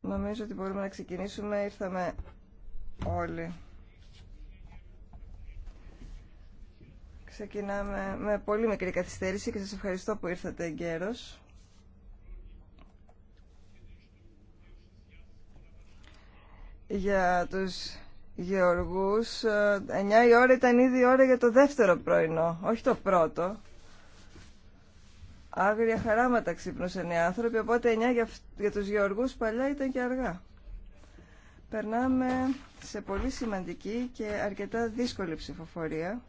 Νομίζω ότι μπορούμε να ξεκινήσουμε. Ήρθαμε όλοι. Ξεκινάμε με πολύ μικρή καθυστέρηση και σας ευχαριστώ που ήρθατε εγκαίρως. Για τους γεωργούς, 9 ε, η ώρα ήταν ήδη η ώρα για το δεύτερο πρωινό, όχι το πρώτο. Άγρια χαράματα ξύπνουσαν οι άνθρωποι, οπότε 9 για, για τους γεωργούς παλιά ήταν και αργά. Περνάμε σε πολύ σημαντική και αρκετά δύσκολη ψηφοφορία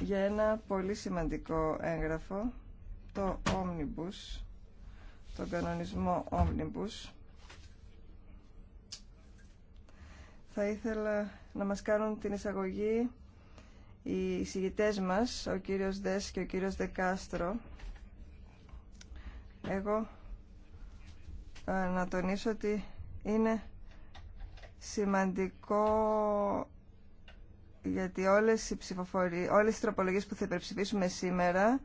για ένα πολύ σημαντικό έγγραφο, το Omnibus, το κανονισμό Omnibus. Θα ήθελα να μας κάνουν την εισαγωγή οι συγητές μας, ο κύριος Δες και ο κύριος Δεκάστρο, εγώ ε, να τονίσω ότι είναι σημαντικό γιατί όλες οι, ψηφοφορίες, όλες οι τροπολογίες που θα υπερψηφίσουμε σήμερα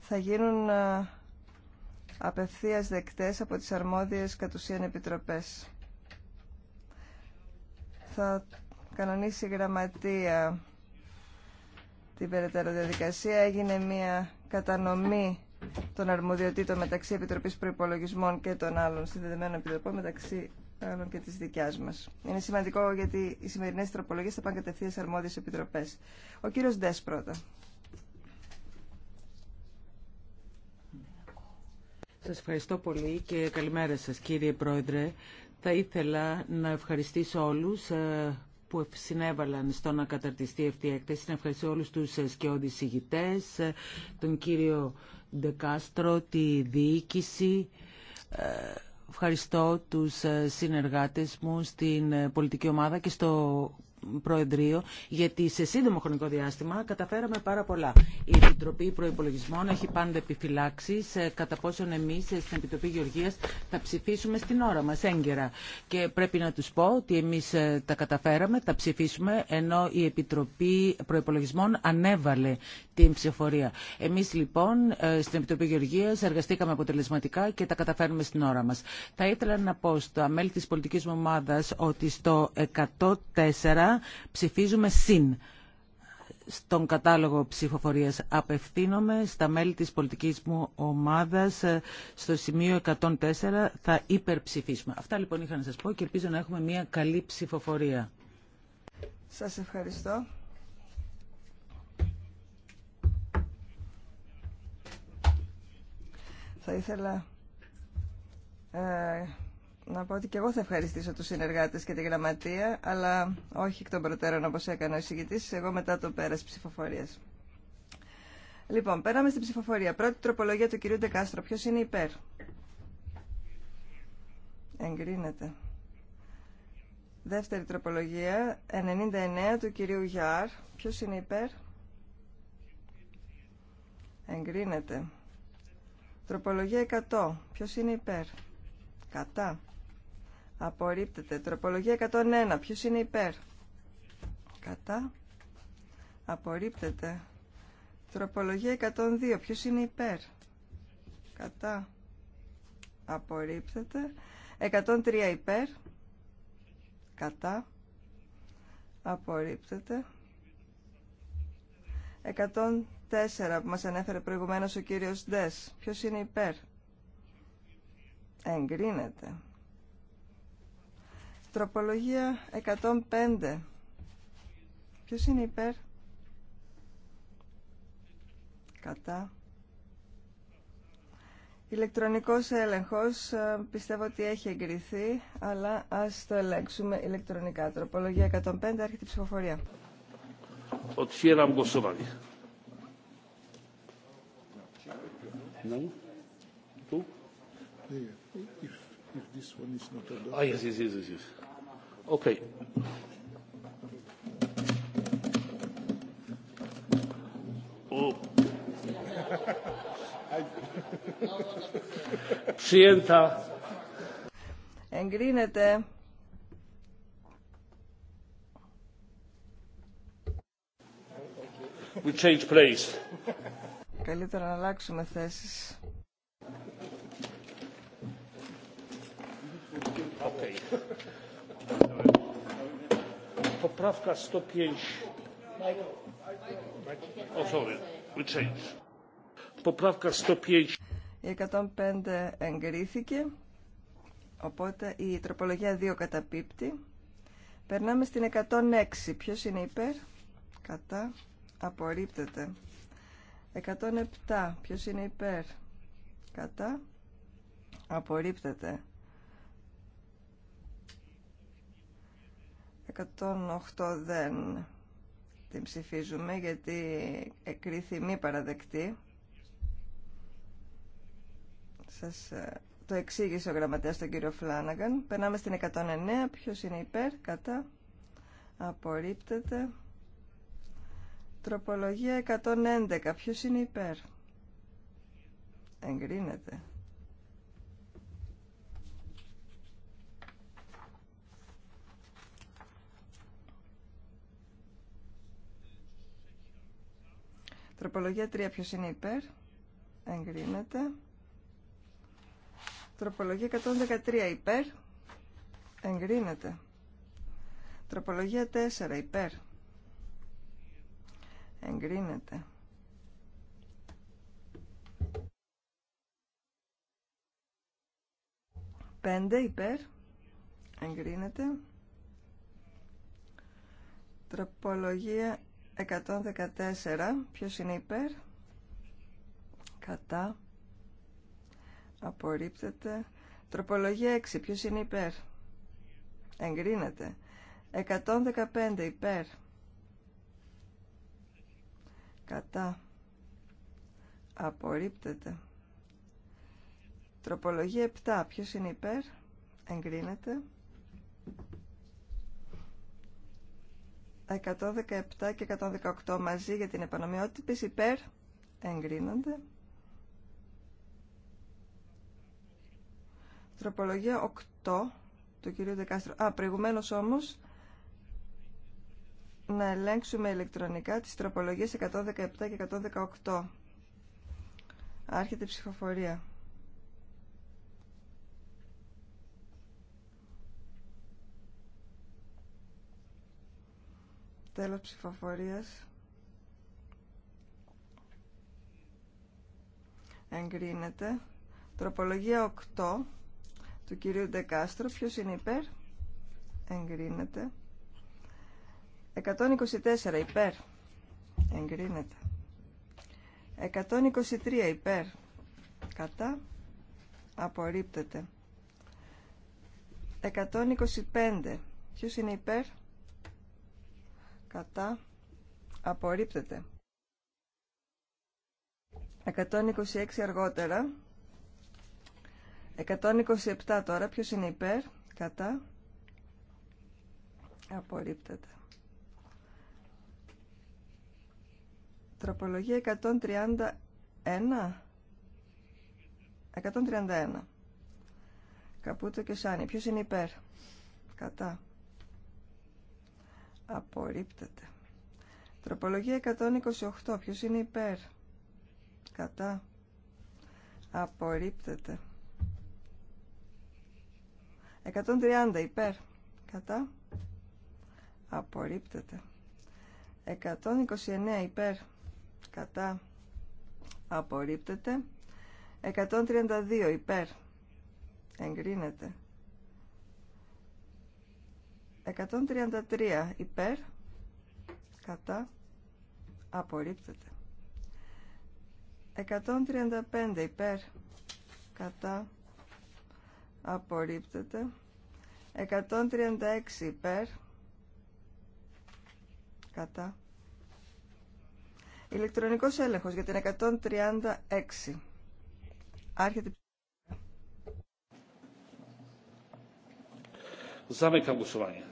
θα γίνουν ε, απευθείας δεκτές από τις αρμόδιες κατουσίαν επιτροπές. Θα κανονίσει η γραμματεία την περαιτέρω διαδικασία. Έγινε μια κατανομή των αρμοδιοτήτων μεταξύ επιτροπή προπολογισμών και των άλλων συνδεδεμένων επιτροπών μεταξύ άλλων και τη δικιά μα. Είναι σημαντικό γιατί οι σημερινέ τροπολογίε θα πάνε κατευθείαν σε αρμόδιες επιτροπές. Ο κύριο Ντέ πρώτα. Σας ευχαριστώ πολύ και καλημέρα σας κύριε Πρόεδρε. Θα ήθελα να ευχαριστήσω όλους ε, που συνέβαλαν στο να καταρτιστεί αυτή η έκθεση. Να ευχαριστήσω όλους τους ε, σκιώδης ηγητές, ε, τον κύριο δεκάστρο τη διοίκηση. Ε, ευχαριστώ τους ε, συνεργάτες μου στην ε, πολιτική ομάδα και στο Προεδρείο, γιατί σε σύντομο χρονικό διάστημα καταφέραμε πάρα πολλά. Η Επιτροπή Προπολογισμών έχει πάντα επιφυλάξει κατά πόσον εμεί στην Επιτροπή Γεωργία θα ψηφίσουμε στην ώρα μα έγκαιρα. Και πρέπει να του πω ότι εμεί ε, τα καταφέραμε, τα ψηφίσουμε, ενώ η Επιτροπή Προπολογισμών ανέβαλε την ψηφοφορία. Εμεί λοιπόν ε, στην Επιτροπή Γεωργία εργαστήκαμε αποτελεσματικά και τα καταφέρνουμε στην ώρα μα. Θα ήθελα να πω στο μέλη τη πολιτική ομάδα ότι στο 104 ψηφίζουμε συν. Στον κατάλογο ψηφοφορίας απευθύνομαι στα μέλη της πολιτικής μου ομάδας ε, στο σημείο 104 θα υπερψηφίσουμε. Αυτά λοιπόν είχα να σας πω και ελπίζω να έχουμε μια καλή ψηφοφορία. Σας ευχαριστώ. Θα ήθελα ε, να πω ότι και εγώ θα ευχαριστήσω τους συνεργάτες και τη γραμματεία, αλλά όχι εκ των προτέρων όπως έκανε ο εισηγητής, εγώ μετά το πέρας ψηφοφορίας. Λοιπόν, πέραμε στην ψηφοφορία. Πρώτη τροπολογία του κυρίου Ντεκάστρο. Ποιος είναι υπέρ. Εγκρίνεται. Δεύτερη τροπολογία, 99 του κυρίου Γιάρ. Ποιος είναι υπέρ. Εγκρίνεται. Τροπολογία 100. Ποιος είναι υπέρ. Κατά. Απορρίπτεται. Τροπολογία 101. Ποιος είναι υπέρ. Κατά. Απορρίπτεται. Τροπολογία 102. Ποιος είναι υπέρ. Κατά. Απορρίπτεται. 103 υπέρ. Κατά. Απορρίπτεται. 104 που μας ανέφερε προηγουμένως ο κύριος Ντες. Ποιος είναι υπέρ. Εγκρίνεται. Τροπολογία 105. Ποιος είναι υπέρ? Κατά. Ηλεκτρονικός έλεγχος ε, πιστεύω ότι έχει εγκριθεί, αλλά ας το ελέγξουμε ηλεκτρονικά. Τροπολογία 105, έρχεται η ψηφοφορία if this one is not adopted. Oh, yes, yes, yes, yes. yes. Okay. Przyjęta. Engrinete. We change place. Καλύτερα να αλλάξουμε θέσεις. Okej. Poprawka 105. O, sorry. We change. Poprawka 105. Η 105 εγκρίθηκε, οπότε η τροπολογία 2 καταπίπτει. Περνάμε στην 106. Ποιος είναι υπέρ? Κατά. Απορρίπτεται. 107. Ποιος είναι υπέρ? Κατά. Απορρίπτεται. 108 δεν την ψηφίζουμε γιατί εκρίθη μη παραδεκτή. Σας ε, το εξήγησε ο γραμματέας τον κύριο Φλάναγκαν. Περνάμε στην 109. Ποιος είναι υπέρ, κατά. Απορρίπτεται. Τροπολογία 111. Ποιος είναι υπέρ. Εγκρίνεται. Τροπολογία 3 ποιος είναι υπέρ. Εγκρίνεται. Τροπολογία 113 υπέρ. Εγκρίνεται. Τροπολογία 4 υπέρ. Εγκρίνεται. Πέντε υπέρ. Εγκρίνεται. Τροπολογία 114. Ποιος είναι υπέρ. Κατά. Απορρίπτεται. Τροπολογία 6. Ποιος είναι υπέρ. Εγκρίνεται. 115 υπέρ. Κατά. Απορρίπτεται. Τροπολογία 7. Ποιος είναι υπέρ. Εγκρίνεται. 117 και 118 μαζί για την επανομοιότυπη υπέρ εγκρίνονται. Τροπολογία 8 του κυρίου Δεκάστρου. Α, προηγουμένω όμως να ελέγξουμε ηλεκτρονικά τις τροπολογίες 117 και 118. Άρχεται η ψηφοφορία. Τέλος ψηφοφορίας. Εγκρίνεται. Τροπολογία 8 του κυρίου Ντεκάστρο. Ποιος είναι υπέρ. Εγκρίνεται. 124 υπέρ. Εγκρίνεται. 123 υπέρ. Κατά. Απορρίπτεται. 125. Ποιος είναι υπέρ κατά απορρίπτεται. 126 αργότερα. 127 τώρα. Ποιος είναι υπέρ. Κατά. Απορρίπτεται. Τροπολογία 131. 131. Καπούτο και σάνι. Ποιος είναι υπέρ. Κατά. Απορρίπτεται. Τροπολογία 128. Ποιος είναι υπέρ. Κατά. Απορρίπτεται. 130 υπέρ. Κατά. Απορρίπτεται. 129 υπέρ. Κατά. Απορρίπτεται. 132 υπέρ. Εγκρίνεται. 133 υπέρ κατά απορρίπτεται 135 υπέρ κατά απορρίπτεται 136 υπέρ κατά ηλεκτρονικός έλεγχος για την 136 άρχεται Zamykam głosowanie.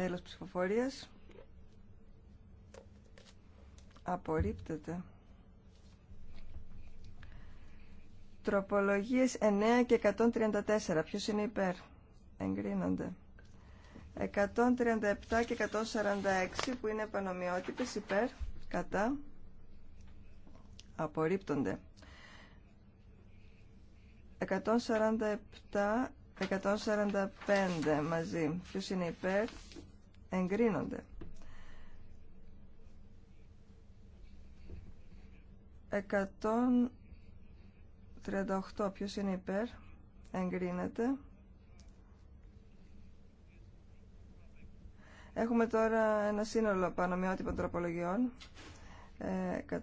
Τέλος ψηφοφορίας. Απορρίπτεται. Τροπολογίες 9 και 134. Ποιος είναι υπέρ. Εγκρίνονται. 137 και 146 που είναι επανομοιότυπες υπέρ. Κατά. Απορρίπτονται. 147, 145 μαζί. Ποιος είναι υπέρ εγκρίνονται. 138. 38 ποιος είναι υπέρ εγκρίνεται έχουμε τώρα ένα σύνολο πανομοιότυπων τροπολογιών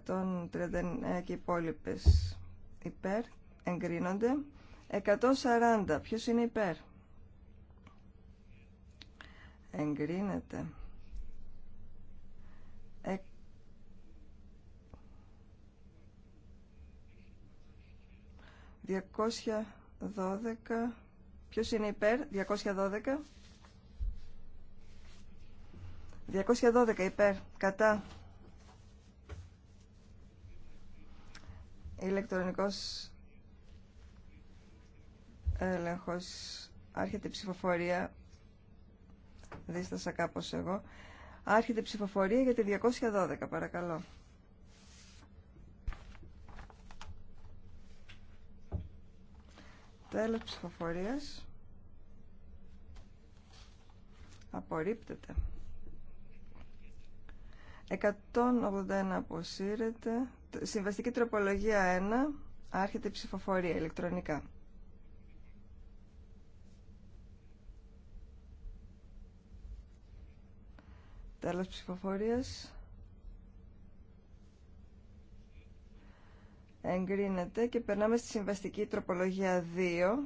139 και υπόλοιπε υπέρ εγκρίνονται 140 ποιος είναι υπέρ εγκρίνεται. 212... Ε, Ποιο Ποιος είναι υπέρ, 212. 212 υπέρ, κατά. Ηλεκτρονικός έλεγχος. Άρχεται η ψηφοφορία δίστασα κάπως εγώ. Άρχεται η ψηφοφορία για τη 212, παρακαλώ. Τέλος ψηφοφορίας. Απορρίπτεται. 181 αποσύρεται. Συμβαστική τροπολογία 1. Άρχεται ψηφοφορία ηλεκτρονικά. Τέλος ψηφοφόρια Εγκρίνεται και περνάμε στη συμβαστική τροπολογία 2.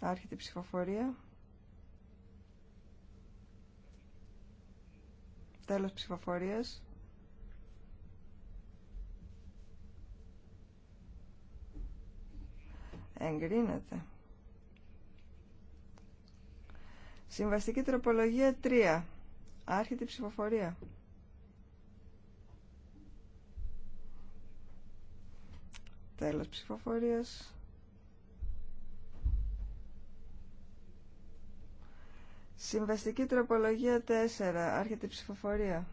Άρχεται η ψηφοφορία. Τέλος ψηφοφορία. Εγκρίνεται. Συμβαστική τροπολογία 3. Άρχεται η ψηφοφορία. Τέλος ψηφοφορίας. Συμβαστική τροπολογία 4. Άρχεται η ψηφοφορία.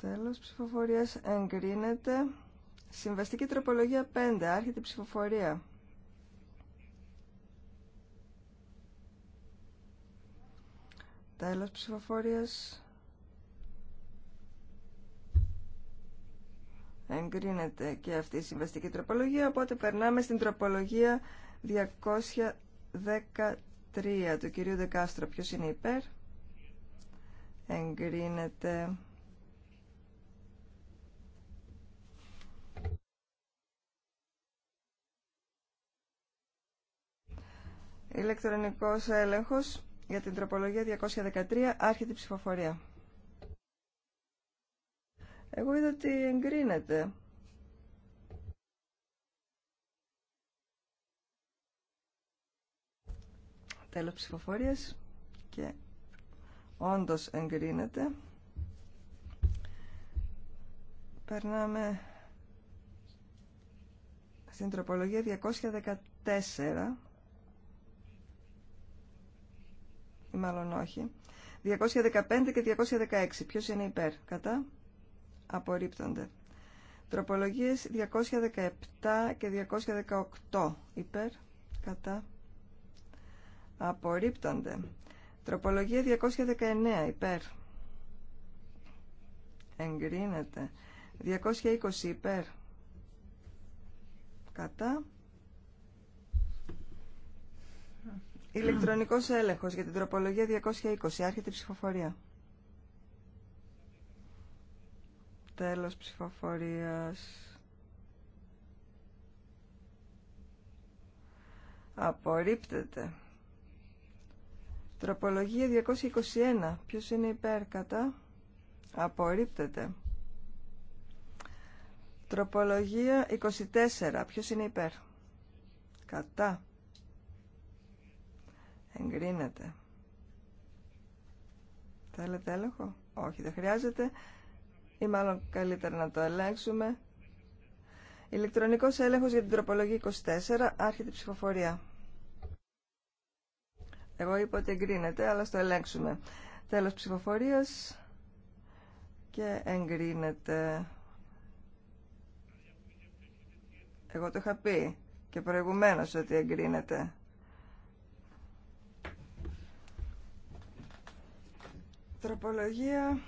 Τέλος ψηφοφορίας εγκρίνεται. Συμβαστική τροπολογία 5. Άρχεται η ψηφοφορία. Τέλος ψηφοφορίας. Εγκρίνεται και αυτή η συμβαστική τροπολογία, οπότε περνάμε στην τροπολογία 213 του κυρίου Δεκάστρο. Ποιος είναι υπέρ? Εγκρίνεται. Ηλεκτρονικός έλεγχος για την τροπολογία 213, άρχεται η ψηφοφορία. Εγώ είδα ότι εγκρίνεται. Τέλος ψηφοφορίας και όντως εγκρίνεται. Περνάμε στην τροπολογία 214. ή μάλλον όχι. 215 και 216. Ποιος είναι υπέρ. Κατά. Απορρίπτονται. Τροπολογίες 217 και 218. Υπέρ. Κατά. Απορρίπτονται. Τροπολογία 219. Υπέρ. Εγκρίνεται. 220. Υπέρ. Κατά. Ηλεκτρονικό έλεγχος για την τροπολογία 220. Άρχεται η ψηφοφορία. Τέλος ψηφοφορίας. Απορρίπτεται. Τροπολογία 221. Ποιο είναι υπέρ κατά. Απορρίπτεται. Τροπολογία 24. Ποιο είναι υπέρ. Κατά. Εγκρίνεται. Θέλετε έλεγχο? Όχι, δεν χρειάζεται. Ή μάλλον καλύτερα να το ελέγξουμε. Ηλεκτρονικός έλεγχος για την τροπολογία 24. Άρχεται ψηφοφορία. Εγώ είπα ότι εγκρίνεται, αλλά στο ελέγξουμε. Τέλος ψηφοφορίας και εγκρίνεται. Εγώ το είχα πει και προηγουμένως ότι εγκρίνεται. Τροπολογία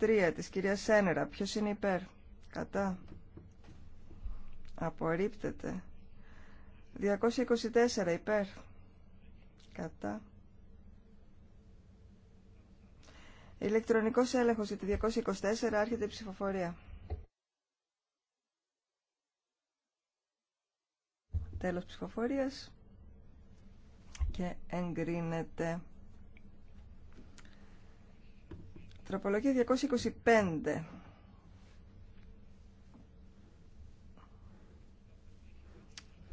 223 της κυρίας Σένερα. Ποιος είναι υπέρ. Κατά. Απορρίπτεται. 224 υπέρ. Κατά. Ηλεκτρονικός έλεγχος για τη 224 άρχεται η ψηφοφορία. Τέλος ψηφοφορίας και εγκρίνεται. Τροπολογία 225.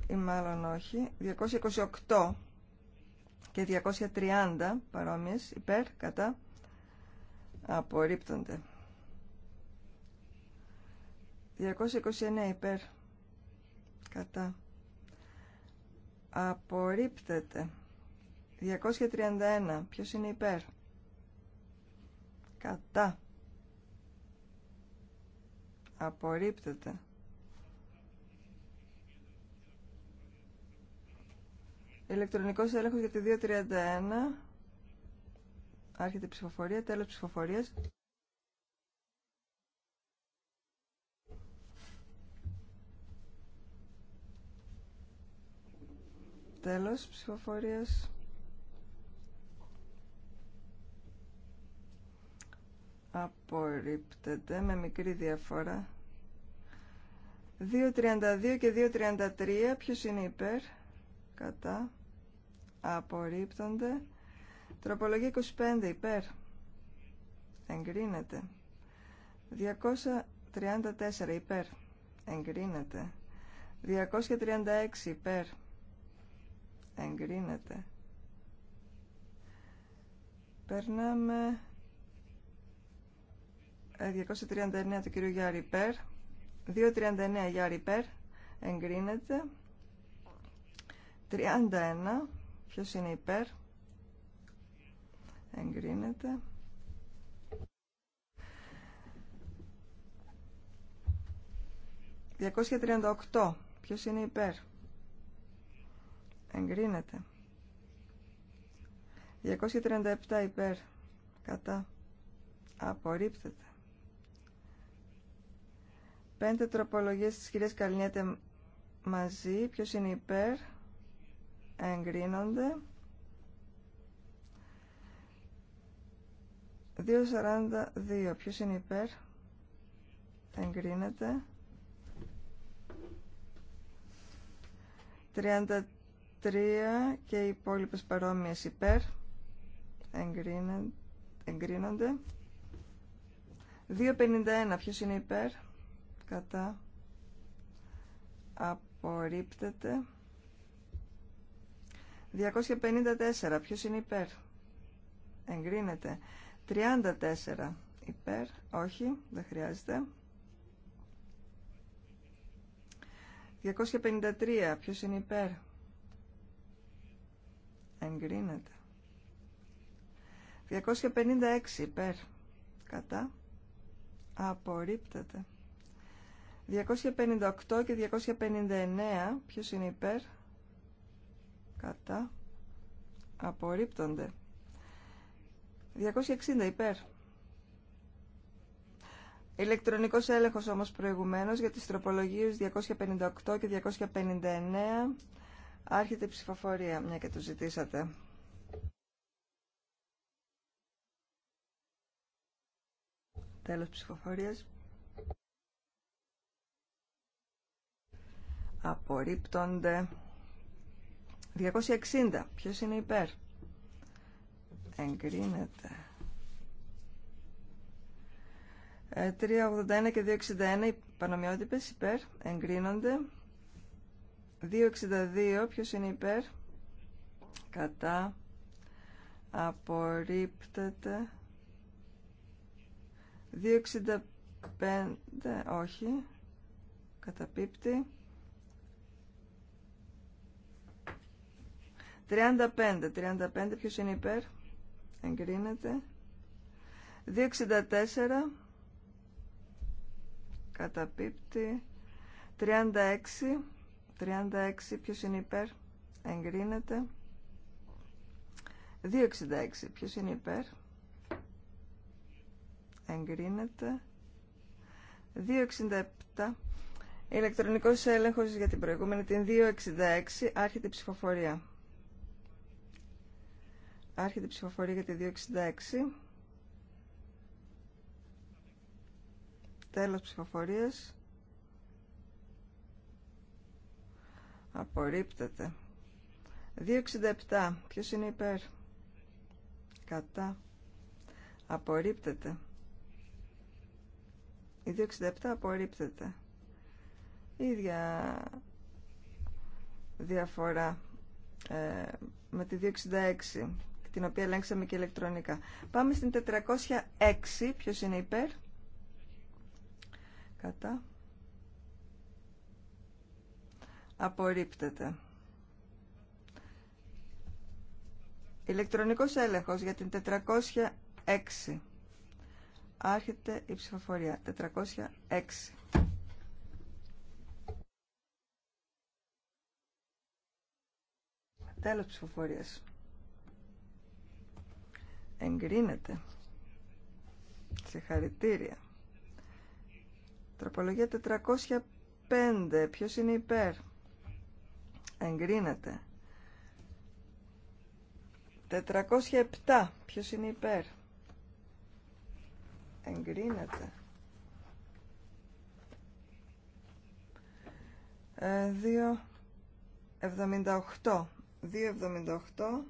Ή μάλλον όχι. 228 και 230 παρόμοιες υπέρ, κατά, απορρίπτονται. 229 υπέρ, κατά, απορρίπτεται. 231. Ποιος είναι υπέρ. Κατά. Απορρίπτεται. Ηλεκτρονικός έλεγχος για τη 231. Άρχεται ψηφοφορία. Τέλος ψηφοφορίας. Τέλος ψηφοφορίας. απορρίπτεται με μικρή διαφορά 2.32 και 2.33 ποιος είναι υπέρ κατά απορρίπτονται τροπολογία 25 υπέρ εγκρίνεται 234 υπέρ εγκρίνεται 236 υπέρ εγκρίνεται περνάμε 239 ε, του κυρίου Γιάρη Περ. 239 Γιάρη Περ. Εγκρίνεται. 31. Ποιος είναι υπέρ. Εγκρίνεται. «238. Ποιος είναι υπέρ» «Εγκρίνεται» «237 υπέρ» «Κατά» «Απορρίπτεται» Πέντε τροπολογίες της κυρίας καλνιέται μαζί. Ποιος είναι υπέρ. Εγκρίνονται. 2.42. Ποιος είναι υπέρ. Εγκρίνεται. 33 και οι υπόλοιπες παρόμοιες υπέρ. Εγκρίνονται. 2.51. Ποιος είναι υπέρ κατά απορρίπτεται 254 ποιος είναι υπέρ εγκρίνεται 34 υπέρ όχι δεν χρειάζεται 253 ποιος είναι υπέρ εγκρίνεται 256 υπέρ κατά απορρίπτεται 258 και 259, ποιος είναι υπέρ, κατά, απορρίπτονται. 260 υπέρ. Ηλεκτρονικός έλεγχος όμως προηγουμένως για τις τροπολογίες 258 και 259. Άρχεται η ψηφοφορία, μια και το ζητήσατε. Τέλος ψηφοφορίας. απορρίπτονται. 260. Ποιος είναι υπέρ. Εγκρίνεται. 381 ε, και 261 πανομοιότυπες υπέρ. Εγκρίνονται. 262. Ποιος είναι υπέρ. Κατά. Απορρίπτεται. 265. Όχι. Καταπίπτει. 35. 35 ποιος είναι υπέρ. Εγκρίνεται. 264. Καταπίπτει. 36. 36 ποιος είναι υπέρ. Εγκρίνεται. 266 ποιος είναι υπέρ. Εγκρίνεται. 267 Ηλεκτρονικός έλεγχος για την προηγούμενη, την 266, άρχεται η ψηφοφορία. Άρχεται η ψηφοφορία για τη 266. Τέλος ψηφοφορίας. Απορρίπτεται. 267. Ποιος είναι υπέρ. Κατά. Απορρίπτεται. Η 267 απορρίπτεται. Η ίδια διαφορά ε, με τη 266 την οποία ελέγξαμε και ηλεκτρονικά. Πάμε στην 406. Ποιος είναι υπέρ? Κατά. Απορρίπτεται. Ηλεκτρονικός έλεγχος για την 406. Άρχεται η ψηφοφορία. 406. Τέλος ψηφοφορίας. Εγκρίνεται. Συγχαρητήρια. Τροπολογία 405. Ποιος είναι υπέρ. Εγκρίνεται. 407. Ποιος είναι υπέρ. Εγκρίνεται. Ε, 2.78. 2.78.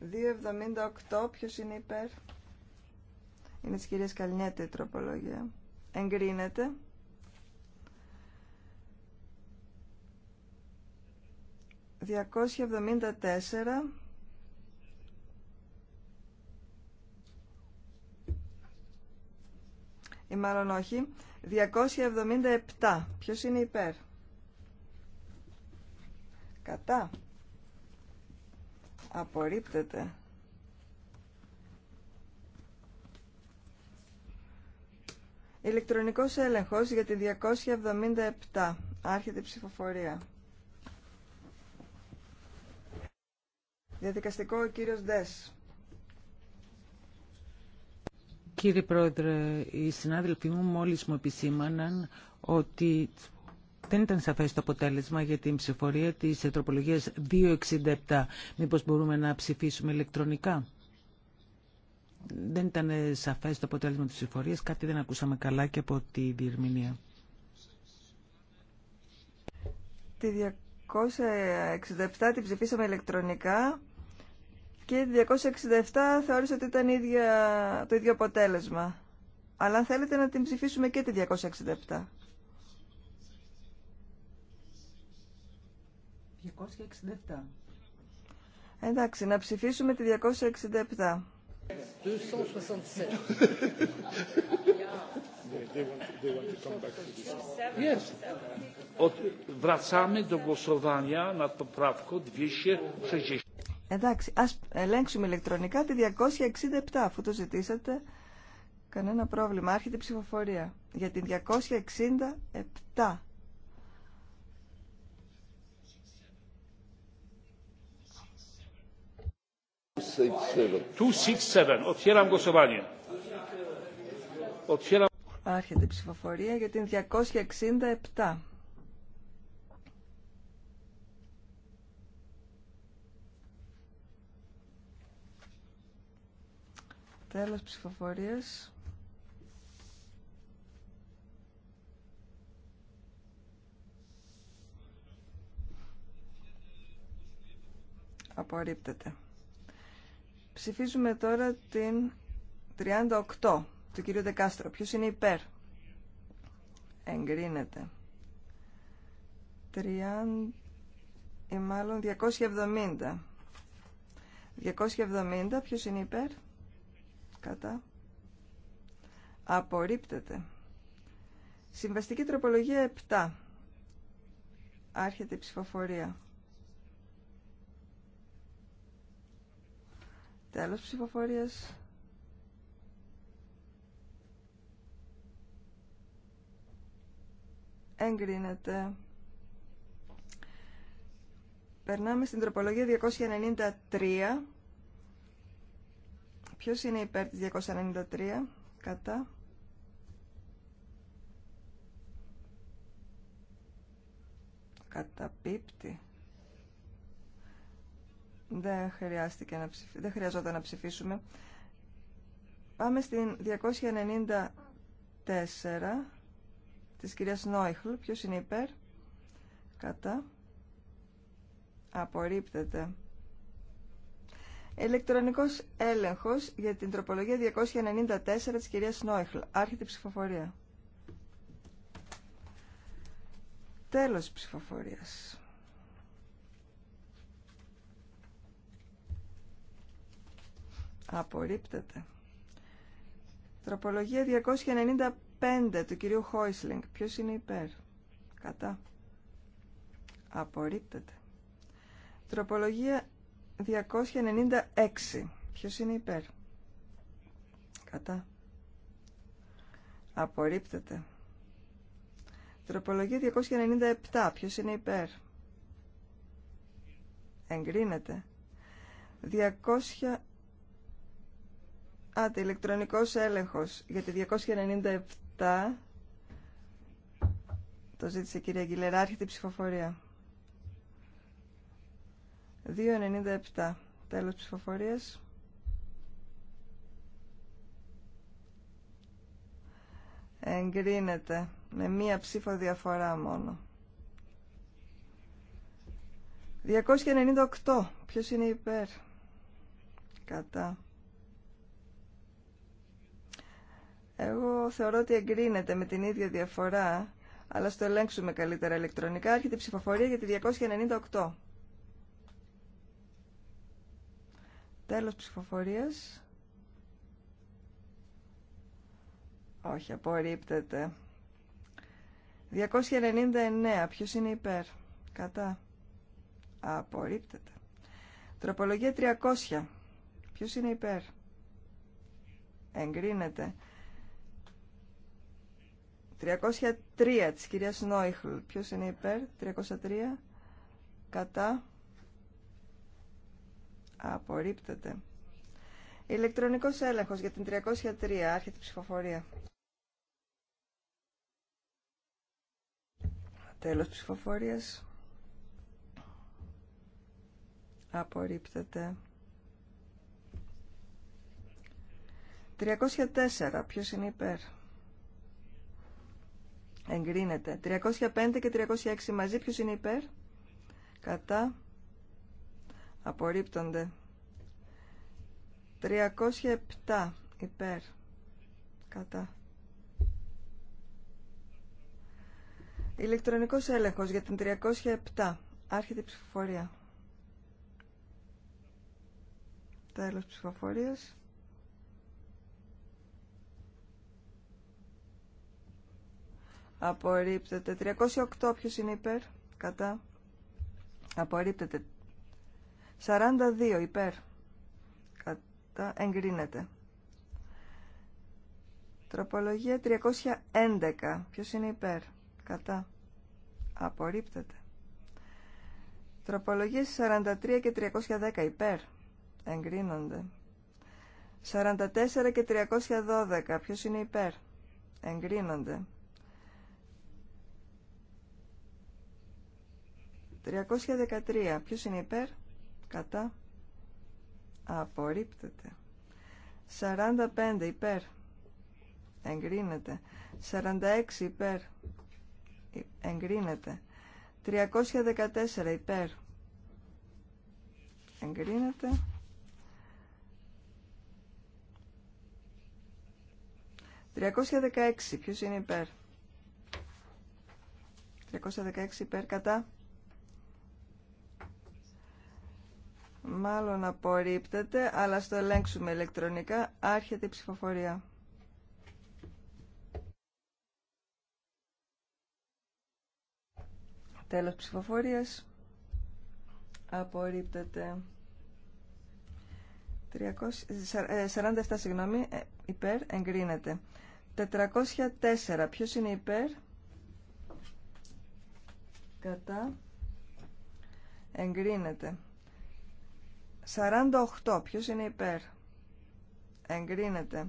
2,78 Ποιο είναι υπέρ είναι της κυρίας Καλνιέτη η τροπολογία εγκρίνεται ...274... ή μάλλον όχι... ...277... ...ποιος είναι υπέρ... ...κατά... Απορρίπτεται. Ηλεκτρονικός έλεγχος για τη 277. Άρχεται η ψηφοφορία. Διαδικαστικό ο κύριος Ντες. Κύριε Πρόεδρε, οι συνάδελφοί μου μόλις μου επισήμαναν ότι δεν ήταν σαφές το αποτέλεσμα για την ψηφορία της τροπολογίας 267. Μήπως μπορούμε να ψηφίσουμε ηλεκτρονικά. Δεν ήταν σαφές το αποτέλεσμα της ψηφορίας. Κάτι δεν ακούσαμε καλά και από τη διερμηνία. Τη 267 την ψηφίσαμε ηλεκτρονικά και 267 θεώρησα ότι ήταν ίδια, το ίδιο αποτέλεσμα. Αλλά θέλετε να την ψηφίσουμε και τη 267. 267. Εντάξει, να ψηφίσουμε τη 267. 260. Εντάξει, ας ελέγξουμε ηλεκτρονικά τη 267, αφού το ζητήσατε. Κανένα πρόβλημα, άρχεται η ψηφοφορία. Για τη 267. 267. Otwieram głosowanie. Otwieram... Άρχεται η ψηφοφορία για την 267. Τέλος ψηφοφορίας. Απορρίπτεται. Ψηφίζουμε τώρα την 38 του κυρίου Δεκάστρο. Ποιος είναι υπέρ. Εγκρίνεται. 30 ή μάλλον 270. 270 ποιος είναι υπέρ. Κατά. Απορρίπτεται. Συμβαστική τροπολογία 7. Άρχεται η ψηφοφορία. Τέλος ψηφοφορίας. Εγκρίνεται. Περνάμε στην τροπολογία 293. Ποιος είναι υπέρ της 293, κατά. Καταπίπτει. Δεν, χρειάστηκε να Δεν χρειαζόταν να ψηφίσουμε. Πάμε στην 294 της κυρίας Νόιχλ. Ποιος είναι υπέρ? Κατά. Απορρίπτεται. Ελεκτρονικός έλεγχος για την τροπολογία 294 της κυρίας Νόιχλ. Άρχεται η ψηφοφορία. Τέλος ψηφοφορίας. Απορρίπτεται. Τροπολογία 295 του κυρίου Χόισλινγκ. Ποιος είναι υπέρ. Κατά. Απορρίπτεται. Τροπολογία 296. Ποιος είναι υπέρ. Κατά. Απορρίπτεται. Τροπολογία 297. Ποιος είναι υπέρ. Εγκρίνεται ηλεκτρονικός έλεγχος για τη 297. Το ζήτησε η κυρία Γκυλερά, Άρχεται ψηφοφορία. 297. Τέλος ψηφοφορίας. Εγκρίνεται με μία ψήφο διαφορά μόνο. 298. Ποιος είναι υπέρ. Κατά. Εγώ θεωρώ ότι εγκρίνεται με την ίδια διαφορά, αλλά στο ελέγξουμε καλύτερα ηλεκτρονικά. Έρχεται η ψηφοφορία για τη 298. Τέλος ψηφοφορίας. Όχι, απορρίπτεται. 299. Ποιος είναι υπέρ. Κατά. Απορρίπτεται. Τροπολογία 300. Ποιος είναι υπέρ. Εγκρίνεται. 303 της κυρίας Νόιχλ. Ποιος είναι υπέρ? 303. Κατά. Απορρίπτεται. Ηλεκτρονικός έλεγχος για την 303. Άρχεται η ψηφοφορία. Τέλος ψηφοφορίας. Απορρίπτεται. 304. Ποιος είναι υπέρ? Εγκρίνεται. 305 και 306 μαζί. Ποιος είναι υπέρ. Κατά. Απορρίπτονται. 307 υπέρ. Κατά. Ηλεκτρονικός έλεγχος για την 307. Άρχεται η ψηφοφορία. Τέλος ψηφοφορίας. απορρίπτεται. 308 ποιος είναι υπέρ, κατά, απορρίπτεται. 42 υπέρ, κατά, εγκρίνεται. Τροπολογία 311 ποιος είναι υπέρ, κατά, απορρίπτεται. Τροπολογίες 43 και 310 υπέρ, εγκρίνονται. 44 και 312 ποιος είναι υπέρ, εγκρίνονται. 313. Ποιος είναι υπέρ? Κατά. Απορρίπτεται. 45 υπέρ. Εγκρίνεται. 46 ε, υπέρ. Εγκρίνεται. 314 υπέρ. Εγκρίνεται. 316. Ποιος είναι υπέρ. 316 υπέρ κατά. Μάλλον απορρίπτεται, αλλά στο ελέγξουμε ηλεκτρονικά. Άρχεται η ψηφοφορία. Τέλος ψηφοφορίας. Απορρίπτεται. 347, 47 ε, συγγνώμη, ε, υπέρ, εγκρίνεται. 404. Ποιος είναι υπέρ? Κατά. Εγκρίνεται. 48. Ποιος είναι υπέρ. Εγκρίνεται.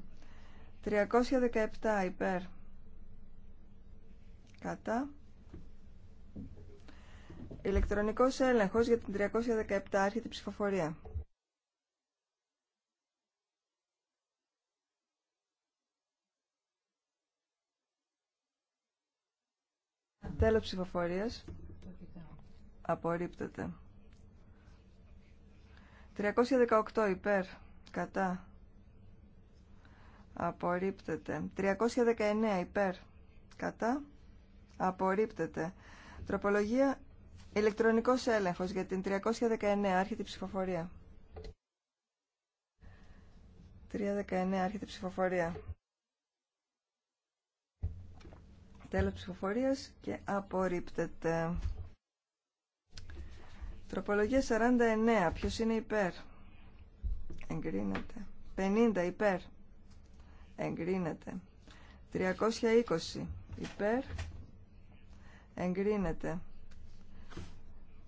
317 υπέρ. Κατά. Ηλεκτρονικός έλεγχος για την 317 άρχεται η ψηφοφορία. Τέλος ψηφοφορίας. Απορρίπτεται. 318 υπέρ. Κατά. Απορρίπτεται. 319 υπέρ. Κατά. Απορρίπτεται. Τροπολογία ηλεκτρονικός έλεγχος για την 319. άρχιτη ψηφοφορία. 319. άρχιτη ψηφοφορία. Τέλος ψηφοφορίας και απορρίπτεται. Τροπολογία 49. Ποιος είναι υπέρ. Εγκρίνεται. 50 υπέρ. Εγκρίνεται. 320 υπέρ. Εγκρίνεται.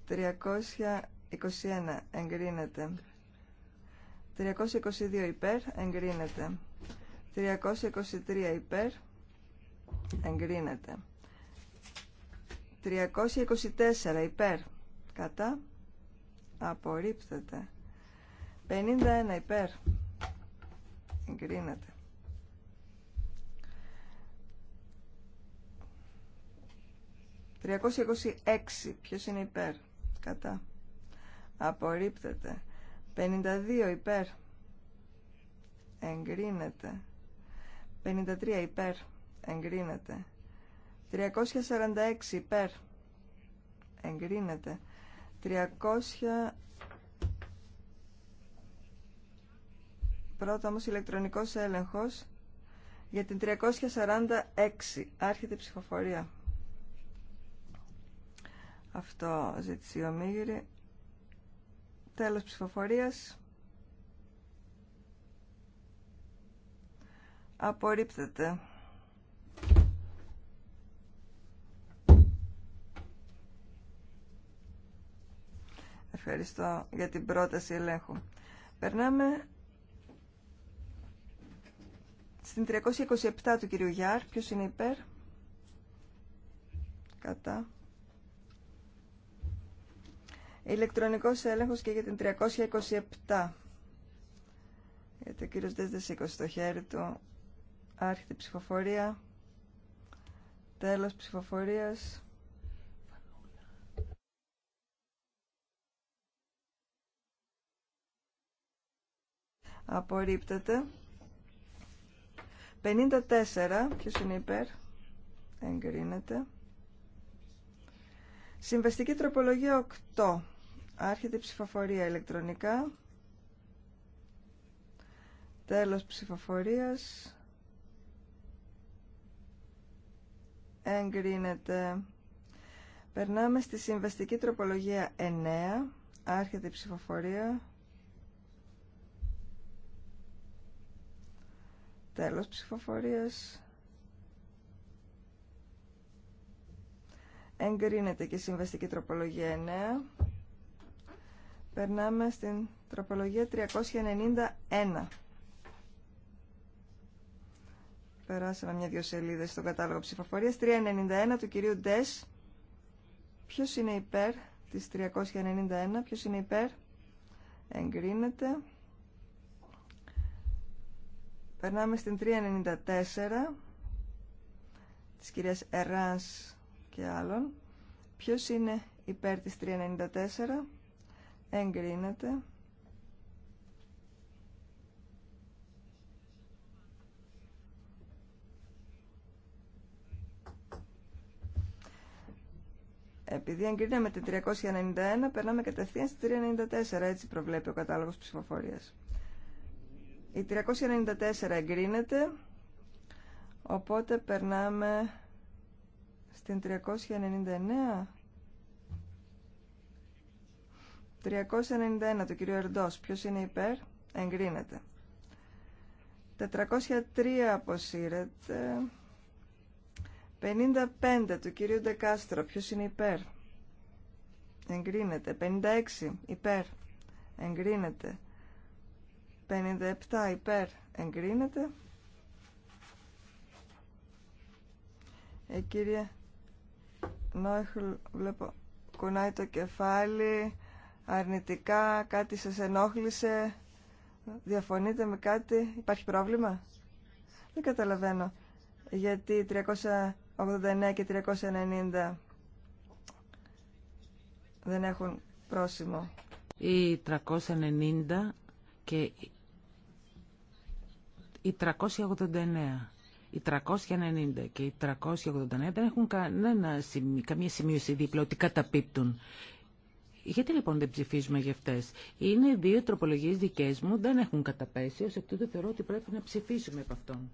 321 εγκρίνεται. 322 υπέρ. Εγκρίνεται. 323 υπέρ. Εγκρίνεται. 324 υπέρ. Κατά. Απορρίπτεται. 51 υπέρ. Εγκρίνεται. 326. Ποιος είναι υπέρ. Κατά. Απορρίπτεται. 52 υπέρ. Εγκρίνεται. 53 υπέρ. Εγκρίνεται. 346 υπέρ. Εγκρίνεται. 300 πρώτα όμως ηλεκτρονικός έλεγχος για την 346 άρχεται η ψηφοφορία αυτό ζήτησε η Ομίγυρη τέλος ψηφοφορίας απορρίπτεται Ευχαριστώ για την πρόταση ελέγχου. Περνάμε στην 327 του κυρίου Γιάρ. Ποιος είναι υπέρ? Κατά. Ηλεκτρονικός έλεγχος και για την 327. Γιατί ο κύριος δεν σήκωσε το χέρι του. Άρχεται ψηφοφορία. Τέλος ψηφοφορίας. απορρίπτεται. 54, ποιος είναι υπέρ, εγκρίνεται. Συμβαστική τροπολογία 8, άρχεται η ψηφοφορία ηλεκτρονικά. Τέλος ψηφοφορίας. Εγκρίνεται. Περνάμε στη συμβαστική τροπολογία 9, άρχεται η ψηφοφορία. Τέλος ψηφοφορίας. Εγκρίνεται και η συμβαστική τροπολογία 9. Περνάμε στην τροπολογία 391. Περάσαμε μια-δυο σελίδες στον κατάλογο ψηφοφορίας. 391 του κυρίου Ντες. Ποιος είναι υπέρ της 391, ποιος είναι υπέρ. Εγκρίνεται. Περνάμε στην 394 της κυρίας Εράνς και άλλων. Ποιος είναι υπέρ της 394. Εγκρίνεται. Επειδή εγκρίναμε την 391, περνάμε κατευθείαν στην 394. Έτσι προβλέπει ο κατάλογος ψηφοφορίας. Η 394 εγκρίνεται, οπότε περνάμε στην 399. 391 του κύριο Ερντός. Ποιος είναι υπέρ? Εγκρίνεται. 403 αποσύρεται. 55 του κυρίου Ντεκάστρο. Ποιος είναι υπέρ? Εγκρίνεται. 56 υπέρ. Εγκρίνεται. 57 υπέρ εγκρίνεται. Ε, κύριε Νόιχλ, βλέπω, κουνάει το κεφάλι, αρνητικά, κάτι σας ενόχλησε, διαφωνείτε με κάτι, υπάρχει πρόβλημα. Δεν καταλαβαίνω γιατί 389 και 390 δεν έχουν πρόσημο. Οι 390 και οι 389 οι 390 και οι 389 δεν έχουν κανένα, καμία σημείωση δίπλα ότι καταπίπτουν. Γιατί λοιπόν δεν ψηφίζουμε για αυτέ. Είναι δύο τροπολογίε δικέ μου, δεν έχουν καταπέσει, ω εκ τούτου θεωρώ ότι πρέπει να ψηφίσουμε από αυτόν.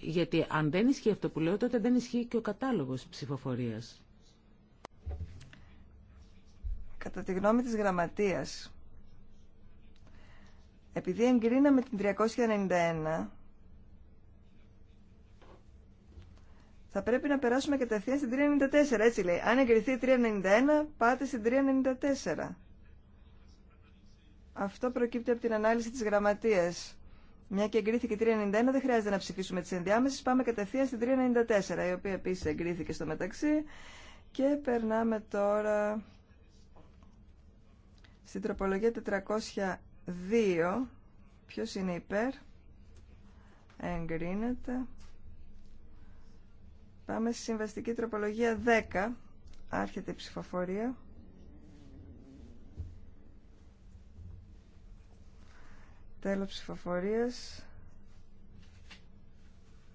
Γιατί αν δεν ισχύει αυτό που λέω, τότε δεν ισχύει και ο κατάλογο ψηφοφορία. Κατά τη γνώμη τη γραμματεία. Επειδή εγκρίναμε την 391, θα πρέπει να περάσουμε κατευθείαν στην 394, έτσι λέει. Αν εγκριθεί 391, πάτε στην 394. Αυτό προκύπτει από την ανάλυση της γραμματείας. Μια και εγκρίθηκε 391, δεν χρειάζεται να ψηφίσουμε τις ενδιάμεσες. Πάμε κατευθείαν στην 394, η οποία επίσης εγκρίθηκε στο μεταξύ. Και περνάμε τώρα στην τροπολογία 2. Ποιος είναι υπέρ. Εγκρίνεται. Πάμε στη συμβαστική τροπολογία 10. Άρχεται η ψηφοφορία. Τέλος ψηφοφορίας.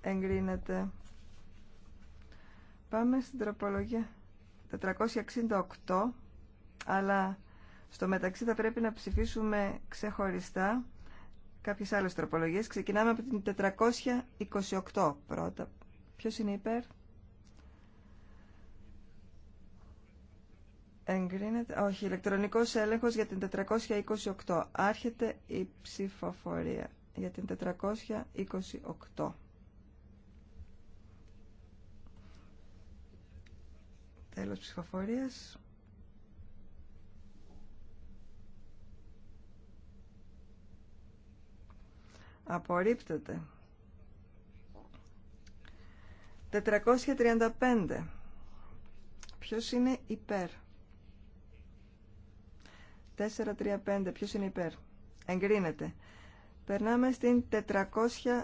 Εγκρίνεται. Πάμε στην τροπολογία 468, αλλά στο μεταξύ θα πρέπει να ψηφίσουμε ξεχωριστά κάποιες άλλες τροπολογίες. Ξεκινάμε από την 428 πρώτα. Ποιος είναι υπέρ? Εγκρίνεται. Όχι, ηλεκτρονικός έλεγχος για την 428. Άρχεται η ψηφοφορία για την 428. Τέλος ψηφοφορίας. Απορρίπτεται. 435. Ποιος είναι υπέρ. 435. Ποιος είναι υπέρ. Εγκρίνεται. Περνάμε στην 436.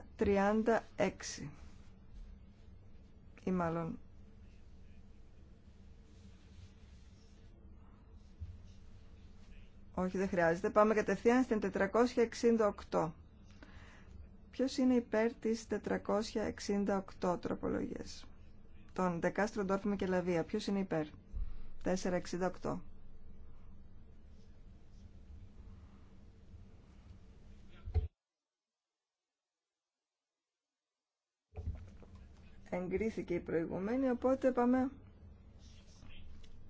Ή μάλλον... Όχι, δεν χρειάζεται. Πάμε κατευθείαν στην 468. Ποιος είναι υπέρ της 468 τροπολογίας. Τον Δεκάστρο Ντόρφμα και Λαβία. Ποιος είναι υπέρ. 468. Εγκρίθηκε η προηγούμενη, οπότε πάμε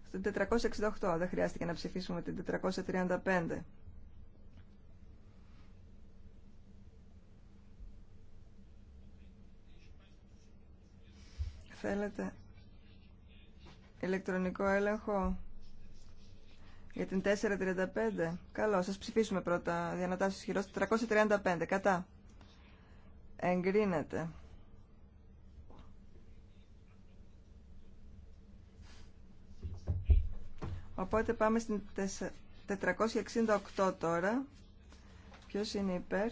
στην 468. Δεν χρειάστηκε να ψηφίσουμε την 435. Θέλετε ηλεκτρονικό έλεγχο για την 435. Καλό, σας ψηφίσουμε πρώτα διανατάσεις χειρός. 435, κατά. Εγκρίνεται. Οπότε πάμε στην 468 τώρα. Ποιος είναι υπέρ.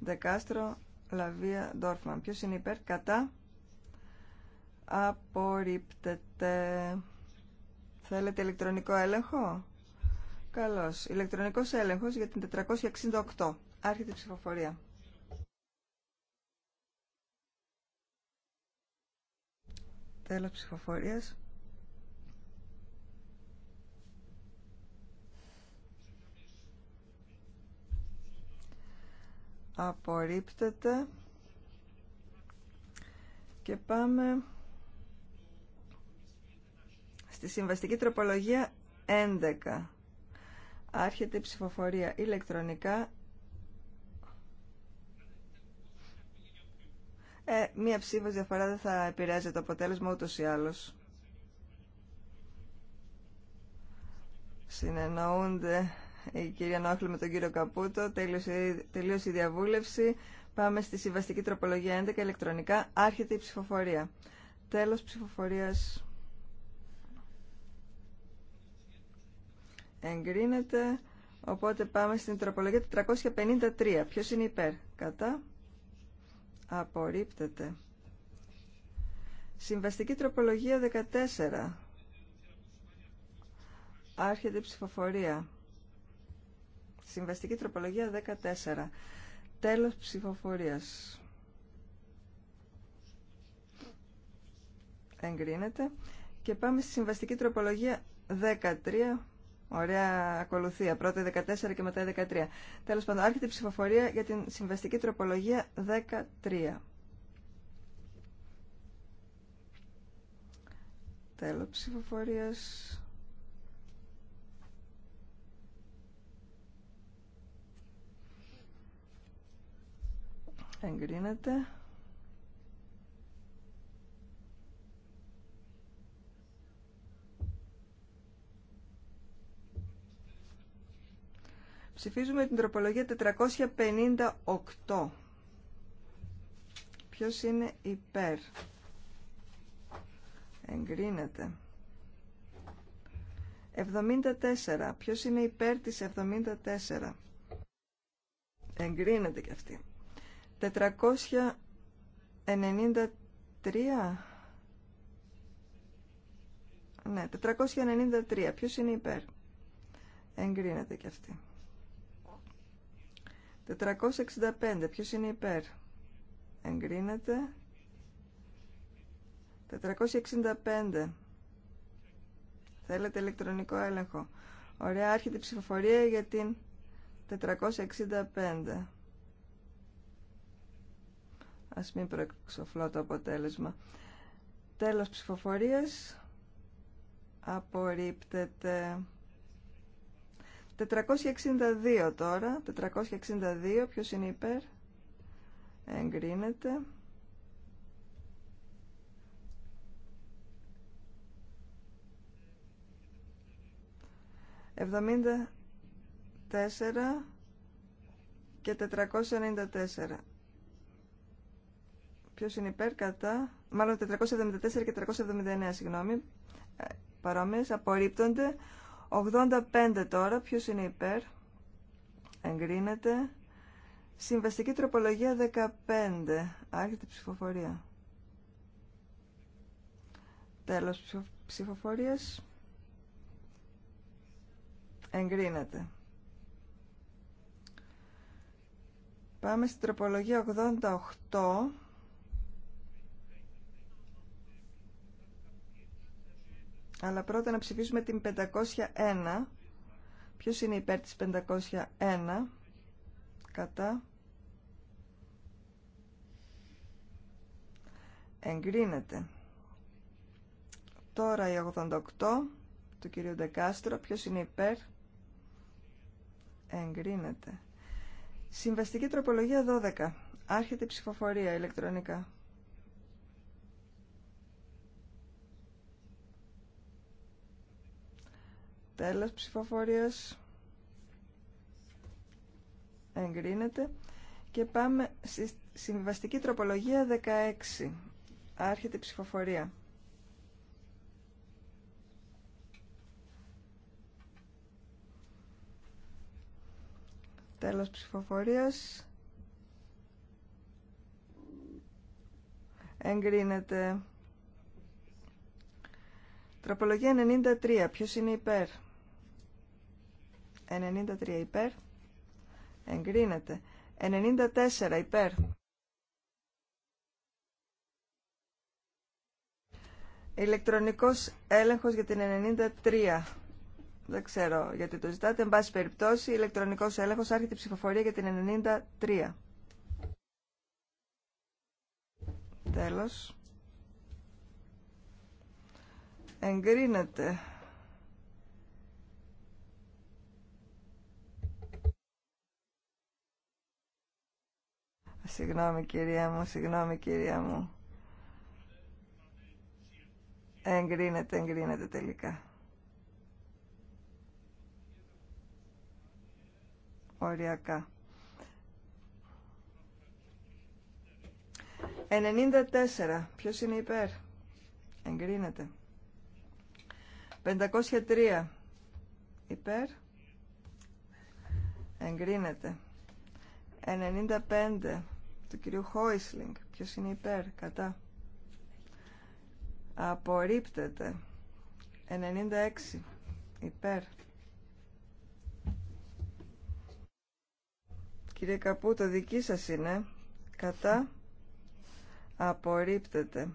Δεκάστρο Λαβία Ντόρφμαν. Ποιος είναι υπέρ, κατά, απορρίπτεται. Θέλετε ηλεκτρονικό έλεγχο. Καλώς. Ηλεκτρονικός έλεγχος για την 468. Άρχεται η ψηφοφορία. Τέλος ψηφοφορίας. απορρίπτεται και πάμε στη συμβαστική τροπολογία 11 άρχεται η ψηφοφορία ηλεκτρονικά ε, μία ψήφος διαφορά δεν θα επηρεάζει το αποτέλεσμα ούτως ή άλλως συνεννοούνται η κυρία Νόχλη με τον κύριο Καπούτο. Τελείωσε, τελείωσε η διαβούλευση. Πάμε στη συμβαστική τροπολογία 11 ηλεκτρονικά. Άρχεται η ψηφοφορία. Τέλος ψηφοφορίας εγκρίνεται. Οπότε πάμε στην τροπολογία 453. Ποιος είναι υπέρ. Κατά. Απορρίπτεται. Συμβαστική τροπολογία 14. Άρχεται η ψηφοφορία. Συμβαστική τροπολογία 14. Τέλος ψηφοφορίας. Εγκρίνεται. Και πάμε στη συμβαστική τροπολογία 13. Ωραία ακολουθία. Πρώτα 14 και μετά 13. Τέλος πάντων, άρχεται η ψηφοφορία για την συμβαστική τροπολογία 13. Τέλος ψηφοφορίας. Εγκρίνεται. Ψηφίζουμε την τροπολογία 458. Ποιος είναι υπέρ. Εγκρίνεται. 74. Ποιος είναι υπέρ της 74. Εγκρίνεται και αυτή. 493 ναι 493 ποιος είναι υπέρ εγκρίνεται και αυτή 465 ποιος είναι υπέρ εγκρίνεται 465 θέλετε ηλεκτρονικό έλεγχο ωραία άρχεται η ψηφοφορία για την 465 Ας μην προεξοφλώ το αποτέλεσμα. Τέλος ψηφοφορίας. Απορρίπτεται. 462 τώρα. 462. Ποιος είναι υπέρ. Εγκρίνεται. Εβδομήντα και 494 Ποιος είναι υπέρ κατά, μάλλον 474 και 479, συγγνώμη, ε, παρόμοιες, απορρίπτονται. 85 τώρα, ποιος είναι υπέρ, εγκρίνεται. Συμβαστική τροπολογία 15, άρχεται η ψηφοφορία. Τέλος ψηφοφορίας, εγκρίνεται. Πάμε στην τροπολογία 88. Αλλά πρώτα να ψηφίσουμε την 501. Ποιος είναι υπέρ της 501. Κατά. Εγκρίνεται. Τώρα η 88 του κυρίου Ντεκάστρο. Ποιος είναι υπέρ. Εγκρίνεται. Συμβαστική τροπολογία 12. Άρχεται η ψηφοφορία ηλεκτρονικά. Τέλος ψηφοφορίας. Εγκρίνεται. Και πάμε στη συμβαστική τροπολογία 16. Άρχεται η ψηφοφορία. Τέλος ψηφοφορίας. Εγκρίνεται. Τροπολογία 93. Ποιος είναι υπέρ. 93 υπέρ. Εγκρίνεται. 94 υπέρ. Ηλεκτρονικός έλεγχος για την 93. Δεν ξέρω γιατί το ζητάτε. Εν πάση περιπτώσει, ηλεκτρονικός έλεγχος άρχεται η ψηφοφορία για την 93. Τέλος. Εγκρίνεται. Συγγνώμη κυρία μου, συγγνώμη κυρία μου. Εγκρίνεται, εγκρίνεται τελικά. Οριακά. 94. Ποιος είναι υπέρ. Εγκρίνεται. 503. Υπέρ. Εγκρίνεται. 95 του κυρίου Χόισλινγκ. Ποιος είναι υπέρ, κατά. Απορρίπτεται. 96. Υπέρ. Κύριε Καπού, το δική σας είναι. Κατά. Απορρίπτεται.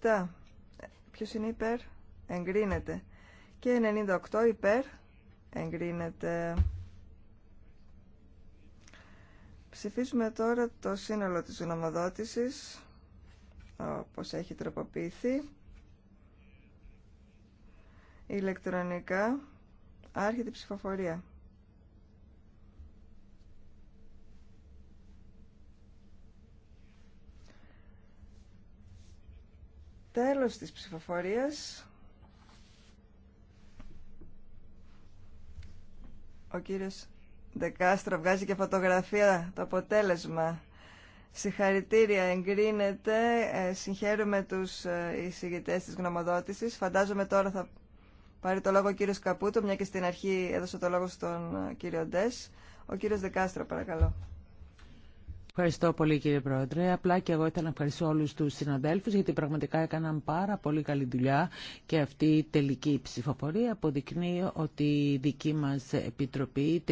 97. Ποιος είναι υπέρ. Εγκρίνεται. Και 98 υπέρ. Εγκρίνεται. Ψηφίσουμε τώρα το σύνολο της γνωμοδότησης, όπως έχει τροποποιηθεί, ηλεκτρονικά, άρχεται η ψηφοφορία. Τέλος της ψηφοφορίας. Ο κύριος Ντεκάστρο βγάζει και φωτογραφία το αποτέλεσμα. Συγχαρητήρια, εγκρίνεται. Ε, συγχαίρουμε τους ε, εισηγητές της γνωμοδότησης. Φαντάζομαι τώρα θα πάρει το λόγο ο κύριος Καπούτο, μια και στην αρχή έδωσε το λόγο στον ε, κύριο Ντες. Ο κύριος Δεκάστρο, παρακαλώ. Ευχαριστώ πολύ κύριε Πρόεδρε. Απλά και εγώ ήθελα να ευχαριστήσω όλους τους συναδέλφους γιατί πραγματικά έκαναν πάρα πολύ καλή δουλειά και αυτή η τελική ψηφοφορία αποδεικνύει ότι η δική μας επιτροπή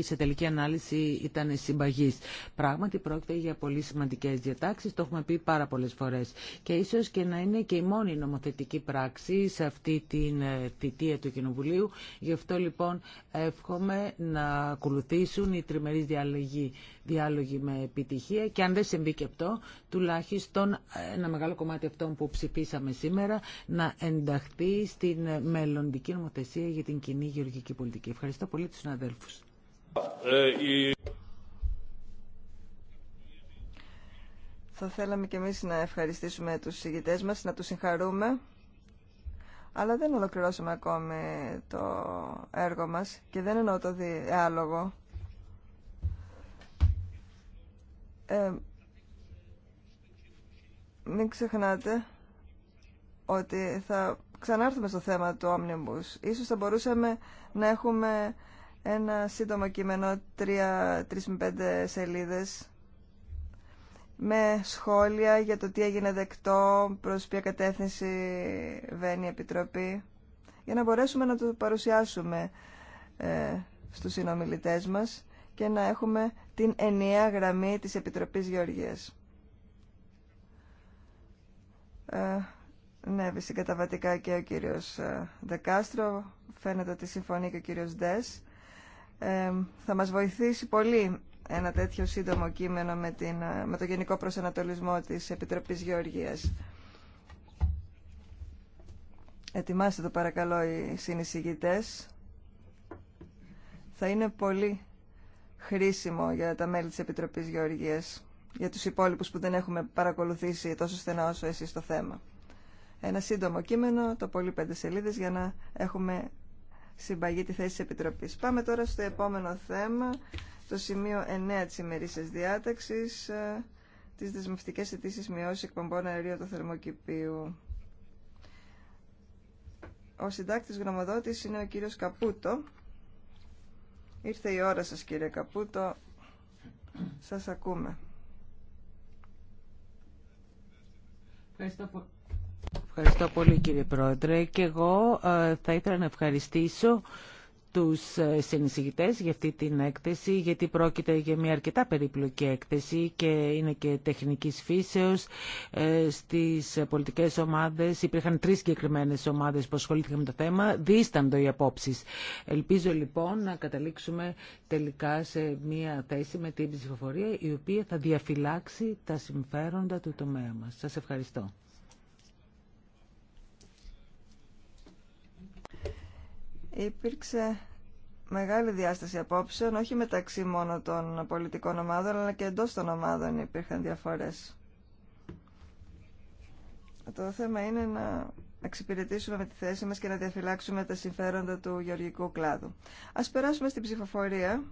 σε τελική ανάλυση ήταν συμπαγής. Πράγματι πρόκειται για πολύ σημαντικές διατάξεις, το έχουμε πει πάρα πολλές φορές. Και ίσως και να είναι και η μόνη νομοθετική πράξη σε αυτή την ε, θητεία του Κοινοβουλίου. Γι' αυτό λοιπόν εύχομαι να ακολουθήσουν οι τριμερείς διαλογοί διάλογοι με επιτυχία και αν δεν συμβεί και αυτό, τουλάχιστον ένα μεγάλο κομμάτι αυτών που ψηφίσαμε σήμερα να ενταχθεί στην μελλοντική νομοθεσία για την κοινή γεωργική πολιτική. Ευχαριστώ πολύ τους συναδέλφους. Θα θέλαμε και εμείς να ευχαριστήσουμε τους συγγητές μας, να τους συγχαρούμε. Αλλά δεν ολοκληρώσαμε ακόμη το έργο μας και δεν εννοώ το διάλογο Ε, μην ξεχνάτε ότι θα ξανάρθουμε στο θέμα του Omnibus. Ίσως θα μπορούσαμε να έχουμε ένα σύντομο κείμενο 3-5 σελίδες με σχόλια για το τι έγινε δεκτό, προς ποια κατεύθυνση βαίνει η Επιτροπή για να μπορέσουμε να το παρουσιάσουμε ε, στους συνομιλητές μας και να έχουμε την ενιαία γραμμή της Επιτροπής Γεωργίας. Ε, ναι, συγκαταβατικά και ο κύριος ε, Δεκάστρο, φαίνεται ότι συμφωνεί και ο κύριος Ντες. Ε, θα μας βοηθήσει πολύ ένα τέτοιο σύντομο κείμενο με, την, ε, το γενικό προσανατολισμό της Επιτροπής Γεωργίας. Ετοιμάστε το παρακαλώ οι συνεισηγητές. Θα είναι πολύ χρήσιμο για τα μέλη της Επιτροπής Γεωργίας, για τους υπόλοιπους που δεν έχουμε παρακολουθήσει τόσο στενά όσο εσείς το θέμα. Ένα σύντομο κείμενο, το πολύ πέντε σελίδες, για να έχουμε συμπαγή τη θέση της Επιτροπής. Πάμε τώρα στο επόμενο θέμα, το σημείο 9 της ημερήσιας διάταξης, ε, τις δεσμευτικές αιτήσεις μειώσει εκπομπών αερίου του θερμοκηπίου. Ο συντάκτης γνωμοδότης είναι ο κύριος Καπούτο Ήρθε η ώρα σας κύριε Καπούτο. Σας ακούμε. Ευχαριστώ πολύ. κύριε Πρόεδρε και εγώ ε, θα ήθελα να ευχαριστήσω τους ε, συνεισηγητές για αυτή την έκθεση, γιατί πρόκειται για μια αρκετά περίπλοκη έκθεση και είναι και τεχνικής φύσεως. Ε, στις πολιτικές ομάδες υπήρχαν τρεις συγκεκριμένε ομάδες που ασχολήθηκαν με το θέμα. Δίσταντο οι απόψεις. Ελπίζω λοιπόν να καταλήξουμε τελικά σε μια θέση με την ψηφοφορία η οποία θα διαφυλάξει τα συμφέροντα του τομέα μας. Σας ευχαριστώ. Υπήρξε μεγάλη διάσταση απόψεων, όχι μεταξύ μόνο των πολιτικών ομάδων, αλλά και εντός των ομάδων υπήρχαν διαφορές. Το θέμα είναι να εξυπηρετήσουμε με τη θέση μας και να διαφυλάξουμε τα συμφέροντα του γεωργικού κλάδου. Ας περάσουμε στην ψηφοφορία.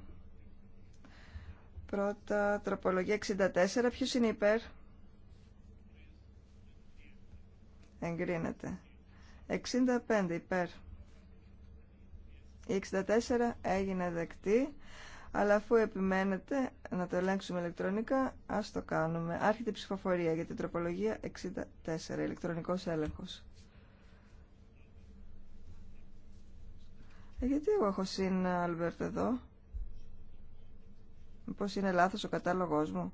Πρώτα, τροπολογία 64. Ποιος είναι υπέρ? Εγκρίνεται. 65 υπέρ. Η 64 έγινε δεκτή, αλλά αφού επιμένετε να το ελέγξουμε ηλεκτρονικά, ας το κάνουμε. Άρχεται η ψηφοφορία για την τροπολογία 64, ηλεκτρονικός έλεγχος. Ε, γιατί εγώ έχω συν Αλμπερτ εδώ. Μήπως είναι λάθος ο κατάλογός μου.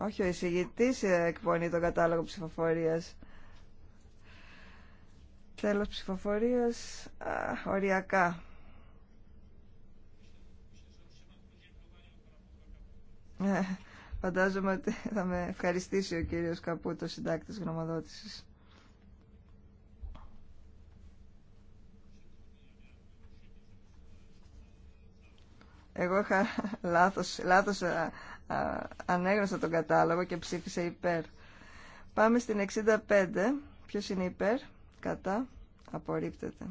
Όχι, ο εισηγητής εκπονεί τον κατάλογο ψηφοφορίας. Τέλος ψηφοφορία οριακά. Ε, φαντάζομαι ότι θα με ευχαριστήσει ο κύριος Καπούτο, συντάκτης γνωμοδότησης. Εγώ είχα λάθος, λάθος α, α, ανέγνωσα τον κατάλογο και ψήφισε υπέρ. Πάμε στην 65. Ποιος είναι υπέρ? κατά απορρίπτεται.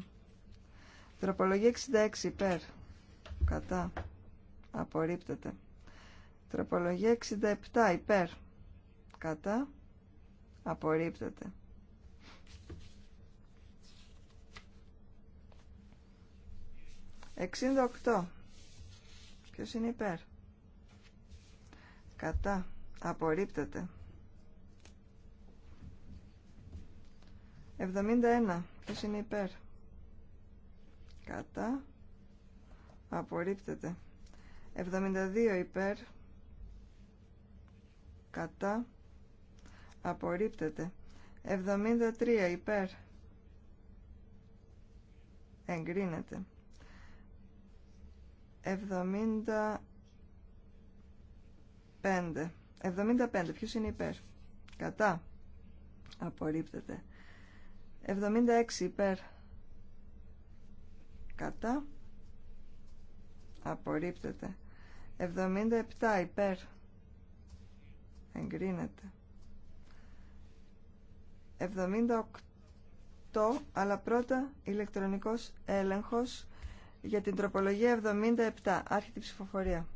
Τροπολογία 66 υπέρ κατά απορρίπτεται. Τροπολογία 67 υπέρ κατά απορρίπτεται. 68 οκτώ. Ποιος είναι υπέρ. Κατά. Απορρίπτεται. 71. Ποιος είναι υπέρ. Κατά. Απορρίπτεται. 72 υπέρ. Κατά. Απορρίπτεται. 73 υπέρ. Εγκρίνεται. 75. 75. Ποιος είναι υπέρ. Κατά. Απορρίπτεται. 76 υπέρ κατά απορρίπτεται 77 υπέρ εγκρίνεται 78 αλλά πρώτα ηλεκτρονικός έλεγχος για την τροπολογία 77 άρχεται ψηφοφορία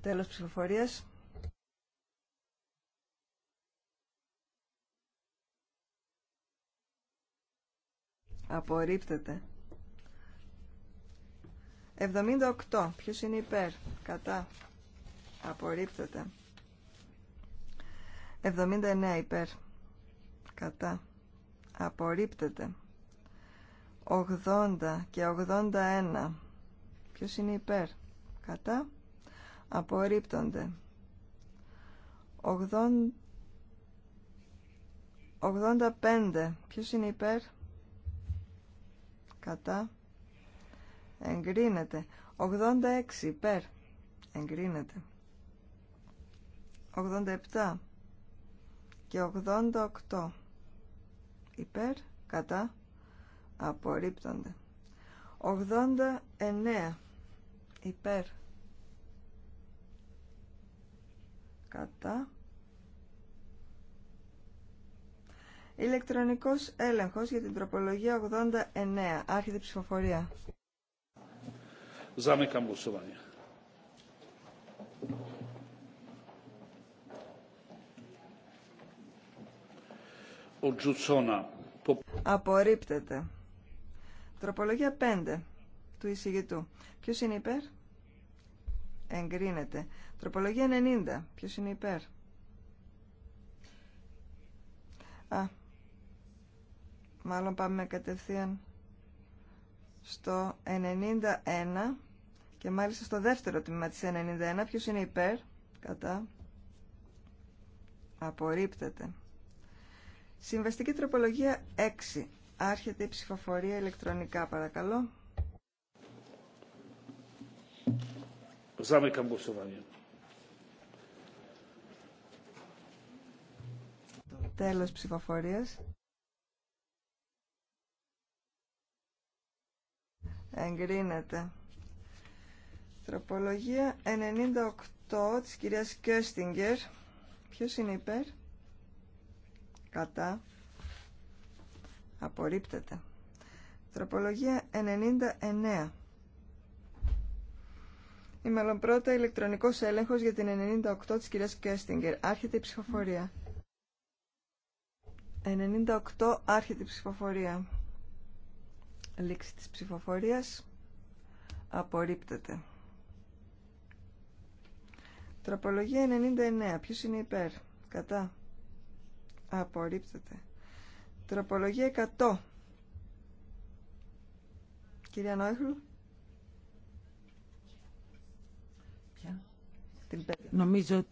τέλος ψηφοφορίας απορρίπτεται. 78. Ποιος είναι υπέρ, κατά, απορρίπτεται. 79 υπέρ, κατά, απορρίπτεται. 80 και 81. Ποιος είναι υπέρ, κατά, απορρίπτονται. 80... 85. Ποιος είναι υπέρ, κατά εγκρίνεται 86 υπέρ εγκρίνεται 87 και 88 υπέρ κατά απορρίπτονται 89 υπέρ κατά Ηλεκτρονικός έλεγχος για την τροπολογία 89. Άρχεται ψηφοφορία. Απορρίπτεται. Τροπολογία 5 του εισηγητού. Ποιος είναι υπέρ? Εγκρίνεται. Τροπολογία 90. Ποιος είναι υπέρ? Α, Μάλλον πάμε κατευθείαν στο 91 και μάλιστα στο δεύτερο τμήμα της 91. Ποιος είναι υπέρ, κατά, απορρίπτεται. Συμβαστική τροπολογία 6. Άρχεται η ψηφοφορία ηλεκτρονικά, παρακαλώ. Zamykam głosowanie. Τέλος ψηφοφορίας. Εγκρίνεται. Τροπολογία 98 της κυρίας Κέστιγκερ. Ποιος είναι υπέρ? Κατά. Απορρίπτεται. Τροπολογία 99. Η μελλονπρώτα πρώτα ηλεκτρονικός έλεγχος για την 98 της κυρίας Κέστιγκερ. Άρχεται η ψηφοφορία. 98 άρχεται η ψηφοφορία. Λήξη της ψηφοφορίας. Απορρίπτεται. Τροπολογία 99. Ποιος είναι υπέρ. Κατά. Απορρίπτεται. Τροπολογία 100. Κυρία Νόιχλου. Νομίζω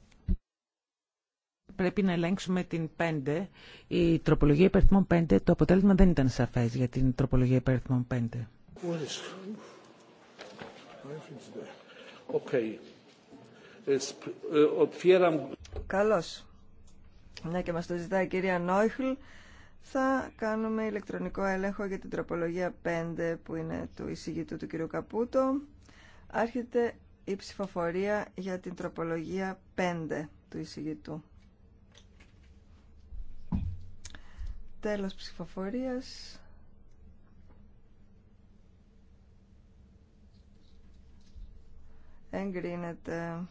πρέπει να ελέγξουμε την 5. Η τροπολογία υπερθυμών 5, το αποτέλεσμα δεν ήταν σαφές για την τροπολογία υπερθυμών 5. Καλώ Καλώς. Μια ναι, και μας το ζητάει η κυρία Νόιχλ, θα κάνουμε ηλεκτρονικό έλεγχο για την τροπολογία 5 που είναι του εισηγητού του κυρίου Καπούτο. Άρχεται η ψηφοφορία για την τροπολογία 5 του εισηγητού. Τέλος ψηφοφορίας. Εγκρίνεται.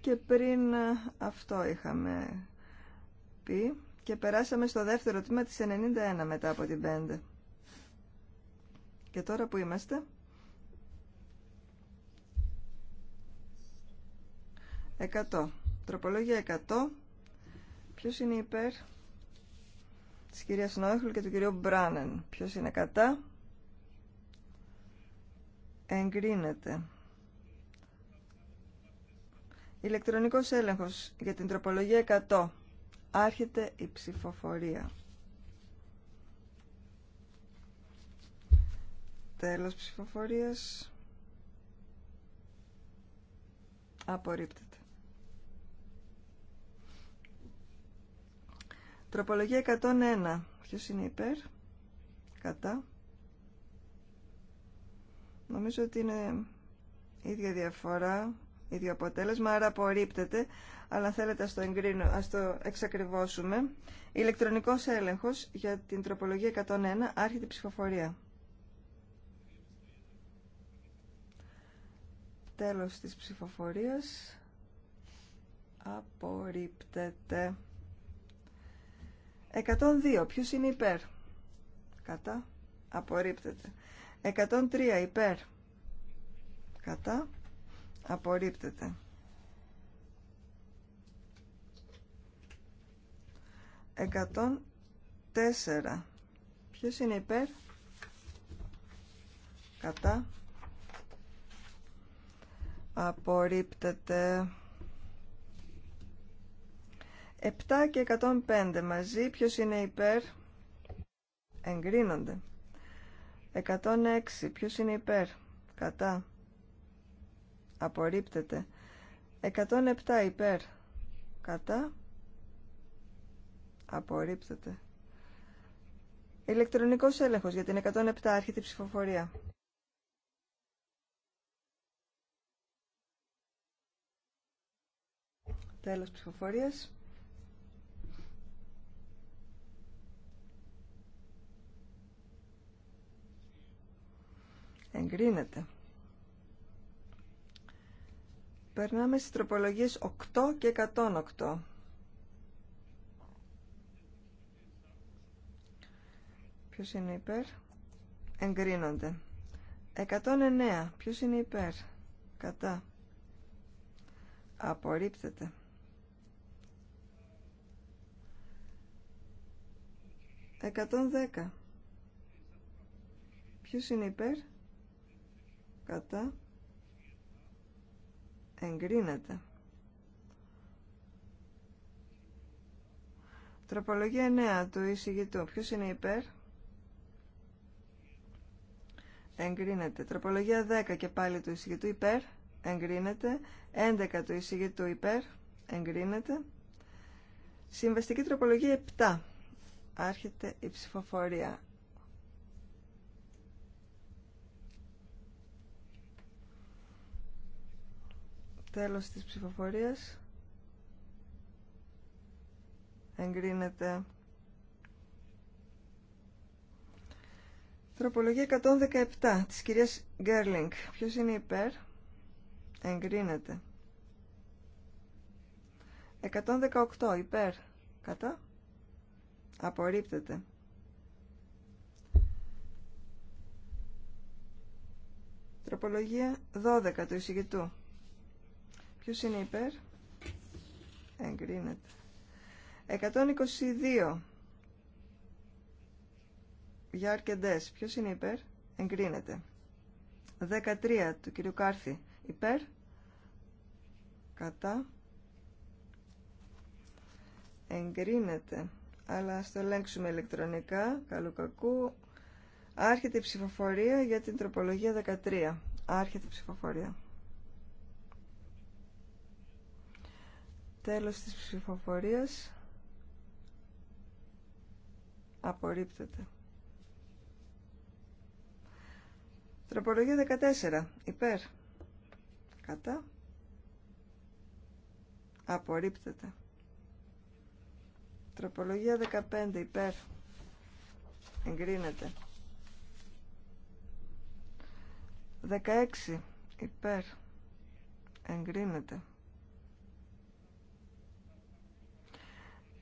Και πριν αυτό είχαμε πει και περάσαμε στο δεύτερο τμήμα της 91 μετά από την 5. Και τώρα που είμαστε... 100. Τροπολόγια 100. Ποιος είναι υπέρ της κυρίας Νόιχλ και του κυρίου Μπράνεν. Ποιος είναι κατά. Εγκρίνεται. Ηλεκτρονικός έλεγχος για την τροπολογία 100. Άρχεται η ψηφοφορία. Τέλος ψηφοφορίας. Απορρίπτεται. Τροπολογία 101. Ποιος είναι υπέρ. Κατά. Νομίζω ότι είναι ίδια διαφορά, ίδιο αποτέλεσμα, άρα απορρίπτεται, αλλά θέλετε ας το, το εξακριβώσουμε. Ηλεκτρονικός έλεγχος για την τροπολογία 101, άρχεται η ψηφοφορία. Τέλος της ψηφοφορίας. Απορρίπτεται. 102. Ποιος είναι υπέρ. Κατά. Απορρίπτεται. 103. Υπέρ. Κατά. Απορρίπτεται. 104. Ποιος είναι υπέρ. Κατά. Απορρίπτεται. 7 και 105 μαζί. Ποιος είναι υπέρ. Εγκρίνονται. 106. Ποιος είναι υπέρ. Κατά. Απορρίπτεται. 107 υπέρ. Κατά. Απορρίπτεται. Ηλεκτρονικός έλεγχος για την 107 άρχεται η ψηφοφορία. Τέλος ψηφοφορίας. Εγκρίνεται. Περνάμε στις τροπολογίες 8 και 108. Ποιος είναι υπέρ? Εγκρίνονται. 109. Ποιος είναι υπέρ? Κατά. Απορρίπτεται. 110. Ποιος είναι υπέρ? εγκρίνεται. Τροπολογία 9 του εισηγητού. Ποιος είναι υπέρ? Εγκρίνεται. Τροπολογία 10 και πάλι του εισηγητού υπέρ. Εγκρίνεται. 11 του εισηγητού υπέρ. Εγκρίνεται. Συμβαστική τροπολογία 7. Άρχεται η ψηφοφορία. Τέλος της ψηφοφορίας. Εγκρίνεται. Τροπολογία 117 της κυρίας Γκέρλινγκ. Ποιος είναι υπέρ? Εγκρίνεται. 118 υπέρ. Κατά. Απορρίπτεται. 12 του εισηγητού. Ποιος είναι υπέρ? Εγκρίνεται. 122. Για αρκεντές. Ποιος είναι υπέρ? Εγκρίνεται. 13 του κυρίου Κάρθη. Υπέρ. Κατά. Εγκρίνεται. Αλλά ας το ελέγξουμε ηλεκτρονικά. Καλού κακού. Άρχεται η ψηφοφορία για την τροπολογία 13. Άρχεται η ψηφοφορία. Τέλος της ψηφοφορίας. Απορρίπτεται. Τροπολογία 14. Υπέρ. Κατά. Απορρίπτεται. Τροπολογία 15. Υπέρ. Εγκρίνεται. 16. Υπέρ. Εγκρίνεται.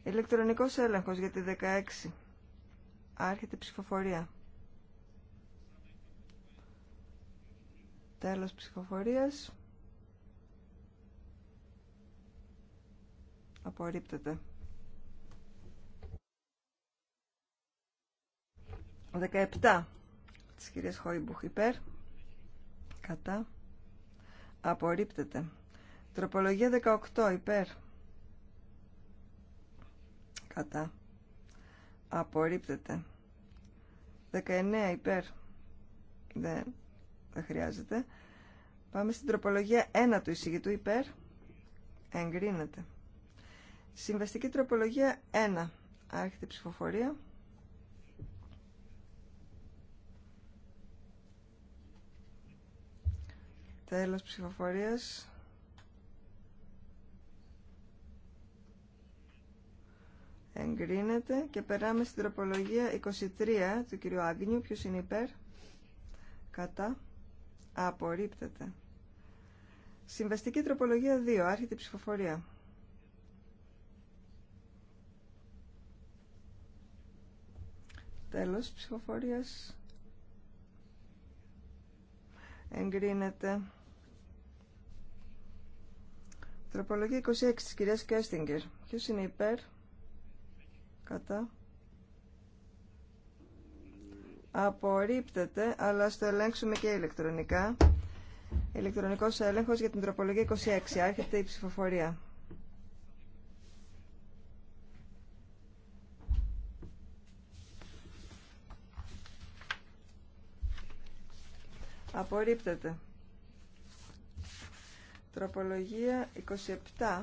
Ηλεκτρονικός έλεγχος για τη 16. Άρχεται η ψηφοφορία. Τέλος ψηφοφορίας. Απορρίπτεται. 17 της κυρίας Χόιμπουχ υπέρ. Κατά. Απορρίπτεται. Τροπολογία 18 υπέρ κατά απορρίπτεται 19 υπέρ δεν χρειάζεται πάμε στην τροπολογία 1 του εισηγητού υπέρ εγκρίνεται συμβαστική τροπολογία 1 άρχεται η ψηφοφορία τέλος ψηφοφορίας εγκρίνεται και περάμε στην τροπολογία 23 του κυρίου Άγνιου. Ποιος είναι υπέρ, κατά, απορρίπτεται. Συμβαστική τροπολογία 2, άρχεται η ψηφοφορία. Τέλος ψηφοφορίας. Εγκρίνεται. Τροπολογία 26 της κυρίας Κέστιγκερ. Ποιος είναι υπέρ, κατά απορρίπτεται αλλά στο το ελέγξουμε και ηλεκτρονικά ηλεκτρονικός έλεγχος για την τροπολογία 26 άρχεται η ψηφοφορία απορρίπτεται τροπολογία 27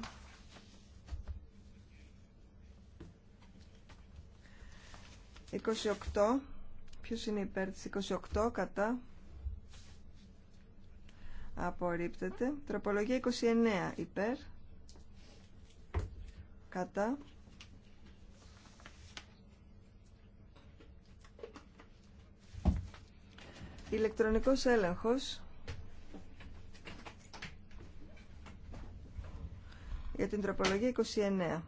28. Ποιος είναι υπέρ της 28 κατά. Απορρίπτεται. Τροπολογία 29 υπέρ. Κατά. Ηλεκτρονικός έλεγχος. Για την τροπολογία 29.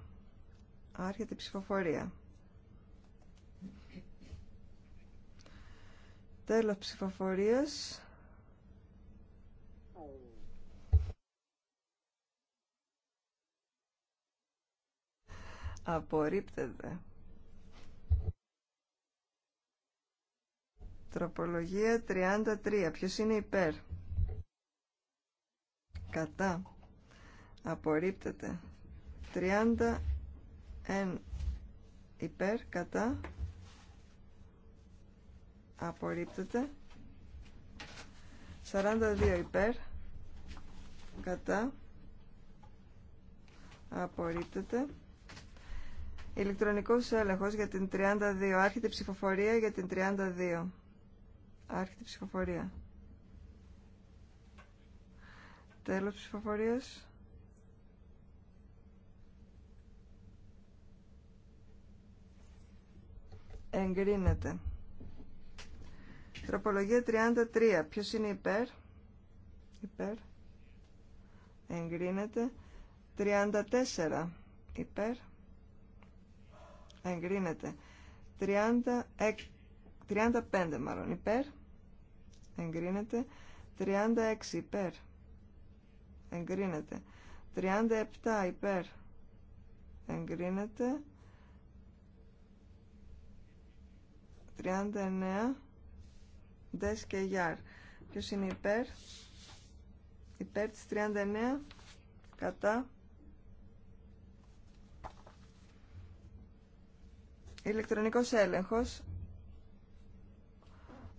Άρχεται η ψηφοφορία. Τέλος ψηφοφορίας. Απορρίπτεται. Τροπολογία 33. Ποιος είναι υπέρ. Κατά. Απορρίπτεται. 31 υπέρ. Κατά απορρίπτεται 42 υπέρ κατά απορρίπτεται ηλεκτρονικός έλεγχος για την 32 άρχεται ψηφοφορία για την 32 άρχεται ψηφοφορία τέλος ψηφοφορίας εγκρίνεται Τροπολογία 33. Ποιος είναι υπέρ? Υπέρ. Εγκρίνεται. 34. Υπέρ. Εγκρίνεται. 30, 35 μάλλον. Υπέρ. Εγκρίνεται. 36. Υπέρ. Εγκρίνεται. 37. Υπέρ. Εγκρίνεται. 39 ΔΕΣ και Γιάρ. Ποιος είναι υπέρ. Υπέρ της 39. Κατά. Ηλεκτρονικός έλεγχος.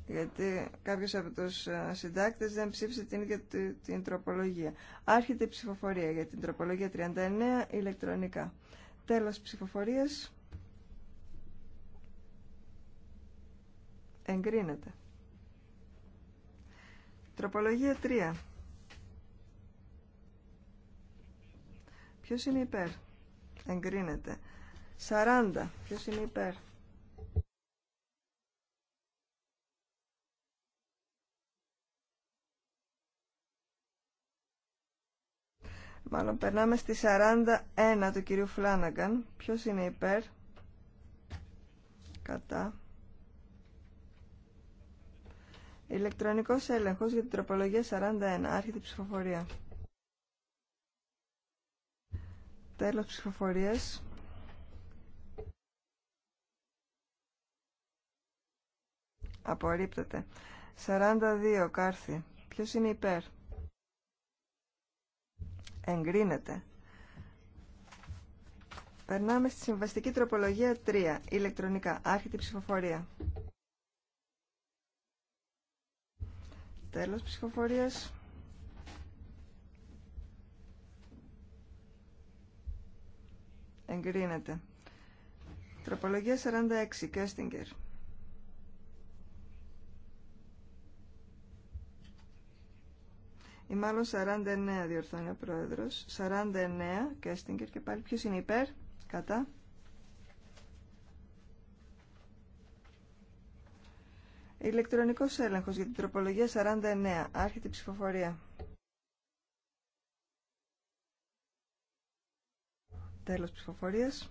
Γιατί κάποιος από τους ε, συντάκτες δεν ψήφισε την ίδια την τροπολογία. Άρχεται η ψηφοφορία για την τροπολογία 39 ηλεκτρονικά. Τέλος ψηφοφορίας. Εγκρίνεται. Τροπολογία 3. Ποιος είναι υπέρ. Εγκρίνεται. 40. Ποιος είναι υπέρ. Μάλλον περνάμε στη 41 του κυρίου Φλάναγκαν. Ποιος είναι υπέρ. Κατά. Ηλεκτρονικό έλεγχος για την τροπολογία 41. Άρχεται η ψηφοφορία. Τέλος ψηφοφορία. Απορρίπτεται. 42. Κάρθη. Ποιος είναι υπέρ. Εγκρίνεται. Περνάμε στη συμβαστική τροπολογία 3. Ηλεκτρονικά. Άρχεται η ψηφοφορία. Τέλος ψυχοφορίας Εγκρίνεται. Τροπολογία 46. Κέστιγκερ. Ή μάλλον 49 διορθώνει ο πρόεδρος. 49. Κέστιγκερ. Και πάλι ποιος είναι υπέρ. Κατά. Ηλεκτρονικός έλεγχος για την τροπολογία 49. Άρχεται η ψηφοφορία. Τέλος ψηφοφορίας.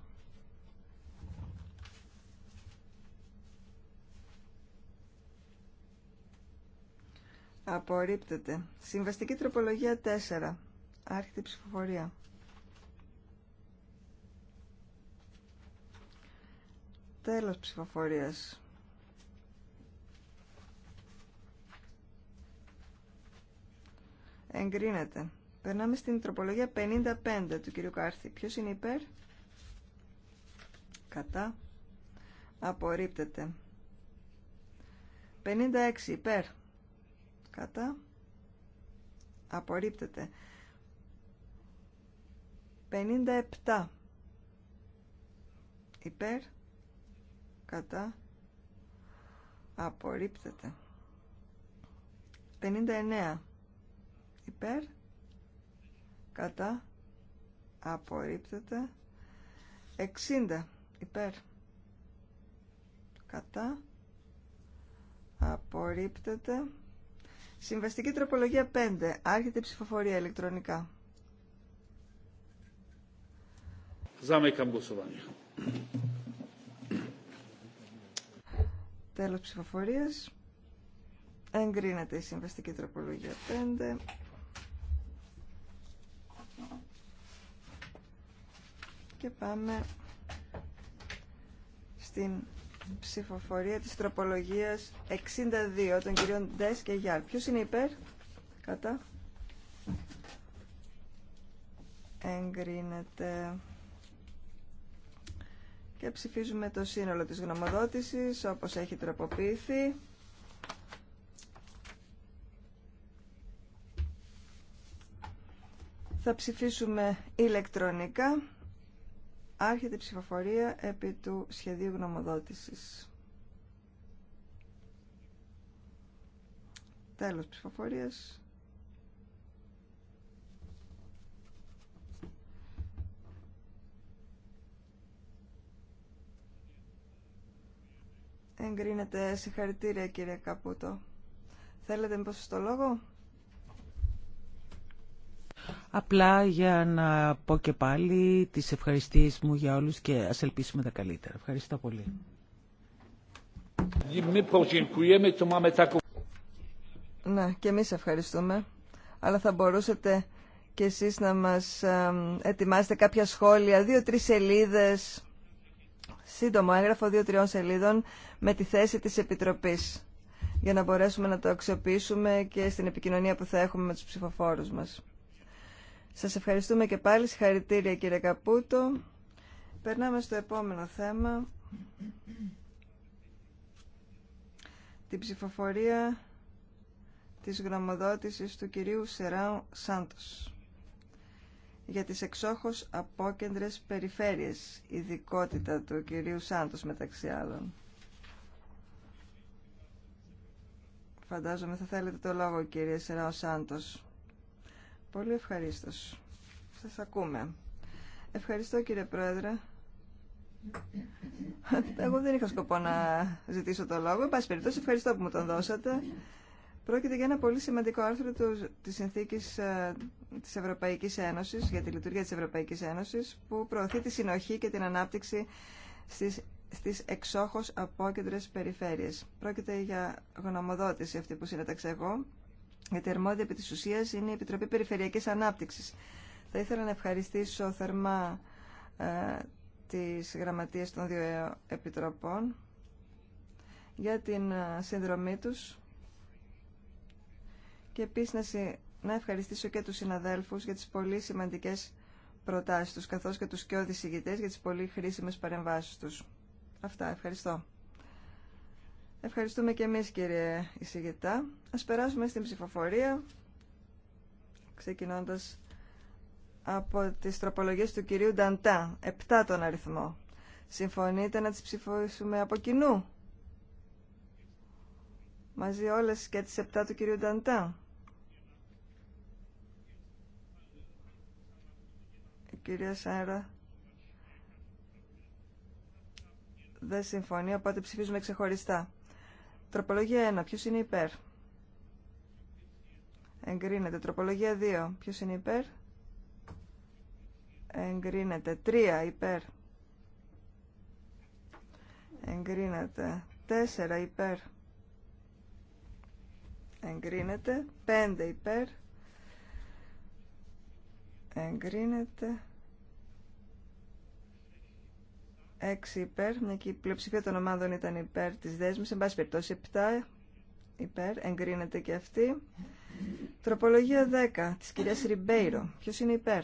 Απορρίπτεται. Συμβαστική τροπολογία 4. Άρχεται η ψηφοφορία. Τέλος ψηφοφορίας. Εγκρίνεται. Περνάμε στην τροπολογία 55 του κυρίου Κάρθη. Ποιος είναι υπέρ? Κατά. Απορρίπτεται. 56 υπέρ. Κατά. Απορρίπτεται. 57 υπέρ. Κατά. Απορρίπτεται. 59 υπέρ κατά απορρίπτεται 60 υπέρ κατά απορρίπτεται συμβαστική τροπολογία 5 άρχεται η ψηφοφορία ηλεκτρονικά Zamykam głosowanie. Τέλος ψηφοφορίας. Εγκρίνεται η συμβαστική τροπολογία 5. και πάμε στην ψηφοφορία της τροπολογίας 62 των κυρίων Ντες και Γιάρ. Ποιος είναι υπέρ, κατά, εγκρίνεται. Και ψηφίζουμε το σύνολο της γνωμοδότησης όπως έχει τροποποιηθεί. Θα ψηφίσουμε ηλεκτρονικά. Άρχεται η ψηφοφορία επί του σχεδίου γνωμοδότησης. Τέλος ψηφοφορίας. Εγκρίνεται συγχαρητήρια κύριε Καπούτο. Θέλετε μήπως στο λόγο. Απλά για να πω και πάλι τις ευχαριστίες μου για όλους και ας ελπίσουμε τα καλύτερα. Ευχαριστώ πολύ. Να, και εμείς ευχαριστούμε. Αλλά θα μπορούσατε και εσείς να μας ετοιμάσετε κάποια σχόλια, δύο-τρεις σελίδες, σύντομο έγγραφο δύο-τριών σελίδων με τη θέση της Επιτροπής για να μπορέσουμε να το αξιοποιήσουμε και στην επικοινωνία που θα έχουμε με τους ψηφοφόρους μας. Σας ευχαριστούμε και πάλι. Συγχαρητήρια κύριε Καπούτο. Περνάμε στο επόμενο θέμα. Την ψηφοφορία της γραμμοδότησης του κυρίου Σεράου Σάντος για τις εξόχως απόκεντρες περιφέρειες, ειδικότητα του κυρίου Σάντος μεταξύ άλλων. Φαντάζομαι θα θέλετε το λόγο κύριε Σεράου Σάντος. Πολύ ευχαρίστω. Σας ακούμε. Ευχαριστώ κύριε Πρόεδρε. Εγώ δεν είχα σκοπό να ζητήσω το λόγο. Εν περιπτώσει, ευχαριστώ που μου τον δώσατε. Πρόκειται για ένα πολύ σημαντικό άρθρο του, της Συνθήκης ε, της Ευρωπαϊκής Ένωσης, για τη λειτουργία της Ευρωπαϊκής Ένωσης, που προωθεί τη συνοχή και την ανάπτυξη στις, στις εξόχως απόκεντρες περιφέρειες. Πρόκειται για γνωμοδότηση αυτή που συνέταξα εγώ γιατί αρμόδια επί της ουσίας είναι η Επιτροπή Περιφερειακής Ανάπτυξης. Θα ήθελα να ευχαριστήσω θερμά ε, τις γραμματείες των δύο ε, επιτροπών για την ε, συνδρομή τους και επίσης να, ευχαριστήσω και τους συναδέλφους για τις πολύ σημαντικές προτάσεις τους καθώς και τους και ηγητές για τις πολύ χρήσιμες παρεμβάσεις τους. Αυτά, ευχαριστώ. Ευχαριστούμε και εμείς κύριε εισηγητά. Ας περάσουμε στην ψηφοφορία, ξεκινώντας από τις τροπολογίες του κυρίου Νταντά, 7 τον αριθμό. Συμφωνείτε να τις ψηφίσουμε από κοινού. Μαζί όλες και τις 7 του κυρίου Νταντά. Η κυρία Σάρα δεν συμφωνεί, οπότε ψηφίζουμε ξεχωριστά. Τροπολογία 1. Ποιος είναι υπέρ. Εγκρίνεται. Τροπολογία 2. Ποιος είναι υπέρ. Εγκρίνεται. 3 υπέρ. Εγκρίνεται. 4 υπέρ. Εγκρίνεται. 5 υπέρ. Εγκρίνεται. 6 υπέρ, μια και η πλειοψηφία των ομάδων ήταν υπέρ της δέσμης, εν πάση περιπτώσει 7 υπέρ, εγκρίνεται και αυτή. Τροπολογία 10 της κυρίας Ριμπέιρο. Ποιος είναι υπέρ.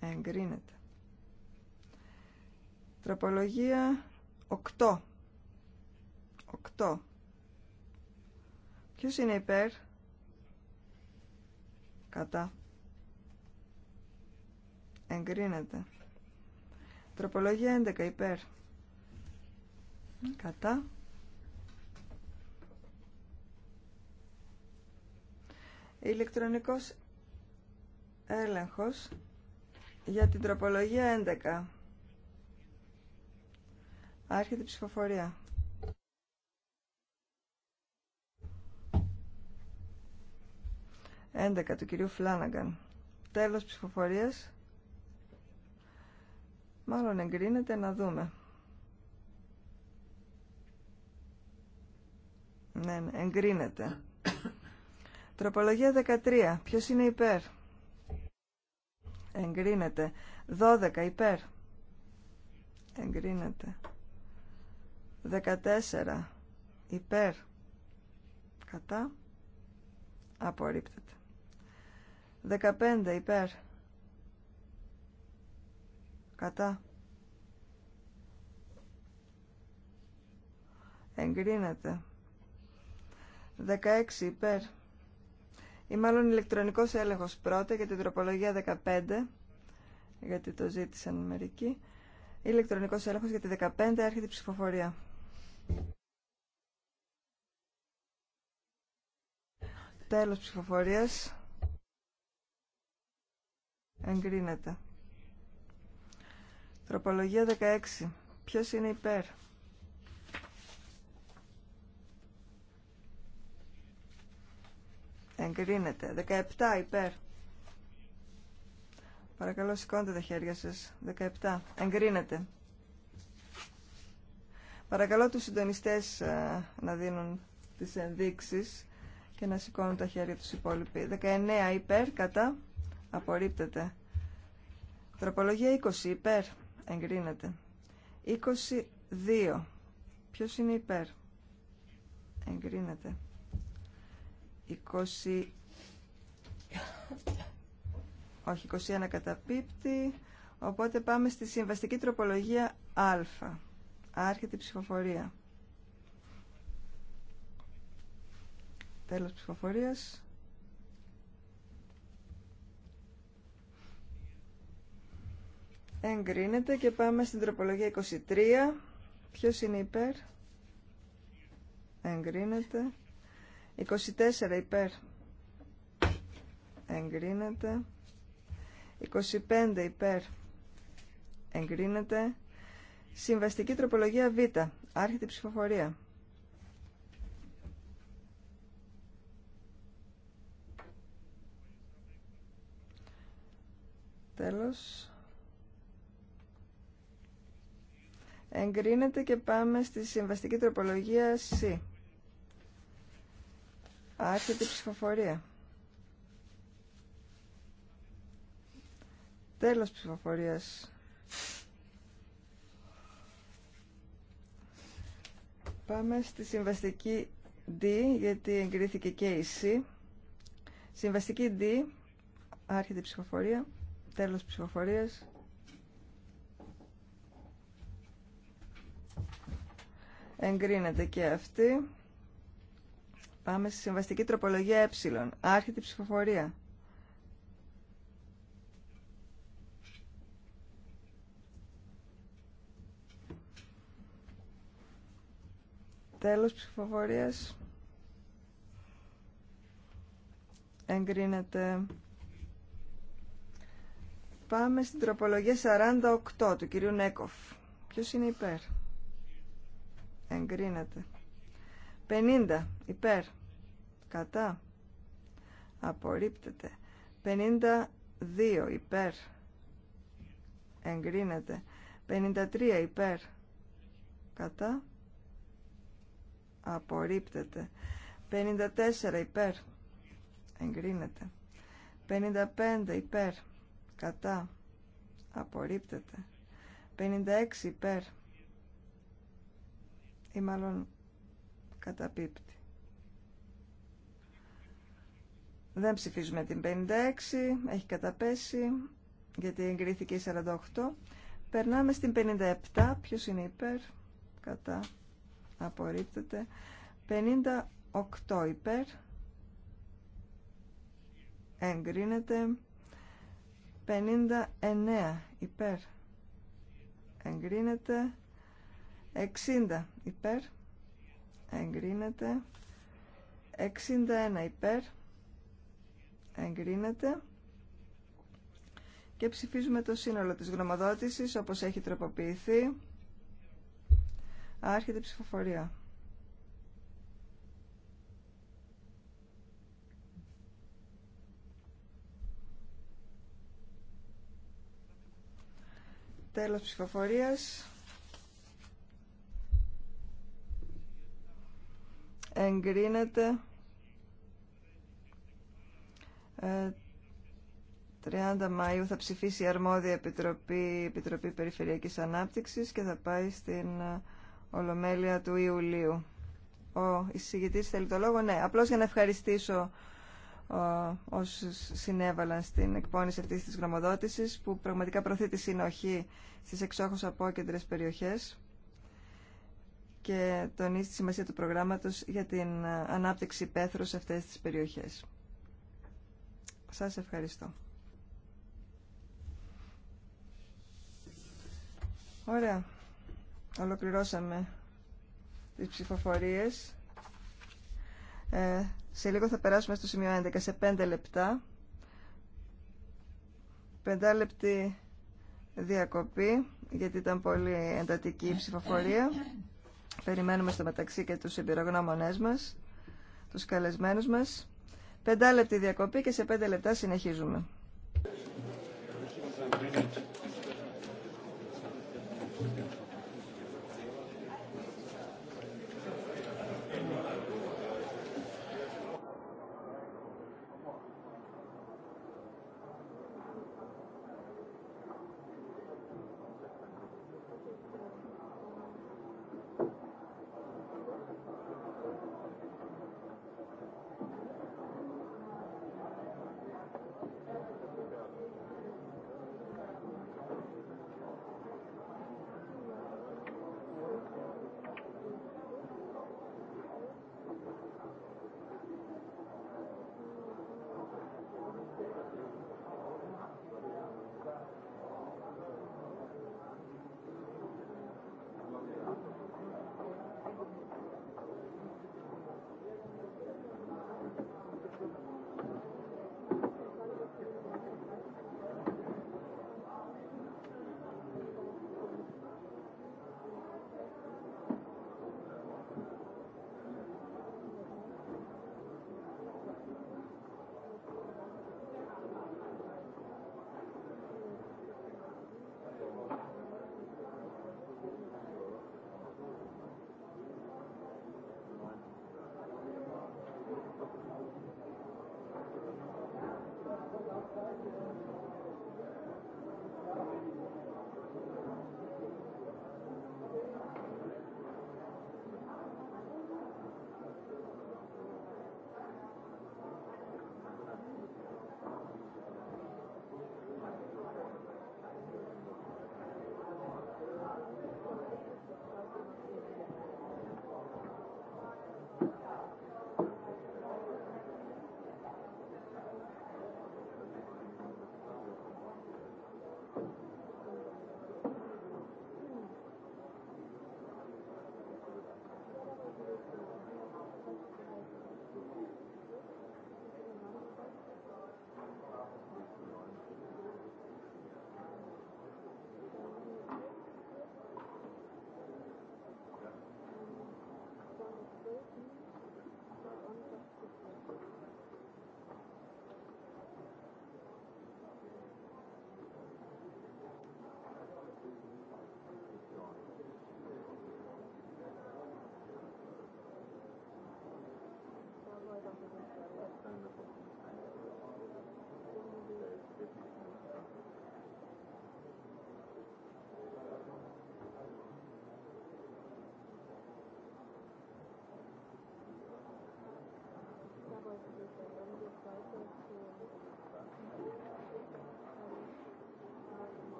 Εγκρίνεται. Τροπολογία 8. 8. Ποιος είναι υπέρ. Κατά. Εγκρίνεται. Τροπολογία 11 υπέρ. Κατά. Ηλεκτρονικός έλεγχος για την τροπολογία 11. Άρχεται η ψηφοφορία. 11 του κυρίου Φλάναγκαν. Τέλος ψηφοφορίας. Μάλλον εγκρίνεται να δούμε. ναι, ναι εγκρίνεται. Τροπολογία 13. Ποιος είναι υπέρ. Εγκρίνεται. 12. Υπέρ. Εγκρίνεται. 14. Υπέρ. Κατά. Απορρίπτεται. 15. Υπέρ. Κατά. Εγκρίνεται. 16. Υπέρ ή μάλλον ηλεκτρονικός έλεγχος πρώτα για την τροπολογία 15, γιατί το ζήτησαν μερικοί. Ηλεκτρονικός έλεγχος για τη 15 έρχεται η ψηφοφορία. Τέλος ψηφοφορίας. Εγκρίνεται. Τροπολογία 16. Ποιος είναι υπέρ. Εγκρίνεται. 17 υπέρ. Παρακαλώ σηκώντε τα χέρια σας. 17. Εγκρίνεται. Παρακαλώ τους συντονιστές ε, να δίνουν τις ενδείξεις και να σηκώνουν τα χέρια τους υπόλοιποι. 19 υπέρ, κατά, απορρίπτεται. Τροπολογία 20 υπέρ, εγκρίνεται. 22. Ποιος είναι υπέρ, εγκρίνεται. 20... Όχι, 21 καταπίπτει. Οπότε πάμε στη συμβαστική τροπολογία α. Άρχεται η ψηφοφορία. Τέλος ψηφοφορίας. Εγκρίνεται και πάμε στην τροπολογία 23. Ποιος είναι υπέρ. Εγκρίνεται. 24 υπέρ εγκρίνεται 25 υπέρ εγκρίνεται συμβαστική τροπολογία Β άρχεται η ψηφοφορία τέλος εγκρίνεται και πάμε στη συμβαστική τροπολογία σ Άρχεται η ψηφοφορία. Τέλος ψηφοφορίας. Πάμε στη συμβαστική D, γιατί εγκρίθηκε και η C. Συμβαστική D, άρχεται η ψηφοφορία, τέλος ψηφοφορίας. Εγκρίνεται και αυτή. Πάμε στη συμβαστική τροπολογία ε. Άρχεται η ψηφοφορία. Τέλος ψηφοφορίας. Εγκρίνεται. Πάμε στην τροπολογία 48 του κυρίου Νέκοφ. Ποιος είναι υπέρ. Εγκρίνεται. 50 υπέρ κατά απορρίπτεται 52 υπέρ εγκρίνεται 53 υπέρ κατά απορρίπτεται 54 υπέρ εγκρίνεται 55 υπέρ κατά απορρίπτεται 56 υπέρ ή μάλλον Καταπίπτει. Δεν ψηφίζουμε την 56, έχει καταπέσει, γιατί εγκρίθηκε η 48. Περνάμε στην 57, ποιος είναι υπέρ, κατά, απορρίπτεται. 58 υπέρ, εγκρίνεται. 59 υπέρ, εγκρίνεται. 60 υπέρ, εγκρίνεται 61 υπέρ εγκρίνεται και ψηφίζουμε το σύνολο της γνωμοδότησης όπως έχει τροποποιηθεί άρχεται η ψηφοφορία τέλος ψηφοφορίας εγκρίνεται 30 ε, Μαΐου θα ψηφίσει η αρμόδια Επιτροπή, Επιτροπή Περιφερειακής Ανάπτυξης και θα πάει στην ε, Ολομέλεια του Ιουλίου. Ο εισηγητής θέλει το λόγο. Ναι, απλώς για να ευχαριστήσω ε, όσους συνέβαλαν στην εκπόνηση αυτής της γνωμοδότησης που πραγματικά προωθεί τη συνοχή στις εξόχως απόκεντρες περιοχές και τονίσει τη σημασία του προγράμματος για την ανάπτυξη πέθρου σε αυτές τις περιοχές. Σας ευχαριστώ. Ωραία. Ολοκληρώσαμε τις ψηφοφορίες. Ε, σε λίγο θα περάσουμε στο σημείο 11, σε 5 λεπτά. 5 λεπτή διακοπή, γιατί ήταν πολύ εντατική η ψηφοφορία. Περιμένουμε στο μεταξύ και τους εμπειρογνώμονές μας, τους καλεσμένους μας. Πεντάλεπτη διακοπή και σε πέντε λεπτά συνεχίζουμε.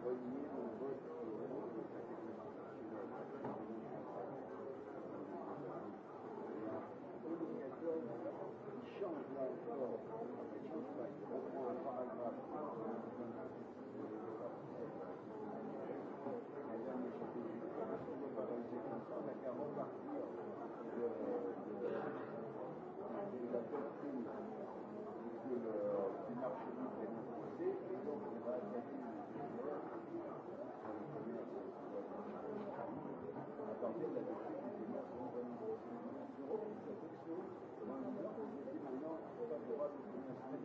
Υπότιτλοι AUTHORWAVE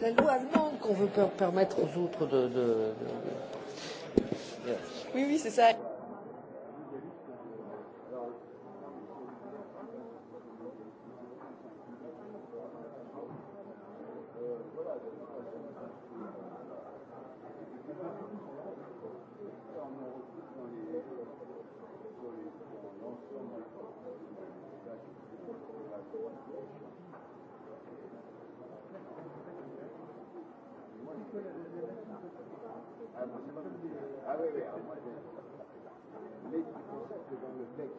c'est la loi allemande qu'on veut permettre aux autres de. de, de... Oui, oui, c'est ça. Thanks.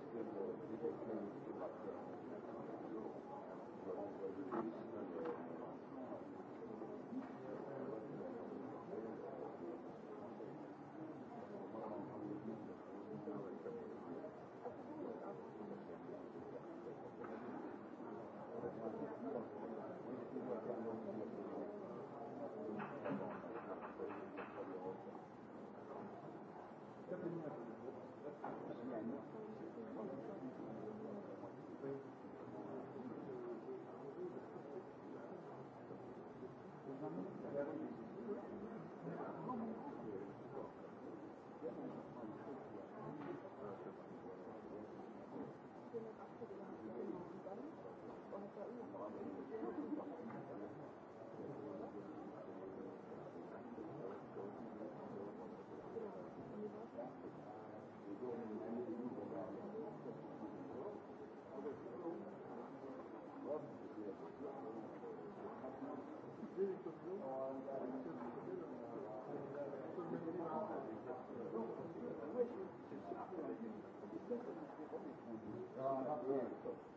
Thank you.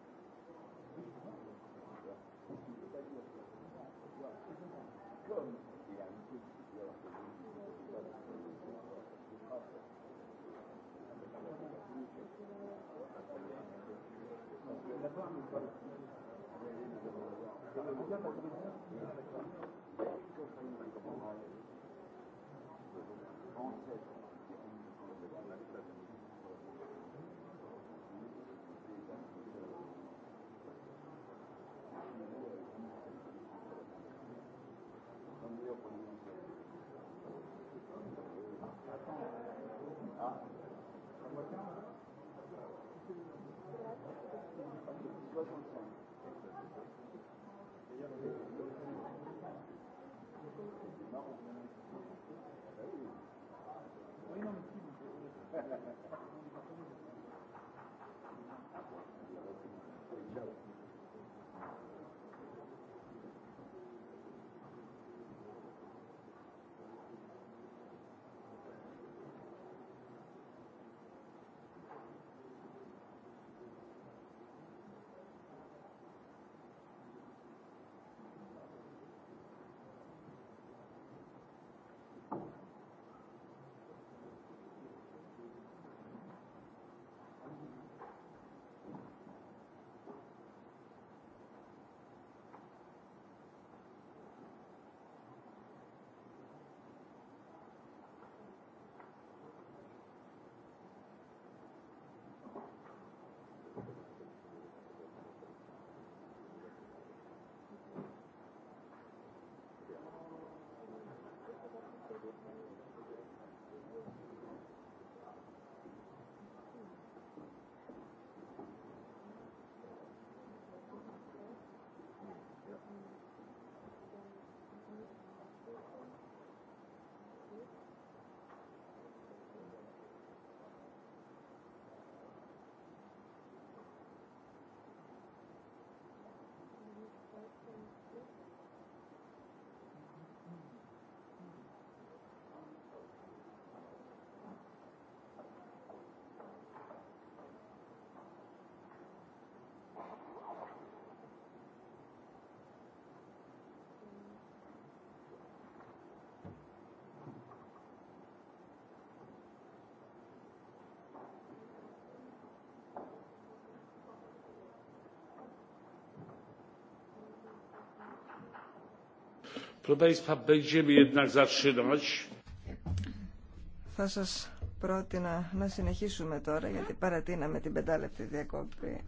Θα σας πρότεινα να συνεχίσουμε τώρα, γιατί παρατείναμε την πεντάλεπτη διακόπη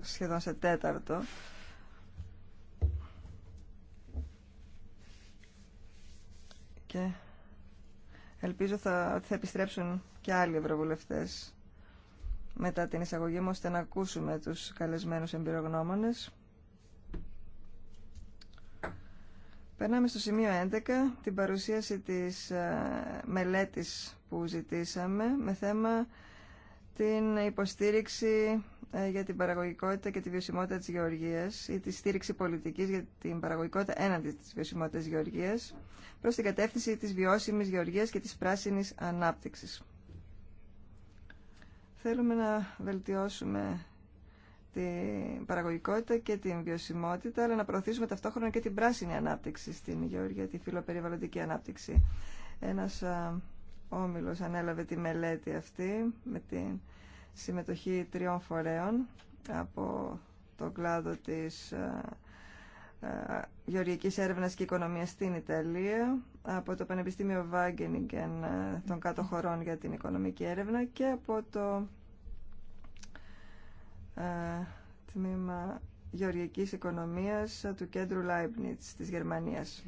σχεδόν σε τέταρτο. Και ελπίζω θα, ότι θα επιστρέψουν και άλλοι ευρωβουλευτές μετά την εισαγωγή μου, ώστε να ακούσουμε τους καλεσμένους εμπειρογνώμονες. Περνάμε στο σημείο 11, την παρουσίαση της ε, μελέτης που ζητήσαμε με θέμα την υποστήριξη ε, για την παραγωγικότητα και τη βιωσιμότητα της γεωργίας ή τη στήριξη πολιτικής για την παραγωγικότητα έναντι της βιωσιμότητας της γεωργίας προς την κατεύθυνση της βιώσιμης γεωργίας και της πράσινης ανάπτυξης. Θέλουμε να βελτιώσουμε την παραγωγικότητα και την βιωσιμότητα, αλλά να προωθήσουμε ταυτόχρονα και την πράσινη ανάπτυξη στην Γεωργία, τη φιλοπεριβαλλοντική ανάπτυξη. Ένας όμιλος ανέλαβε τη μελέτη αυτή με την συμμετοχή τριών φορέων από το κλάδο της γεωργικής έρευνας και οικονομίας στην Ιταλία, από το Πανεπιστήμιο Βάγκενιγκεν των κάτω χωρών για την οικονομική έρευνα και από το ε, τμήμα γεωργικής οικονομίας του κέντρου Leibniz της Γερμανίας.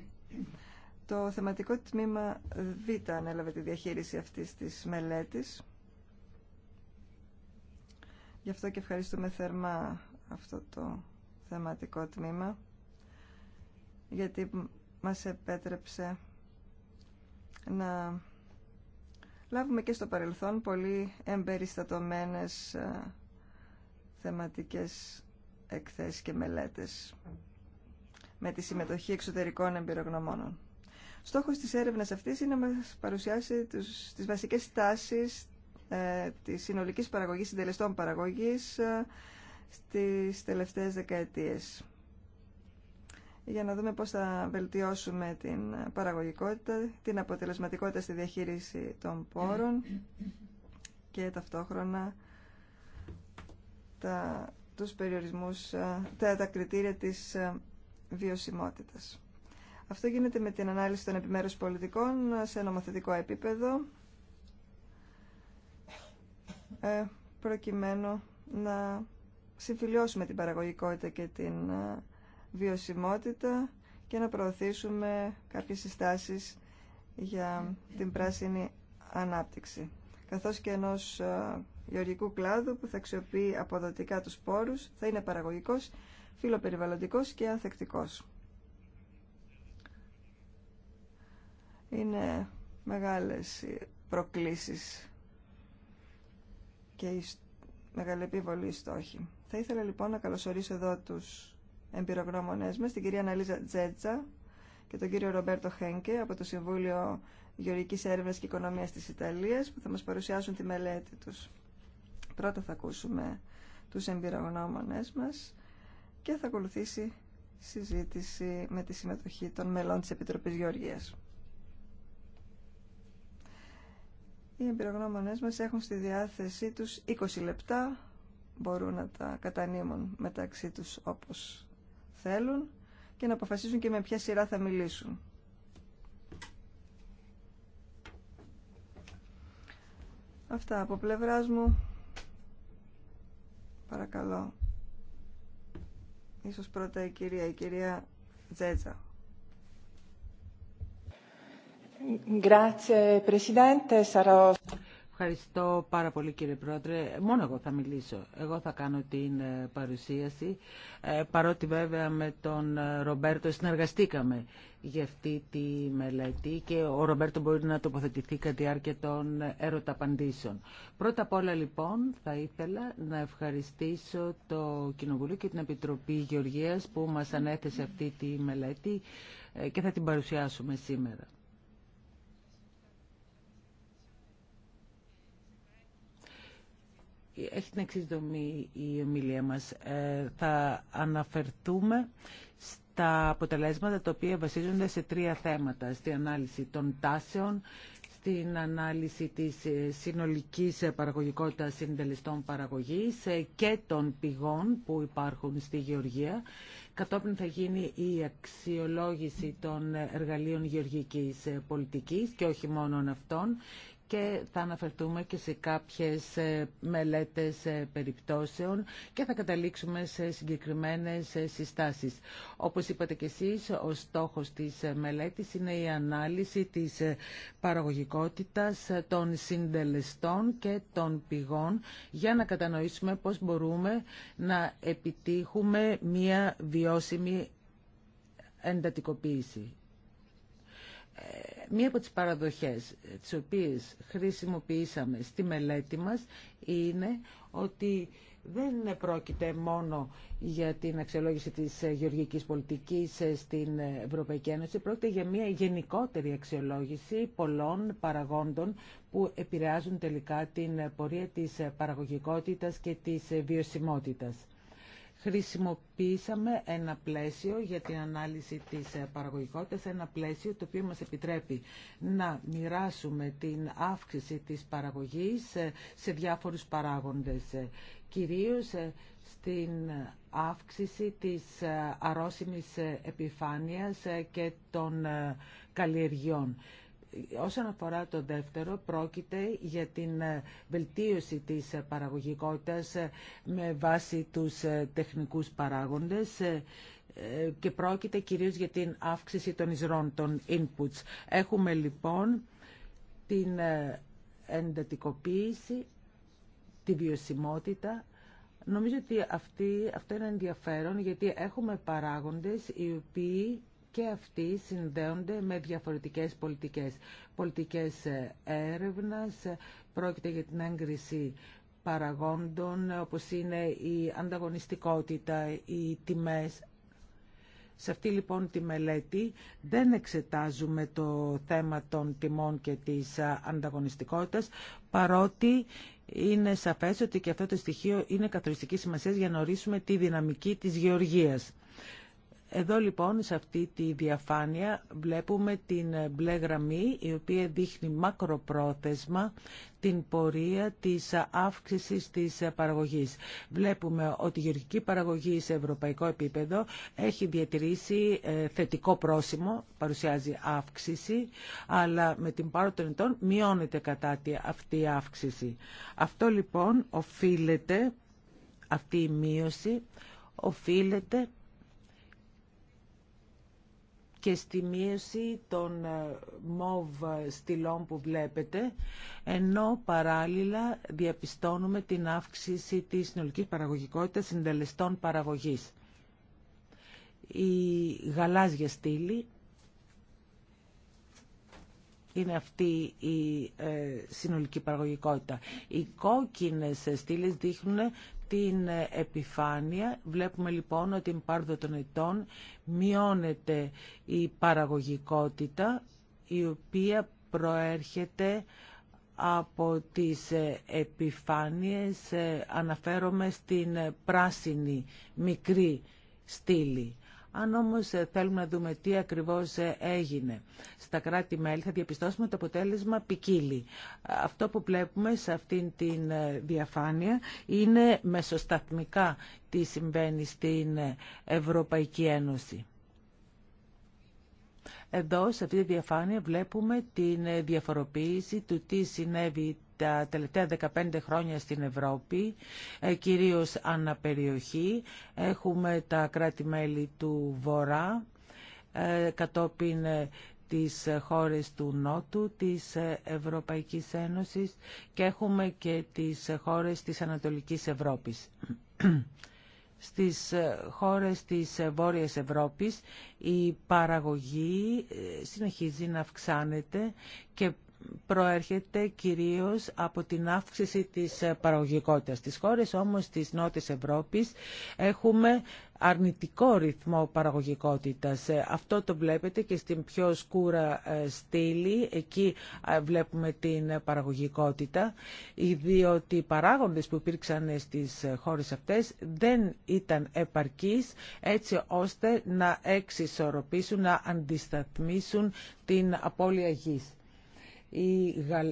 Το θεματικό τμήμα Β ανέλαβε τη διαχείριση αυτής της μελέτης. Γι' αυτό και ευχαριστούμε θερμά αυτό το θεματικό τμήμα γιατί μας επέτρεψε να λάβουμε και στο παρελθόν πολύ εμπεριστατωμένες ε, θεματικές εκθέσεις και μελέτες με τη συμμετοχή εξωτερικών εμπειρογνωμόνων. Στόχος της έρευνας αυτής είναι να μας παρουσιάσει τους, τις βασικές τάσεις ε, της συνολικής παραγωγής, συντελεστών παραγωγής ε, στις τελευταίες δεκαετίες. Για να δούμε πώς θα βελτιώσουμε την παραγωγικότητα, την αποτελεσματικότητα στη διαχείριση των πόρων και ταυτόχρονα τα, τους περιορισμούς, ε, τα, τα κριτήρια της ε, βιωσιμότητας. Αυτό γίνεται με την ανάλυση των επιμέρους πολιτικών ε, σε νομοθετικό επίπεδο προκειμένου να συμφιλιώσουμε την παραγωγικότητα και την βιωσιμότητα και να προωθήσουμε κάποιες συστάσεις για την πράσινη ανάπτυξη καθώς και ενός γεωργικού κλάδου που θα αξιοποιεί αποδοτικά τους σπόρους, θα είναι παραγωγικός, φιλοπεριβαλλοντικός και ανθεκτικός. Είναι μεγάλες προκλήσεις και μεγάλη επιβολή στόχη. Θα ήθελα λοιπόν να καλωσορίσω εδώ τους εμπειρογνώμονές μας, την κυρία Αναλίζα Τζέτζα και τον κύριο Ρομπέρτο Χένκε από το Συμβούλιο Γεωργικής Έρευνας και Οικονομίας της Ιταλίας που θα μας παρουσιάσουν τη μελέτη τους. Πρώτα θα ακούσουμε τους εμπειρογνώμονές μας και θα ακολουθήσει συζήτηση με τη συμμετοχή των μελών της Επιτροπής Γεωργίας. Οι εμπειρογνώμονές μας έχουν στη διάθεσή τους 20 λεπτά, μπορούν να τα κατανείμουν μεταξύ τους όπως θέλουν και να αποφασίσουν και με ποια σειρά θα μιλήσουν. Αυτά από πλευράς μου Παρακαλώ. Ίσως πρώτα η κυρία, η κυρία Τζέτζα. Ευχαριστώ πάρα πολύ κύριε Πρόεδρε. Μόνο εγώ θα μιλήσω. Εγώ θα κάνω την ε, παρουσίαση. Ε, παρότι βέβαια με τον ε, Ρομπέρτο συνεργαστήκαμε για αυτή τη μελέτη και ο Ρομπέρτο μπορεί να τοποθετηθεί κατά τη διάρκεια των ερωταπαντήσεων. Πρώτα απ' όλα λοιπόν θα ήθελα να ευχαριστήσω το Κοινοβουλίο και την Επιτροπή Γεωργίας που μας ανέθεσε αυτή τη μελέτη και θα την παρουσιάσουμε σήμερα. έχει την εξή δομή η ομιλία μας. Ε, θα αναφερθούμε στα αποτελέσματα τα οποία βασίζονται σε τρία θέματα. Στην ανάλυση των τάσεων, στην ανάλυση της ε, συνολικής παραγωγικότητας συντελεστών παραγωγής ε, και των πηγών που υπάρχουν στη Γεωργία. Κατόπιν θα γίνει η αξιολόγηση των εργαλείων γεωργικής πολιτικής και όχι μόνον αυτών και θα αναφερθούμε και σε κάποιες ε, μελέτες ε, περιπτώσεων και θα καταλήξουμε σε συγκεκριμένες ε, συστάσεις. Όπως είπατε και εσείς, ο στόχος της μελέτης είναι η ανάλυση της παραγωγικότητας των συντελεστών και των πηγών για να κατανοήσουμε πώς μπορούμε να επιτύχουμε μία βιώσιμη εντατικοποίηση. Ε, μία από τις παραδοχές ε, τις οποίες χρησιμοποιήσαμε στη μελέτη μας είναι ότι δεν πρόκειται μόνο για την αξιολόγηση της ε, γεωργικής πολιτικής στην Ευρωπαϊκή Ένωση, πρόκειται για μια γενικότερη αξιολόγηση πολλών παραγόντων που επηρεάζουν τελικά την πορεία της παραγωγικότητας και της βιωσιμότητας χρησιμοποίησαμε ένα πλαίσιο για την ανάλυση της ε, παραγωγικότητας, ένα πλαίσιο το οποίο μας επιτρέπει να μοιράσουμε την αύξηση της παραγωγής ε, σε διάφορους παράγοντες, ε, κυρίως στην αύξηση της αρρώσιμης επιφάνειας και των καλλιεργιών. Όσον αφορά το δεύτερο, πρόκειται για την ε, βελτίωση της ε, παραγωγικότητας ε, με βάση τους τεχνικούς παράγοντες και πρόκειται κυρίως για την αύξηση των εισρών, των inputs. Έχουμε λοιπόν την εντατικοποίηση, τη βιωσιμότητα. Νομίζω ότι αυτή, αυτό είναι ενδιαφέρον γιατί έχουμε παράγοντες οι οποίοι και αυτοί συνδέονται με διαφορετικές πολιτικές. Πολιτικές έρευνας, πρόκειται για την έγκριση παραγόντων όπως είναι η ανταγωνιστικότητα, οι τιμές. Σε αυτή λοιπόν τη μελέτη δεν εξετάζουμε το θέμα των τιμών και της ανταγωνιστικότητας, παρότι είναι σαφές ότι και αυτό το στοιχείο είναι καθοριστική σημασία για να ορίσουμε τη δυναμική της γεωργίας. Εδώ λοιπόν σε αυτή τη διαφάνεια βλέπουμε την μπλε γραμμή η οποία δείχνει μακροπρόθεσμα την πορεία της αύξησης της παραγωγής. Βλέπουμε ότι η γεωργική παραγωγή σε ευρωπαϊκό επίπεδο έχει διατηρήσει ε, θετικό πρόσημο, παρουσιάζει αύξηση, αλλά με την πάρο των ετών μειώνεται κατά τη αυτή η αύξηση. Αυτό λοιπόν οφείλεται, αυτή η μείωση οφείλεται και στη μείωση των ε, μοβ ε, στυλών που βλέπετε, ενώ παράλληλα διαπιστώνουμε την αύξηση της συνολικής παραγωγικότητας συντελεστών παραγωγής. Η γαλάζια στήλη είναι αυτή η ε, συνολική παραγωγικότητα. Οι κόκκινες στήλες δείχνουν την επιφάνεια. Βλέπουμε λοιπόν ότι την πάρδο των ετών μειώνεται η παραγωγικότητα η οποία προέρχεται από τις επιφάνειες αναφέρομαι στην πράσινη μικρή στήλη. Αν όμως ε, θέλουμε να δούμε τι ακριβώς ε, έγινε στα κράτη-μέλη, θα διαπιστώσουμε το αποτέλεσμα ποικίλει. Αυτό που βλέπουμε σε αυτήν την ε, διαφάνεια είναι μεσοσταθμικά τι συμβαίνει στην Ευρωπαϊκή Ένωση. Εδώ, σε αυτή τη διαφάνεια, βλέπουμε την διαφοροποίηση του τι συνέβη τα τελευταία 15 χρόνια στην Ευρώπη, ε, κυρίως αναπεριοχή. Έχουμε τα κράτη-μέλη του Βορρά, ε, κατόπιν ε, τις χώρες του Νότου της Ευρωπαϊκής Ένωσης και έχουμε και τις χώρες της Ανατολικής Ευρώπης. Στις χώρες της Βόρειας Ευρώπης η παραγωγή συνεχίζει να αυξάνεται και προέρχεται κυρίως από την αύξηση της παραγωγικότητας. Στις χώρες όμως της Νότιας Ευρώπης έχουμε αρνητικό ρυθμό παραγωγικότητας. Ε, αυτό το βλέπετε και στην πιο σκούρα ε, στήλη. Εκεί ε, βλέπουμε την παραγωγικότητα, διότι οι παράγοντες που υπήρξαν στις χώρες αυτές δεν ήταν επαρκείς έτσι ώστε να εξισορροπήσουν, να αντισταθμίσουν την απώλεια γης.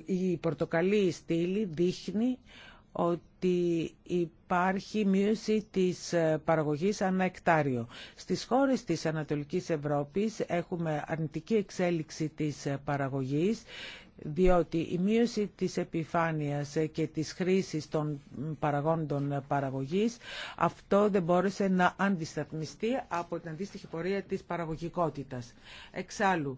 Η πορτοκαλί στήλη δείχνει ότι υπάρχει μείωση της ε, παραγωγής ανά εκτάριο. Στις χώρες της Ανατολικής Ευρώπης έχουμε αρνητική εξέλιξη της ε, παραγωγής διότι η μείωση της επιφάνειας ε, και της χρήσης των παραγόντων παραγωγής αυτό δεν μπόρεσε να αντισταθμιστεί από την αντίστοιχη πορεία της παραγωγικότητας. Εξάλλου,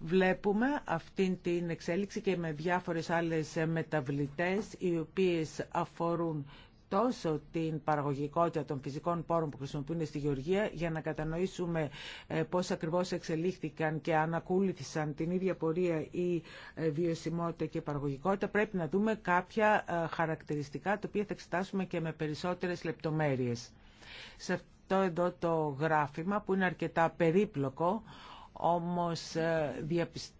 Βλέπουμε αυτή την εξέλιξη και με διάφορες άλλες μεταβλητές οι οποίες αφορούν τόσο την παραγωγικότητα των φυσικών πόρων που χρησιμοποιούν στη Γεωργία για να κατανοήσουμε ε, πώς ακριβώς εξελίχθηκαν και ανακούληθησαν την ίδια πορεία η ε, βιωσιμότητα και η παραγωγικότητα πρέπει να δούμε κάποια ε, χαρακτηριστικά τα οποία θα εξετάσουμε και με περισσότερες λεπτομέρειες. Σε αυτό εδώ το γράφημα που είναι αρκετά περίπλοκο όμως ε,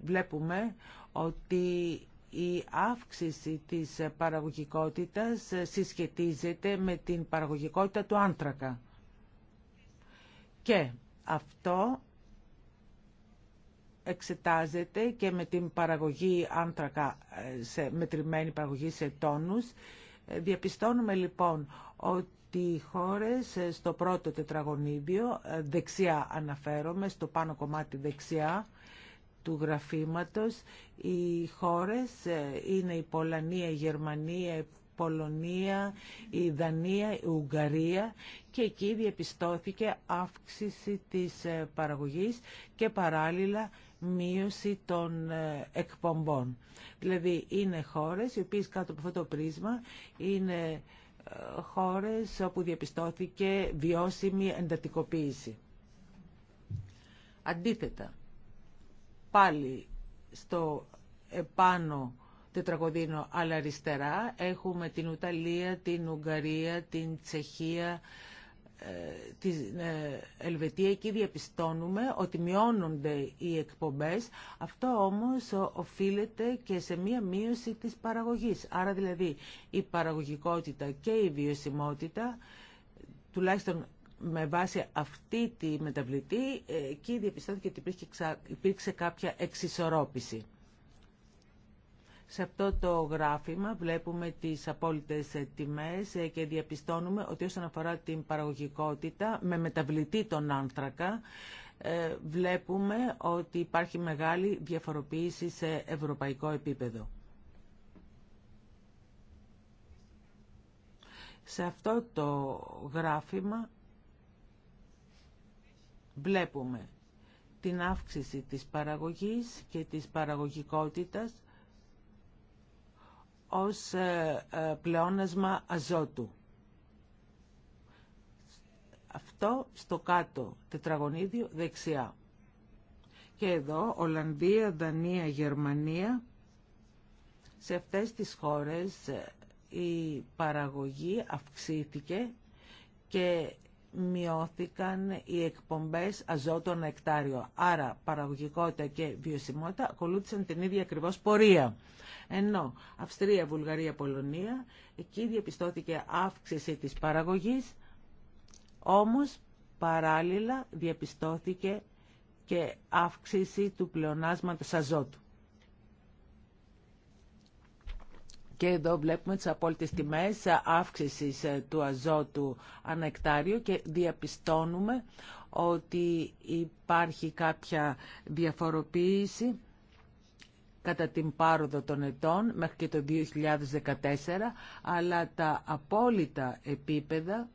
βλέπουμε ότι η αύξηση της παραγωγικότητας ε, συσχετίζεται με την παραγωγικότητα του άνθρακα. Και αυτό εξετάζεται και με την παραγωγή άνθρακα, ε, σε μετρημένη παραγωγή σε τόνους. Διαπιστώνουμε λοιπόν ότι οι χώρες ε, στο πρώτο τετραγωνίδιο, ε, δεξιά αναφέρομαι, στο πάνω κομμάτι δεξιά του γραφήματος, οι χώρες ε, είναι η Πολωνία, η Γερμανία, η Πολωνία, η Δανία, η Ουγγαρία και εκεί διαπιστώθηκε αύξηση της παραγωγής και παράλληλα μείωση των εκπομπών. Δηλαδή είναι χώρες οι οποίες κάτω από αυτό το πρίσμα είναι χώρες όπου διαπιστώθηκε βιώσιμη εντατικοποίηση. Αντίθετα, πάλι στο επάνω τετραγωδίνο, αλλά αριστερά έχουμε την Ουταλία, την Ουγγαρία, την Τσεχία, την ε, Ελβετία εκεί διαπιστώνουμε ότι μειώνονται οι εκπομπές. Αυτό όμως οφείλεται και σε μία μείωση της παραγωγής. Άρα δηλαδή η παραγωγικότητα και η βιωσιμότητα, τουλάχιστον με βάση αυτή τη μεταβλητή, ε, εκεί διαπιστώθηκε ότι υπήρξε κάποια εξισορρόπηση. Σε αυτό το γράφημα βλέπουμε τις απόλυτες τιμές ε, και διαπιστώνουμε ότι όσον αφορά την παραγωγικότητα με μεταβλητή τον άνθρακα ε, βλέπουμε ότι υπάρχει μεγάλη διαφοροποίηση σε ευρωπαϊκό επίπεδο. Σε αυτό το γράφημα βλέπουμε την αύξηση της παραγωγής και της παραγωγικότητας ως ε, ε, πλεόνασμα αζότου. Αυτό στο κάτω τετραγωνίδιο δεξιά. Και εδώ Ολλανδία, Δανία, Γερμανία, σε αυτές τις χώρες ε, η παραγωγή αυξήθηκε και μειώθηκαν οι εκπομπές αζότων εκτάριο. Άρα παραγωγικότητα και βιωσιμότητα ακολούθησαν την ίδια ακριβώς πορεία. Ενώ Αυστρία, Βουλγαρία, Πολωνία, εκεί διαπιστώθηκε αύξηση της παραγωγής, όμως παράλληλα διαπιστώθηκε και αύξηση του πλεονάσματος αζότου. Και εδώ βλέπουμε τις απόλυτες τιμές αύξησης ε, του αζότου ανεκτάριου και διαπιστώνουμε ότι υπάρχει κάποια διαφοροποίηση κατά την πάροδο των ετών μέχρι και το 2014, αλλά τα απόλυτα επίπεδα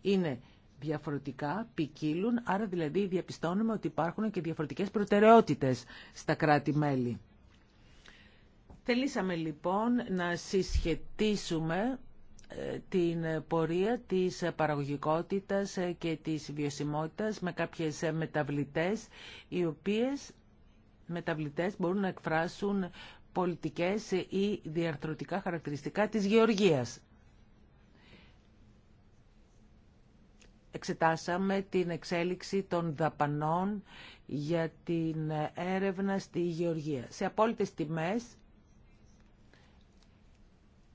είναι διαφορετικά, ποικίλουν, άρα δηλαδή διαπιστώνουμε ότι υπάρχουν και διαφορετικές προτεραιότητες στα κράτη-μέλη. Θελήσαμε λοιπόν να συσχετίσουμε ε, την πορεία της παραγωγικότητας ε, και της βιωσιμότητας με κάποιες ε, μεταβλητές οι οποίες μεταβλητές μπορούν να εκφράσουν πολιτικές ή διαρθρωτικά χαρακτηριστικά της γεωργίας. Εξετάσαμε την εξέλιξη των δαπανών για την έρευνα στη γεωργία. Σε απόλυτες τιμές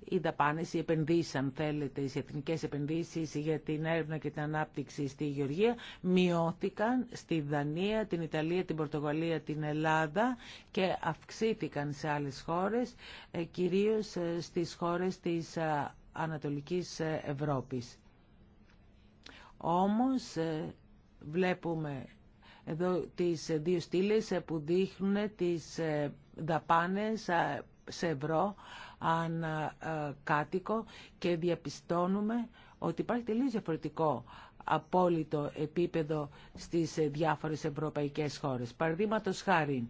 οι δαπάνες, οι επενδύσεις αν θέλετε, οι εθνικές επενδύσεις για την έρευνα και την ανάπτυξη στη Γεωργία μειώθηκαν στη Δανία, την Ιταλία, την Πορτογαλία, την Ελλάδα και αυξήθηκαν σε άλλες χώρες, ε, κυρίως ε, στις χώρες της ε, Ανατολικής Ευρώπης. Όμως βλέπουμε εδώ τις δύο στήλες που δείχνουν τις δαπάνες σε ευρώ αν κάτοικο και διαπιστώνουμε ότι υπάρχει τελείως διαφορετικό απόλυτο επίπεδο στις διάφορες ευρωπαϊκές χώρες. Παραδείγματο χάρη,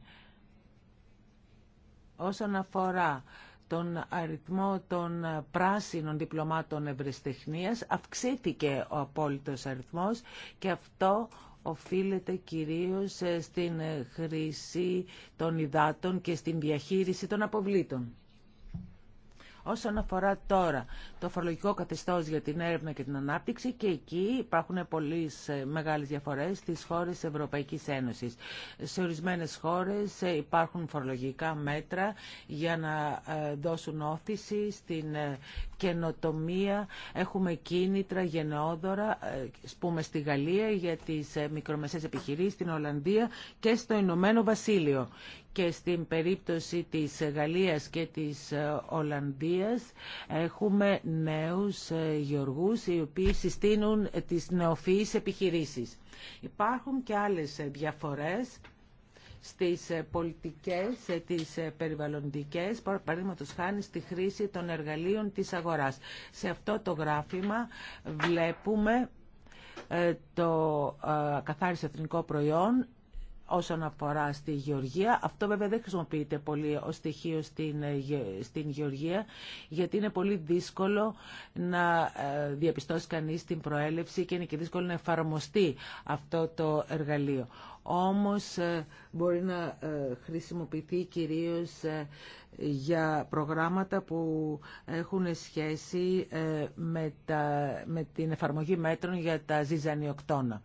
όσον αφορά τον αριθμό των πράσινων διπλωμάτων ευρεστεχνίας, αυξήθηκε ο απόλυτος αριθμός και αυτό οφείλεται κυρίως στην χρήση των υδάτων και στην διαχείριση των αποβλήτων. Όσον αφορά τώρα το φορολογικό καθεστώ για την έρευνα και την ανάπτυξη και εκεί υπάρχουν πολλέ ε, μεγάλες διαφορές στις χώρες Ευρωπαϊκής Ένωσης. Σε ορισμένες χώρες ε, υπάρχουν φορολογικά μέτρα για να ε, δώσουν όθηση στην καινοτομία. Έχουμε κίνητρα γενναιόδωρα, πούμε στη Γαλλία για τι μικρομεσαίες επιχειρήσει, στην Ολλανδία και στο Ηνωμένο Βασίλειο και στην περίπτωση της Γαλλίας και της ε, Ολλανδίας έχουμε νέους ε, γεωργούς οι οποίοι συστήνουν τις νεοφυείς επιχειρήσεις. Υπάρχουν και άλλες διαφορές στις ε, πολιτικές, τις περιβαλλοντικές, παραδείγματος χάνει στη χρήση των εργαλείων της αγοράς. Σε αυτό το γράφημα βλέπουμε το καθάριστο εθνικό προϊόν όσον αφορά στη γεωργία. Αυτό βέβαια δεν χρησιμοποιείται πολύ ω στοιχείο στην, ε, στην γεωργία, γιατί είναι πολύ δύσκολο να ε, διαπιστώσει κανείς την προέλευση και είναι και δύσκολο να εφαρμοστεί αυτό το εργαλείο. Όμως ε, μπορεί να χρησιμοποιηθεί κυρίως για προγράμματα που έχουν σχέση με, με την εφαρμογή μέτρων για τα ζυζανιοκτώνα.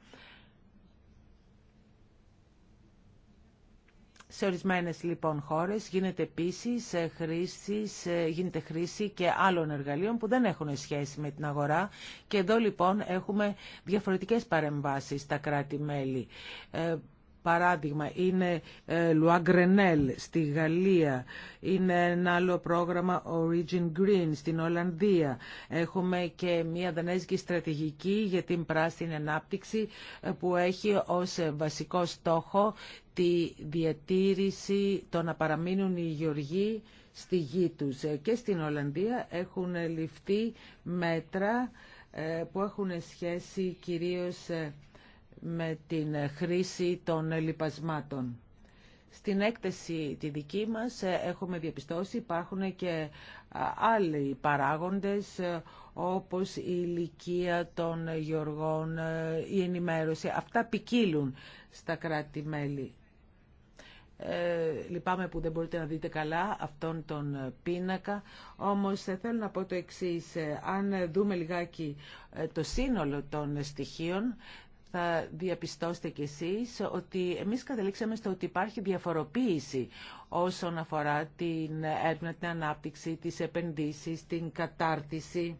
Σε ορισμένες λοιπόν χώρες γίνεται επίσης ε, γίνεται χρήση και άλλων εργαλείων που δεν έχουν σχέση με την αγορά και εδώ λοιπόν έχουμε διαφορετικές παρεμβάσεις στα κράτη-μέλη. Ε, Παράδειγμα, είναι Λουά ε, Γκρενέλ στη Γαλλία, είναι ένα άλλο πρόγραμμα Origin Green στην Ολλανδία. Έχουμε και μια δανέζικη στρατηγική για την πράσινη ανάπτυξη ε, που έχει ως ε, βασικό στόχο τη διατήρηση το να παραμείνουν οι γεωργοί στη γη τους. Και στην Ολλανδία έχουν ληφθεί μέτρα που έχουν σχέση κυρίως με την χρήση των λοιπασμάτων. Στην έκθεση τη δική μας ε, έχουμε διαπιστώσει υπάρχουν και άλλοι παράγοντες ε, όπως η ηλικία των γεωργών, ε, η ενημέρωση. Αυτά ποικίλουν στα κράτη-μέλη. Ε, λυπάμαι που δεν μπορείτε να δείτε καλά αυτόν τον πίνακα, όμως θέλω να πω το εξής. Αν δούμε λιγάκι το σύνολο των στοιχείων, θα διαπιστώσετε κι εσείς ότι εμείς καταλήξαμε στο ότι υπάρχει διαφοροποίηση όσον αφορά την έρευνα, την ανάπτυξη, τις επενδύσεις, την κατάρτιση,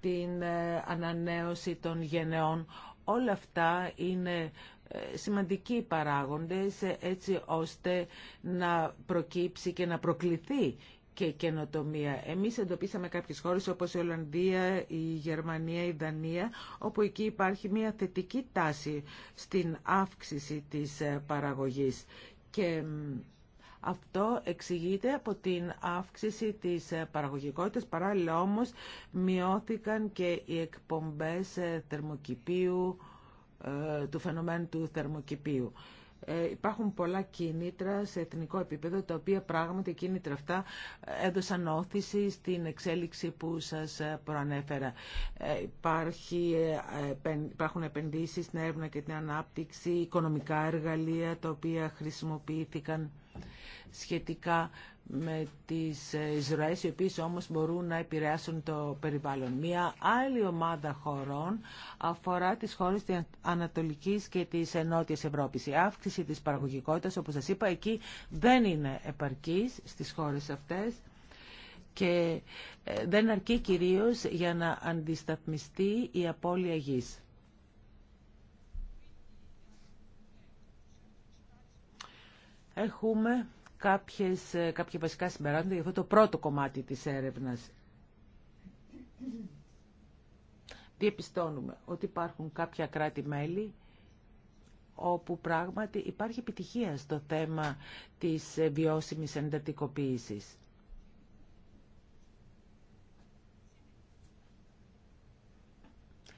την ε, ανανέωση των γενεών. Όλα αυτά είναι ε, σημαντικοί παράγοντες ε, έτσι ώστε να προκύψει και να προκληθεί και καινοτομία. Εμείς εντοπίσαμε κάποιες χώρες όπως η Ολλανδία, η Γερμανία, η Δανία, όπου εκεί υπάρχει μια θετική τάση στην αύξηση της ε, παραγωγής. Και αυτό εξηγείται από την αύξηση της ε, παραγωγικότητας, παράλληλα όμως μειώθηκαν και οι εκπομπές ε, θερμοκηπίου, του φαινομένου του θερμοκηπίου. Ε, υπάρχουν πολλά κίνητρα σε εθνικό επίπεδο, τα οποία πράγματι κίνητρα αυτά έδωσαν όθηση στην εξέλιξη που σας ε, προανέφερα. Ε, υπάρχει, υπάρχουν επενδύσεις στην έρευνα και την ανάπτυξη, οικονομικά εργαλεία τα οποία χρησιμοποιήθηκαν σχετικά με τις ε, Ισραήλ, οι οποίες όμως μπορούν να επηρεάσουν το περιβάλλον. Μία άλλη ομάδα χωρών αφορά τις χώρες της Ανατολικής και της Ενότιας Ευρώπης. Η αύξηση της παραγωγικότητας, όπως σας είπα, εκεί δεν είναι επαρκής στις χώρες αυτές και ε, δεν αρκεί κυρίως για να αντισταθμιστεί η απώλεια γης. Έχουμε κάποιες, ε, κάποια βασικά συμπεράσματα για αυτό το πρώτο κομμάτι της έρευνας. Διεπιστώνουμε ότι υπάρχουν κάποια κράτη-μέλη όπου πράγματι υπάρχει επιτυχία στο θέμα της ε, βιώσιμης εντατικοποίησης.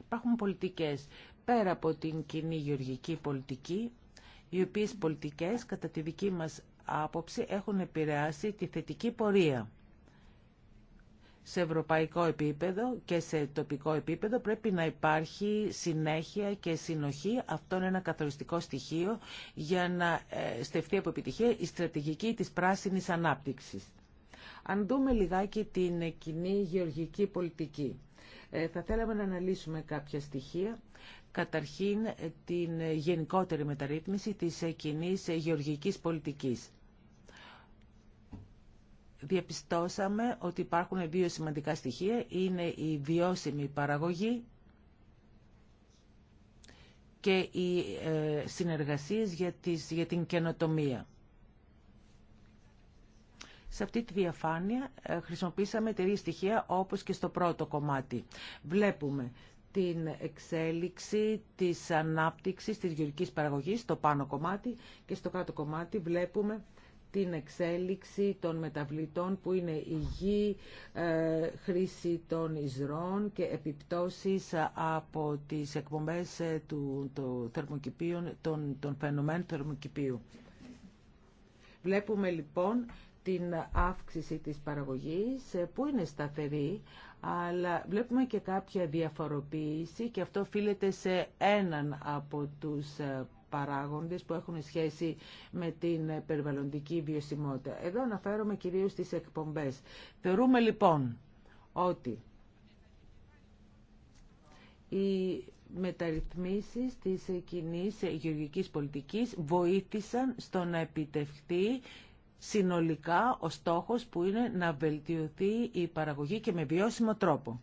Υπάρχουν πολιτικές πέρα από την κοινή γεωργική πολιτική, οι οποίες πολιτικές κατά τη δική μας άποψη έχουν επηρεάσει τη θετική πορεία. Σε ευρωπαϊκό επίπεδο και σε τοπικό επίπεδο πρέπει να υπάρχει συνέχεια και συνοχή. Αυτό είναι ένα καθοριστικό στοιχείο για να ε, στεφτεί από επιτυχία η στρατηγική της πράσινης ανάπτυξης. Αν δούμε λιγάκι την κοινή γεωργική πολιτική, ε, θα θέλαμε να αναλύσουμε κάποια στοιχεία. Καταρχήν, ε, την γενικότερη μεταρρύθμιση της κοινή γεωργικής πολιτικής διαπιστώσαμε ότι υπάρχουν δύο σημαντικά στοιχεία. Είναι η βιώσιμη παραγωγή και οι ε, συνεργασίες για την καινοτομία. Σε αυτή τη διαφάνεια ε, χρησιμοποίησαμε τρία στοιχεία όπως και στο πρώτο κομμάτι. Βλέπουμε την εξέλιξη της ανάπτυξης της γεωργικής παραγωγής στο πάνω κομμάτι και στο κάτω κομμάτι βλέπουμε την εξέλιξη των μεταβλητών που είναι υγιή, ε, χρήση των ισρών και επιπτώσεις ε, από τις εκπομπές ε, του, του των, των φαινομένων θερμοκηπίου. Βλέπουμε λοιπόν την αύξηση της παραγωγής που είναι σταθερή, αλλά βλέπουμε και κάποια διαφοροποίηση και αυτό οφείλεται σε έναν από τους παράγοντες που έχουν σχέση με την περιβαλλοντική βιωσιμότητα. Εδώ αναφέρομαι κυρίως στις εκπομπές. Θεωρούμε λοιπόν ότι οι μεταρρυθμίσεις της κοινή γεωργικής πολιτικής βοήθησαν στο να επιτευχθεί συνολικά ο στόχος που είναι να βελτιωθεί η παραγωγή και με βιώσιμο τρόπο.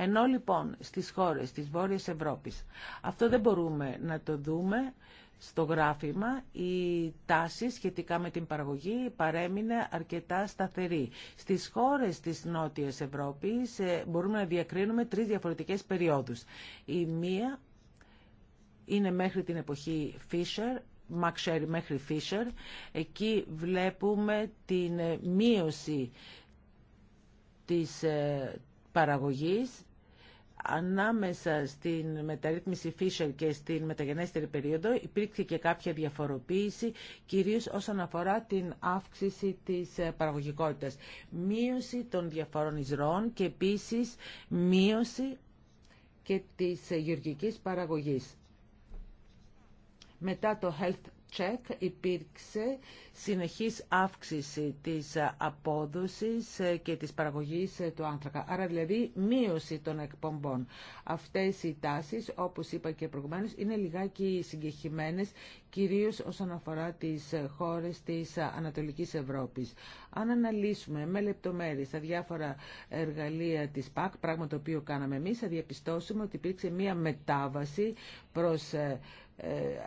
Ενώ λοιπόν στις χώρες της Βόρειας Ευρώπης αυτό δεν μπορούμε να το δούμε στο γράφημα η τάση σχετικά με την παραγωγή παρέμεινε αρκετά σταθερή. Στις χώρες της Νότιας Ευρώπης ε, μπορούμε να διακρίνουμε τρεις διαφορετικές περιόδους. Η μία είναι μέχρι την εποχή Fisher, Μαξέρι μέχρι Fisher. Εκεί βλέπουμε την ε, μείωση της ε, παραγωγής ανάμεσα στην μεταρρύθμιση Fisher και στην μεταγενέστερη περίοδο υπήρξε και κάποια διαφοροποίηση, κυρίως όσον αφορά την αύξηση της ε, παραγωγικότητας. Μείωση των διαφορών εισρώων και επίσης μείωση και της γεωργικής παραγωγής. Μετά το Health check υπήρξε συνεχής αύξηση της απόδοσης ε, και της παραγωγής ε, του άνθρακα. Άρα δηλαδή μείωση των εκπομπών. Αυτές οι τάσεις, όπως είπα και προηγουμένως, είναι λιγάκι συγκεχημένες, κυρίως όσον αφορά τις χώρες της Ανατολικής Ευρώπης. Αν αναλύσουμε με λεπτομέρειες τα διάφορα εργαλεία της ΠΑΚ, πράγμα το οποίο κάναμε εμείς, θα διαπιστώσουμε ότι υπήρξε μία μετάβαση προς ε,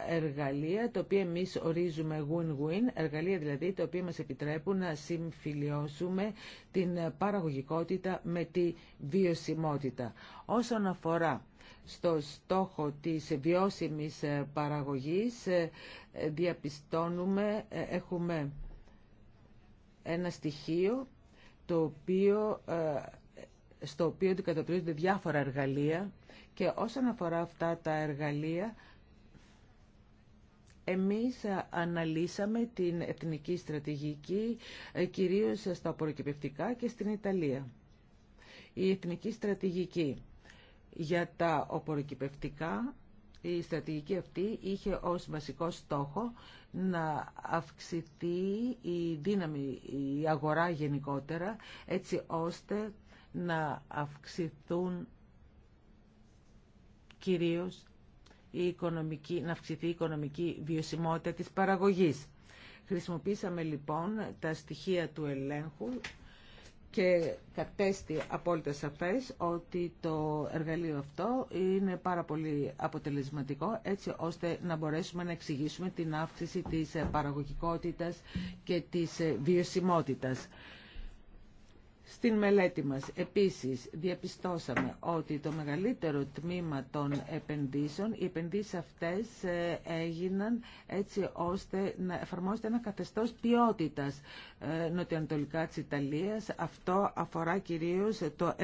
εργαλεία τα οποία εμείς ορίζουμε win-win, εργαλεία δηλαδή τα οποία μας επιτρέπουν να συμφιλιώσουμε την παραγωγικότητα με τη βιωσιμότητα. Όσον αφορά στο στόχο της βιώσιμης παραγωγής διαπιστώνουμε, έχουμε ένα στοιχείο το οποίο, ε, στο οποίο αντικατοπτρίζονται διάφορα εργαλεία και όσον αφορά αυτά τα εργαλεία εμείς αναλύσαμε την εθνική στρατηγική ε, κυρίως στα προκυπευτικά και στην Ιταλία. Η εθνική στρατηγική για τα οποροκυπευτικά, η στρατηγική αυτή είχε ως βασικό στόχο να αυξηθεί η δύναμη, η αγορά γενικότερα, έτσι ώστε να αυξηθούν κυρίως η οικονομική, να αυξηθεί η οικονομική βιωσιμότητα της παραγωγής. Χρησιμοποίησαμε λοιπόν τα στοιχεία του ελέγχου και κατέστη απόλυτα σαφές ότι το εργαλείο αυτό είναι πάρα πολύ αποτελεσματικό έτσι ώστε να μπορέσουμε να εξηγήσουμε την αύξηση της παραγωγικότητας και της βιωσιμότητας. Στην μελέτη μας επίσης διαπιστώσαμε ότι το μεγαλύτερο τμήμα των επενδύσεων, οι επενδύσεις αυτές ε, έγιναν έτσι ώστε να εφαρμόζεται ένα καθεστώς ποιότητας ε, νοτιοανατολικά της Ιταλίας. Αυτό αφορά κυρίως το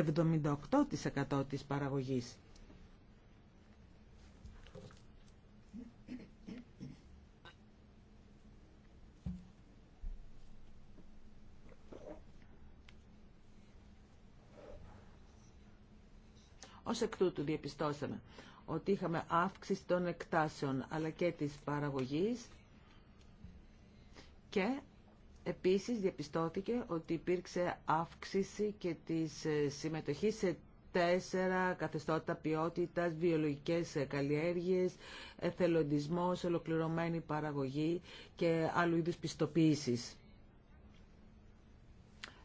78% της παραγωγής. Ως εκ τούτου διαπιστώσαμε ότι είχαμε αύξηση των εκτάσεων αλλά και της παραγωγής και επίσης διαπιστώθηκε ότι υπήρξε αύξηση και της ε, συμμετοχής σε τέσσερα καθεστώτα ποιότητας, βιολογικές ε, καλλιέργειες, εθελοντισμός, ολοκληρωμένη παραγωγή και άλλου είδους πιστοποίησης.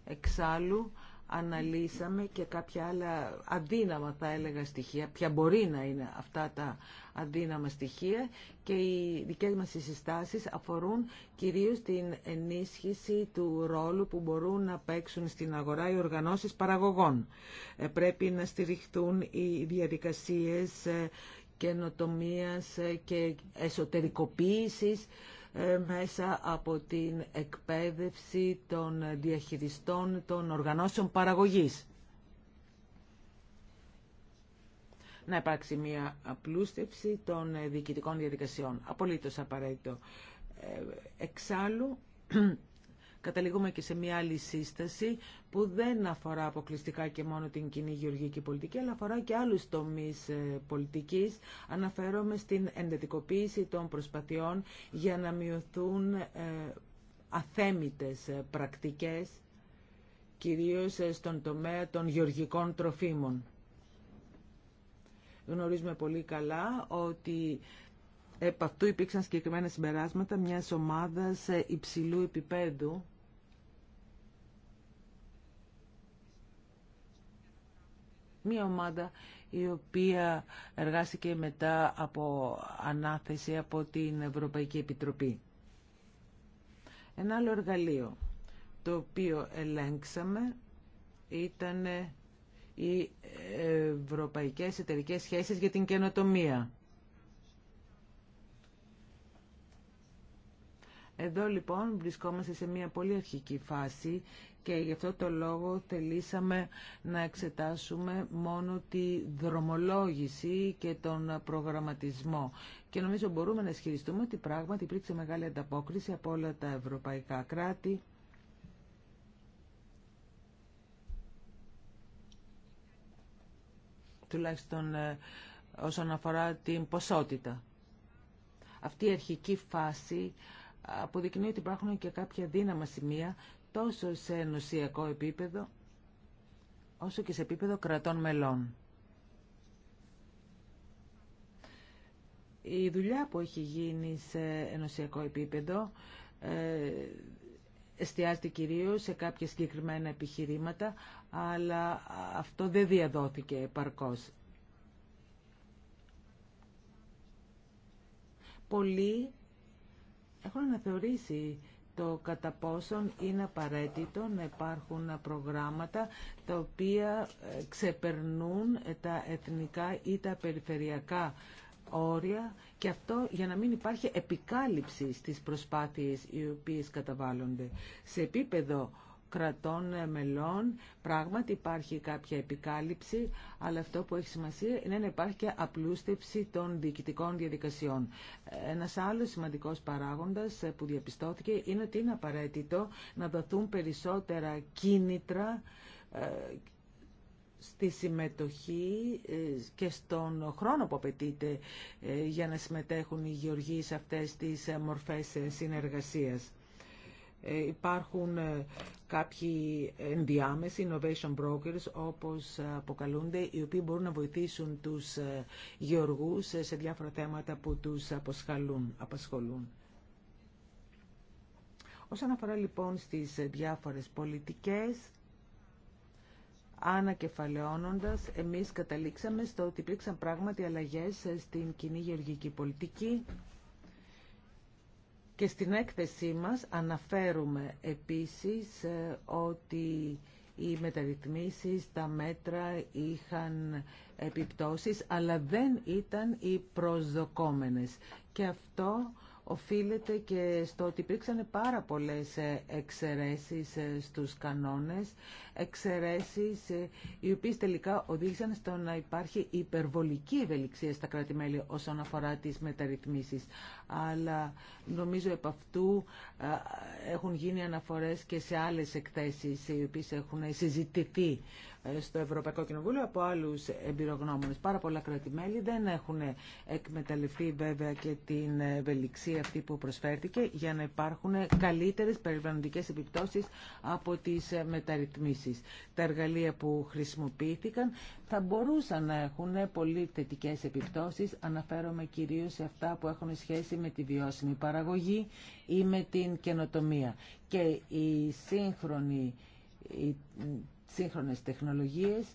Εξάλλου, αναλύσαμε και κάποια άλλα αδύναμα θα έλεγα στοιχεία, ποια μπορεί να είναι αυτά τα αδύναμα στοιχεία και οι δικές μας συστάσεις αφορούν κυρίως την ενίσχυση του ρόλου που μπορούν να παίξουν στην αγορά οι οργανώσεις παραγωγών. Ε, πρέπει να στηριχτούν οι διαδικασίες ε, καινοτομίας ε, και εσωτερικοποίησης ε, μέσα από την εκπαίδευση των διαχειριστών των οργανώσεων παραγωγής. Να υπάρξει μια απλούστευση των ε, διοικητικών διαδικασιών. Απολύτως απαραίτητο. Ε, εξάλλου, καταλήγουμε και σε μια άλλη σύσταση που δεν αφορά αποκλειστικά και μόνο την κοινή γεωργική πολιτική, αλλά αφορά και άλλους τομείς ε, πολιτική. Αναφέρομαι στην εντατικοποίηση των προσπαθειών για να μειωθούν ε, αθέμητες ε, πρακτικές, κυρίως στον τομέα των γεωργικών τροφίμων. Γνωρίζουμε πολύ καλά ότι επ' αυτού υπήρξαν συγκεκριμένα συμπεράσματα μιας ομάδας υψηλού επίπεδου Μία ομάδα η οποία εργάστηκε μετά από ανάθεση από την Ευρωπαϊκή Επιτροπή. Ένα άλλο εργαλείο το οποίο ελέγξαμε ήταν οι Ευρωπαϊκές Εταιρικές Σχέσεις για την Καινοτομία. Εδώ λοιπόν βρισκόμαστε σε μια πολύ αρχική φάση και γι' αυτό το λόγο θελήσαμε να εξετάσουμε μόνο τη δρομολόγηση και τον προγραμματισμό. Και νομίζω μπορούμε να ισχυριστούμε ότι πράγματι υπήρξε μεγάλη ανταπόκριση από όλα τα ευρωπαϊκά κράτη. τουλάχιστον ε, όσον αφορά την ποσότητα. Αυτή η αρχική φάση αποδεικνύει ότι υπάρχουν και κάποια δύναμα σημεία τόσο σε ενωσιακό επίπεδο, όσο και σε επίπεδο κρατών μελών. Η δουλειά που έχει γίνει σε ενωσιακό επίπεδο ε, εστιάζεται κυρίως σε κάποια συγκεκριμένα επιχειρήματα, αλλά αυτό δεν διαδόθηκε επαρκώς. Πολλοί έχουν αναθεωρήσει το κατά πόσον είναι απαραίτητο να υπάρχουν προγράμματα τα οποία ε, ξεπερνούν τα εθνικά ή τα περιφερειακά όρια και αυτό για να μην υπάρχει επικάλυψη στις προσπάθειες οι οποίες καταβάλλονται. Σε επίπεδο κρατών μελών. Πράγματι υπάρχει κάποια επικάλυψη, αλλά αυτό που έχει σημασία είναι να υπάρχει και απλούστευση των διοικητικών διαδικασιών. Ένας άλλος σημαντικός παράγοντας που διαπιστώθηκε είναι ότι είναι απαραίτητο να δοθούν περισσότερα κίνητρα ε, στη συμμετοχή ε, και στον χρόνο που απαιτείται ε, για να συμμετέχουν οι γεωργοί σε αυτές τις μορφές συνεργασίας. Ε, υπάρχουν ε, κάποιοι ενδιάμεσοι innovation brokers όπως αποκαλούνται οι οποίοι μπορούν να βοηθήσουν τους ε, γεωργούς σε διάφορα θέματα που τους απασχολούν. Όσον αφορά λοιπόν στις διάφορες πολιτικές, ανακεφαλαιώνοντας, εμείς καταλήξαμε στο ότι υπήρξαν πράγματι αλλαγές στην κοινή γεωργική πολιτική. Και στην έκθεσή μας αναφέρουμε επίσης ε, ότι οι μεταρρυθμίσεις, τα μέτρα είχαν επιπτώσεις, αλλά δεν ήταν οι προσδοκόμενες. Και αυτό οφείλεται και στο ότι υπήρξαν πάρα πολλές ε, εξαιρέσεις ε, στους κανόνες, εξαιρέσεις ε, οι οποίες τελικά οδήγησαν στο να υπάρχει υπερβολική ευελιξία στα κρατη όσον αφορά τις μεταρρυθμίσεις. Αλλά νομίζω επ' αυτού έχουν γίνει αναφορές και σε άλλες εκθέσεις οι οποίες έχουν συζητηθεί στο Ευρωπαϊκό Κοινοβούλιο από άλλους εμπειρογνώμονες. Πάρα πολλά κράτη-μέλη δεν έχουν εκμεταλλευτεί βέβαια και την ευελιξία αυτή που προσφέρθηκε για να υπάρχουν καλύτερες περιβαλλοντικέ επιπτώσεις από τις μεταρρυθμίσεις. Τα εργαλεία που χρησιμοποιήθηκαν θα μπορούσαν να έχουν πολύ θετικέ επιπτώσει, Αναφέρομαι κυρίω σε αυτά που έχουν σχέση με τη βιώσιμη παραγωγή ή με την καινοτομία. Και η σύγχρονη σύγχρονες τεχνολογίες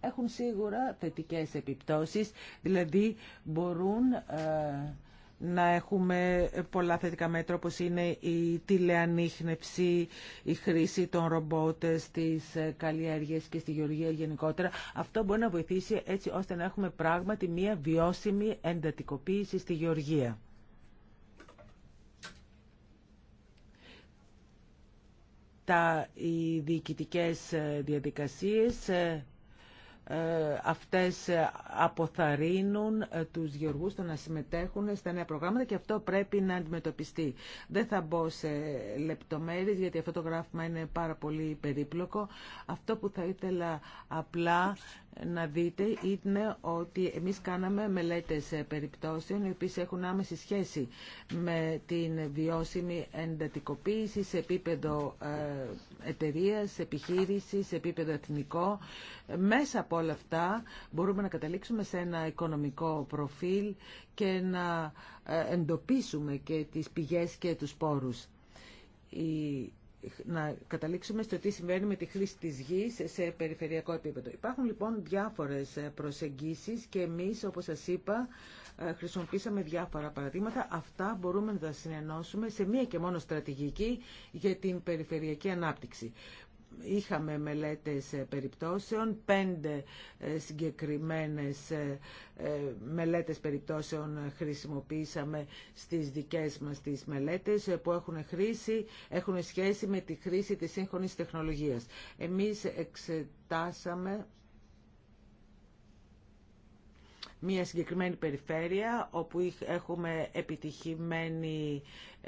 έχουν σίγουρα θετικές επιπτώσεις, δηλαδή μπορούν ε, να έχουμε πολλά θετικά μέτρα όπως είναι η τηλεανείχνευση, η χρήση των ρομπότες, στις ε, καλλιέργειες και στη γεωργία γενικότερα. Αυτό μπορεί να βοηθήσει έτσι ώστε να έχουμε πράγματι μια βιώσιμη εντατικοποίηση στη γεωργία. τα, οι διοικητικές ε, διαδικασίες ε, ε, αυτές αποθαρρύνουν τους γεωργούς το να συμμετέχουν στα νέα προγράμματα και αυτό πρέπει να αντιμετωπιστεί. Δεν θα μπω σε λεπτομέρειες γιατί αυτό το γράφημα είναι πάρα πολύ περίπλοκο. Αυτό που θα ήθελα απλά να δείτε είναι ότι εμείς κάναμε μελέτες ε, περιπτώσεων οι οποίες έχουν άμεση σχέση με την βιώσιμη εντατικοποίηση σε επίπεδο ε, εταιρεία, επιχείρηση, σε επίπεδο εθνικό. Μέσα από όλα αυτά μπορούμε να καταλήξουμε σε ένα οικονομικό προφίλ και να ε, εντοπίσουμε και τις πηγές και τους πόρους να καταλήξουμε στο τι συμβαίνει με τη χρήση της γης σε περιφερειακό επίπεδο. Υπάρχουν λοιπόν διάφορες ε, προσεγγίσεις και εμείς, όπως σας είπα, ε, χρησιμοποίησαμε διάφορα παραδείγματα. Αυτά μπορούμε να τα συνενώσουμε σε μία και μόνο στρατηγική για την περιφερειακή ανάπτυξη είχαμε μελέτες ε, περιπτώσεων, πέντε ε, συγκεκριμένες ε, μελέτες περιπτώσεων χρησιμοποίησαμε στις δικές μας τις μελέτες που έχουν, χρήση, έχουν σχέση με τη χρήση της σύγχρονης τεχνολογίας. Εμείς εξετάσαμε μια συγκεκριμένη περιφέρεια όπου έχουμε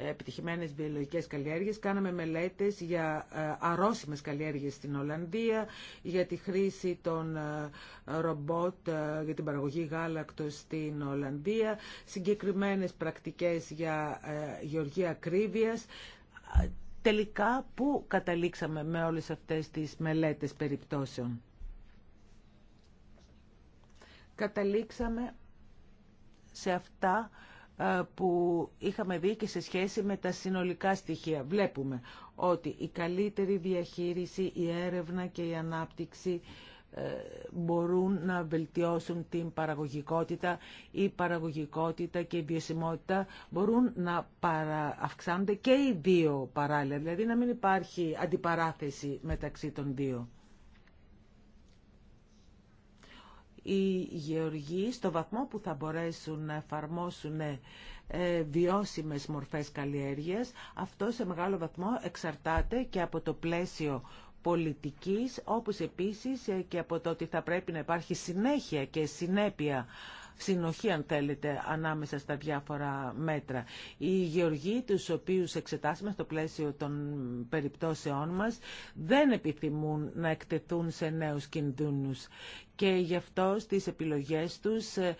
επιτυχημένες βιολογικές καλλιέργειες. Κάναμε μελέτες για ε, αρρώσιμες καλλιέργειες στην Ολλανδία, για τη χρήση των ε, ρομπότ ε, για την παραγωγή γάλακτος στην Ολλανδία, συγκεκριμένες πρακτικές για γεωργία ακρίβειας. Τελικά, πού καταλήξαμε με όλες αυτές τις μελέτες περιπτώσεων καταλήξαμε σε αυτά ε, που είχαμε δει και σε σχέση με τα συνολικά στοιχεία. Βλέπουμε ότι η καλύτερη διαχείριση, η έρευνα και η ανάπτυξη ε, μπορούν να βελτιώσουν την παραγωγικότητα. Η παραγωγικότητα και η βιωσιμότητα μπορούν να παρα... αυξάνονται και οι δύο παράλληλα, δηλαδή να μην υπάρχει αντιπαράθεση μεταξύ των δύο. οι γεωργοί στο βαθμό που θα μπορέσουν να εφαρμόσουν ε, βιώσιμες μορφές καλλιέργειας. Αυτό σε μεγάλο βαθμό εξαρτάται και από το πλαίσιο πολιτικής, όπως επίσης ε, και από το ότι θα πρέπει να υπάρχει συνέχεια και συνέπεια συνοχή αν θέλετε ανάμεσα στα διάφορα μέτρα. Οι γεωργοί τους οποίους εξετάσουμε στο πλαίσιο των περιπτώσεών μας δεν επιθυμούν να εκτεθούν σε νέους κινδύνους και γι' αυτό στις επιλογές τους ε,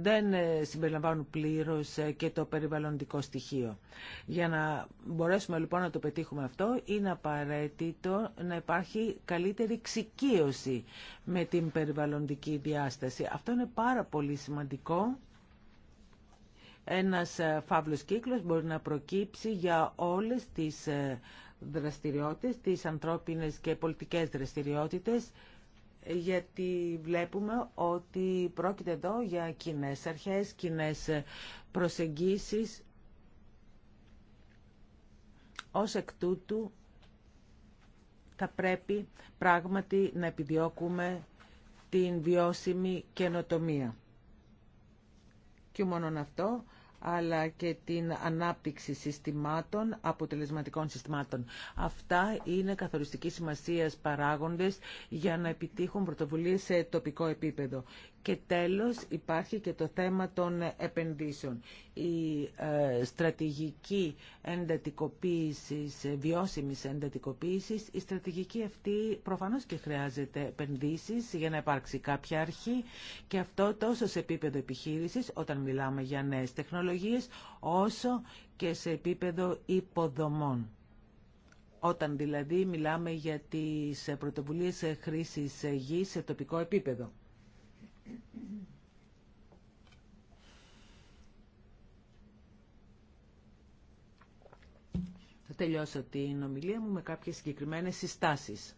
δεν ε, συμπεριλαμβάνουν πλήρως ε, και το περιβαλλοντικό στοιχείο. Για να μπορέσουμε λοιπόν να το πετύχουμε αυτό είναι απαραίτητο να υπάρχει καλύτερη ξικίωση με την περιβαλλοντική διάσταση. Αυτό είναι πάρα πολύ σημαντικό ένας φαύλος κύκλος μπορεί να προκύψει για όλες τις δραστηριότητες, τις ανθρώπινες και πολιτικές δραστηριότητες γιατί βλέπουμε ότι πρόκειται εδώ για κοινέ αρχές, κοινέ προσεγγίσεις. Ως εκ τούτου θα πρέπει πράγματι να επιδιώκουμε την βιώσιμη καινοτομία. Και μόνον αυτό αλλά και την ανάπτυξη συστημάτων, αποτελεσματικών συστημάτων. Αυτά είναι καθοριστική σημασίας παράγοντε για να επιτύχουν πρωτοβουλίε σε τοπικό επίπεδο. Και τέλος υπάρχει και το θέμα των επενδύσεων. Η ε, στρατηγική εντατικοποίησης, ε, βιώσιμης εντατικοποίησης, η στρατηγική αυτή προφανώς και χρειάζεται επενδύσεις για να υπάρξει κάποια αρχή και αυτό τόσο σε επίπεδο επιχείρησης όταν μιλάμε για νέες τεχνολογίες, όσο και σε επίπεδο υποδομών. Όταν δηλαδή μιλάμε για τις πρωτοβουλίες ε, χρήσης γης σε τοπικό επίπεδο. Θα τελειώσω την ομιλία μου με κάποιες συγκεκριμένες συστάσεις.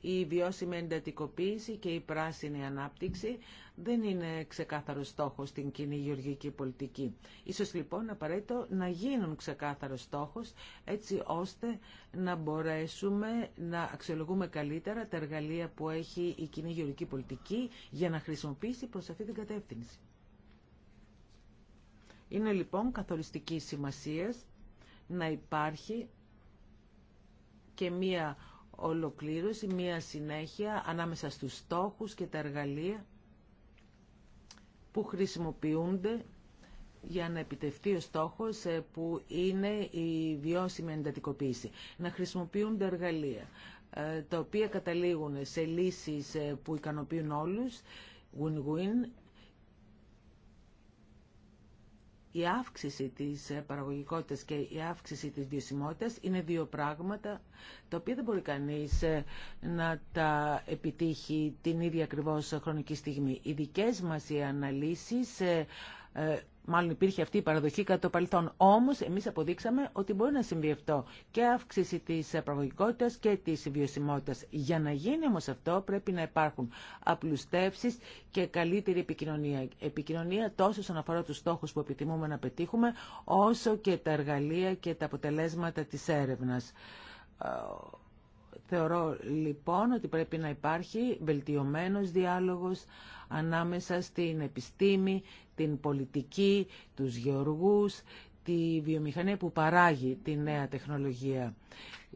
Η βιώσιμη εντατικοποίηση και η πράσινη ανάπτυξη δεν είναι ξεκάθαρο στόχο στην κοινή γεωργική πολιτική. Ίσως λοιπόν απαραίτητο να γίνουν ξεκάθαρο στόχος έτσι ώστε να μπορέσουμε να αξιολογούμε καλύτερα τα εργαλεία που έχει η κοινή γεωργική πολιτική για να χρησιμοποιήσει προς αυτή την κατεύθυνση. Είναι λοιπόν καθοριστική σημασία να υπάρχει και μία ολοκλήρωση, μία συνέχεια ανάμεσα στους στόχους και τα εργαλεία που χρησιμοποιούνται για να επιτευχθεί ο στόχος ε, που είναι η βιώσιμη εντατικοποίηση. Να χρησιμοποιούνται εργαλεία ε, τα οποία καταλήγουν σε λύσεις ε, που ικανοποιούν όλους, win-win, Η αύξηση της ε, παραγωγικότητας και η αύξηση της βιωσιμότητας είναι δύο πράγματα τα οποία δεν μπορεί κανείς ε, να τα επιτύχει την ίδια ακριβώς χρονική στιγμή. Οι δικές μας οι αναλύσεις ε, μάλλον υπήρχε αυτή η παραδοχή κατά το παρελθόν. Όμω, εμεί αποδείξαμε ότι μπορεί να συμβεί αυτό και αύξηση τη πραγματικότητα και τη βιωσιμότητα. Για να γίνει όμω αυτό, πρέπει να υπάρχουν απλουστεύσει και καλύτερη επικοινωνία. Επικοινωνία τόσο όσον αφορά του στόχου που επιθυμούμε να πετύχουμε, όσο και τα εργαλεία και τα αποτελέσματα τη έρευνα. Θεωρώ λοιπόν ότι πρέπει να υπάρχει βελτιωμένος διάλογος ανάμεσα στην επιστήμη, την πολιτική, τους γεωργούς, τη βιομηχανία που παράγει τη νέα τεχνολογία.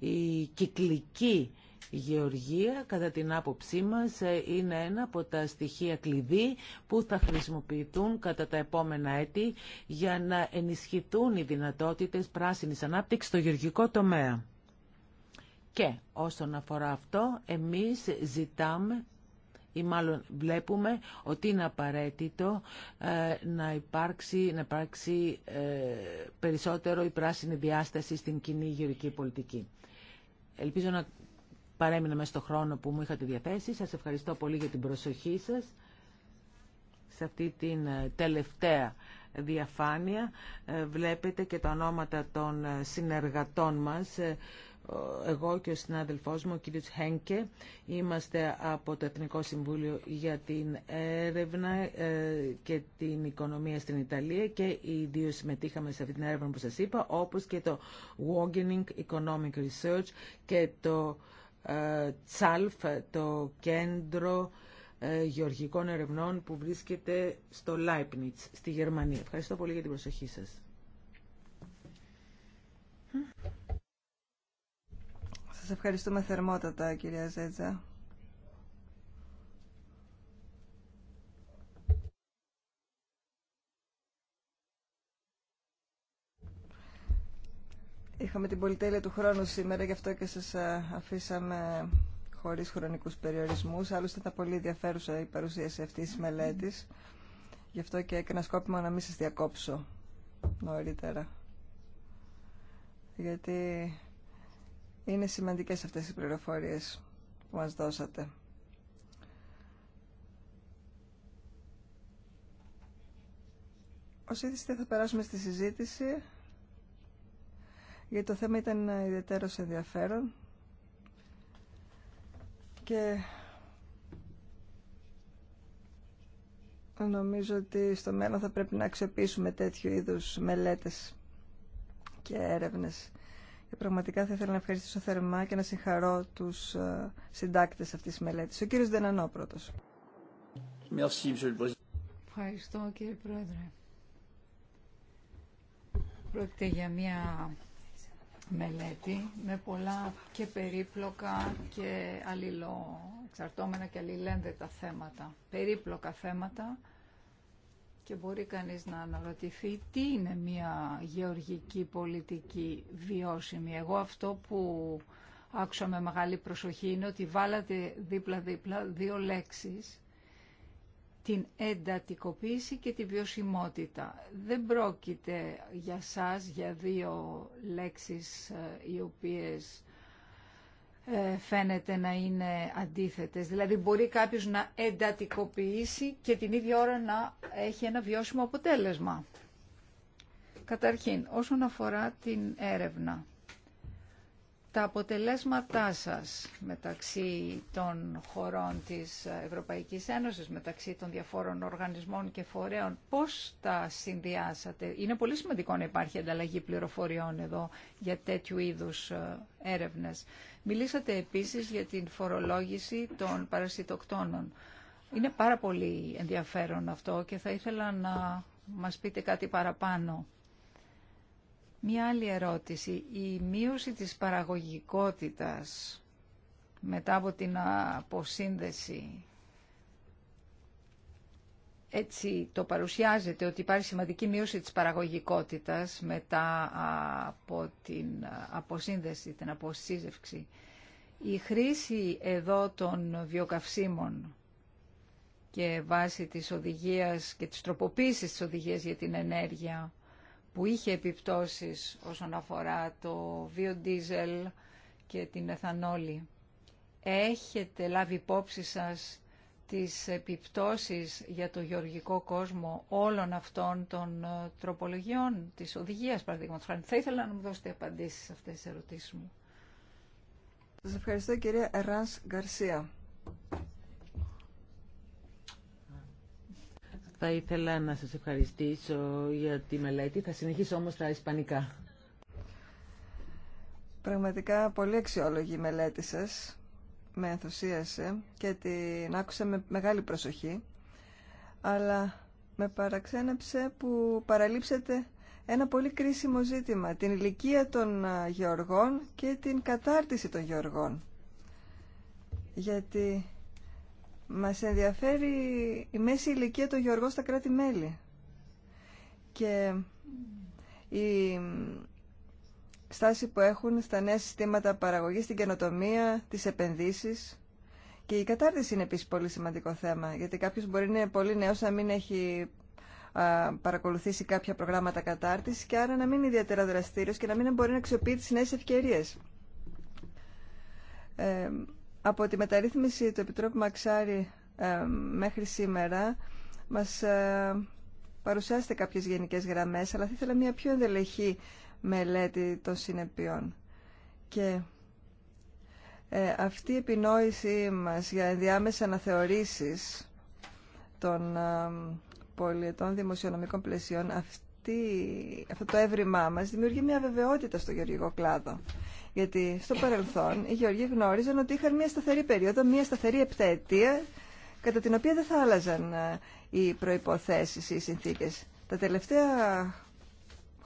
Η κυκλική γεωργία, κατά την άποψή μας, είναι ένα από τα στοιχεία κλειδί που θα χρησιμοποιηθούν κατά τα επόμενα έτη για να ενισχυθούν οι δυνατότητες πράσινης ανάπτυξης στο γεωργικό τομέα. Και όσον αφορά αυτό, εμείς ζητάμε ή μάλλον βλέπουμε ότι είναι απαραίτητο ε, να υπάρξει, να υπάρξει ε, περισσότερο η πράσινη διάσταση στην κοινή γεωρική πολιτική. Ελπίζω να παρέμεινα μέσα στο χρόνο που μου είχατε διαθέσει. Σας ευχαριστώ πολύ για την προσοχή σας σε αυτή την ε, τελευταία διαφάνεια. βλέπετε και τα ονόματα των συνεργατών μας εγώ και ο συνάδελφός μου, ο κ. Χένκε, είμαστε από το Εθνικό Συμβούλιο για την Έρευνα ε, και την Οικονομία στην Ιταλία και οι δύο συμμετείχαμε σε αυτή την έρευνα που σας είπα, όπως και το Wagening Economic Research και το ΤΣΑΛΦ, ε, το Κέντρο ε, Γεωργικών Ερευνών που βρίσκεται στο Leibniz, στη Γερμανία. Ευχαριστώ πολύ για την προσοχή σας. Σας ευχαριστούμε θερμότατα, κυρία Ζέτζα. Είχαμε την πολυτέλεια του χρόνου σήμερα, γι' αυτό και σας ε, αφήσαμε χωρίς χρονικούς περιορισμούς. Άλλωστε ήταν πολύ ενδιαφέρουσα η παρουσίαση αυτής της μελέτης. Γι' αυτό και έκανα σκόπιμο να μην σας διακόψω νωρίτερα. Γιατί είναι σημαντικές αυτές οι πληροφορίες που μας δώσατε. Ως είδηση θα περάσουμε στη συζήτηση, γιατί το θέμα ήταν ιδιαίτερος ενδιαφέρον και νομίζω ότι στο μέλλον θα πρέπει να αξιοποιήσουμε τέτοιου είδους μελέτες και έρευνες και ε, πραγματικά θα ήθελα να ευχαριστήσω θερμά και να συγχαρώ τους ε, συντάκτες αυτής τη μελέτης. Ο κύριος Δενανό πρώτο. Ευχαριστώ κύριε Πρόεδρε. Πρόκειται για μια μελέτη με πολλά και περίπλοκα και αλληλοεξαρτώμενα και αλληλένδετα θέματα. Περίπλοκα θέματα και μπορεί κανείς να αναρωτηθεί τι είναι μια γεωργική πολιτική βιώσιμη. Εγώ αυτό που άκουσα με μεγάλη προσοχή είναι ότι βάλατε δίπλα-δίπλα δύο λέξεις την εντατικοποίηση και τη βιωσιμότητα. Δεν πρόκειται για σας για δύο λέξεις ε, οι οποίες ε, φαίνεται να είναι αντίθετες. Δηλαδή μπορεί κάποιος να εντατικοποιήσει και την ίδια ώρα να έχει ένα βιώσιμο αποτέλεσμα. Καταρχήν, όσον αφορά την έρευνα, τα αποτελέσματά σας μεταξύ των χωρών της Ευρωπαϊκής Ένωσης, μεταξύ των διαφόρων οργανισμών και φορέων, πώς τα συνδυάσατε. Είναι πολύ σημαντικό να υπάρχει ανταλλαγή πληροφοριών εδώ για τέτοιου είδους ε, έρευνες. Μιλήσατε επίσης για την φορολόγηση των παρασιτοκτόνων. Είναι πάρα πολύ ενδιαφέρον αυτό και θα ήθελα να μας πείτε κάτι παραπάνω. Μία άλλη ερώτηση. Η μείωση της παραγωγικότητας μετά από την αποσύνδεση έτσι το παρουσιάζεται ότι υπάρχει σημαντική μείωση της παραγωγικότητας μετά από την αποσύνδεση, την αποσύζευξη. Η χρήση εδώ των βιοκαυσίμων και βάσει της οδηγίας και της τροποποίησης της οδηγίας για την ενέργεια που είχε επιπτώσεις όσον αφορά το βιοντίζελ και την εθανόλη. Έχετε λάβει υπόψη σας τις επιπτώσεις για το γεωργικό κόσμο όλων αυτών των ε, τροπολογιών, της οδηγίας παραδείγματος Θα ήθελα να μου δώσετε απαντήσεις σε αυτές τις ερωτήσεις μου. Σας ευχαριστώ κυρία Ρανς Γκαρσία. Θα ήθελα να σας ευχαριστήσω για τη μελέτη. Θα συνεχίσω όμως τα ισπανικά. Πραγματικά πολύ αξιόλογη η μελέτη σας με ενθουσίασε και την άκουσα με μεγάλη προσοχή, αλλά με παραξένεψε που παραλείψετε ένα πολύ κρίσιμο ζήτημα, την ηλικία των γεωργών και την κατάρτιση των γεωργών. Γιατί μας ενδιαφέρει η μέση ηλικία των γεωργών στα κράτη-μέλη. Και η στάση που έχουν στα νέα συστήματα παραγωγής, στην καινοτομία, τις επενδύσεις. Και η κατάρτιση είναι επίσης πολύ σημαντικό θέμα, γιατί κάποιος μπορεί να είναι πολύ νέος να μην έχει παρακολουθήσει κάποια προγράμματα κατάρτισης και άρα να μην είναι ιδιαίτερα δραστήριος και να μην μπορεί να αξιοποιεί τις νέες ευκαιρίες. Ε, από τη μεταρρύθμιση του Επιτρόπου Μαξάρη ε, μέχρι σήμερα μας ε, παρουσιάσετε κάποιες γενικές γραμμές, αλλά θα ήθελα μια πιο ενδελεχή μελέτη των συνεπειών. Και ε, αυτή η επινόησή μας για ενδιάμεσα αναθεωρήσεις των ε, πολιετών δημοσιονομικών πλαισιών, αυτό το έβριμά μας δημιουργεί μια βεβαιότητα στο γεωργικό κλάδο. Γιατί στο παρελθόν οι γεωργοί γνώριζαν ότι είχαν μια σταθερή περίοδο, μια σταθερή επταετία, κατά την οποία δεν θα άλλαζαν ε, οι προϋποθέσεις ή οι συνθήκες. Τα τελευταία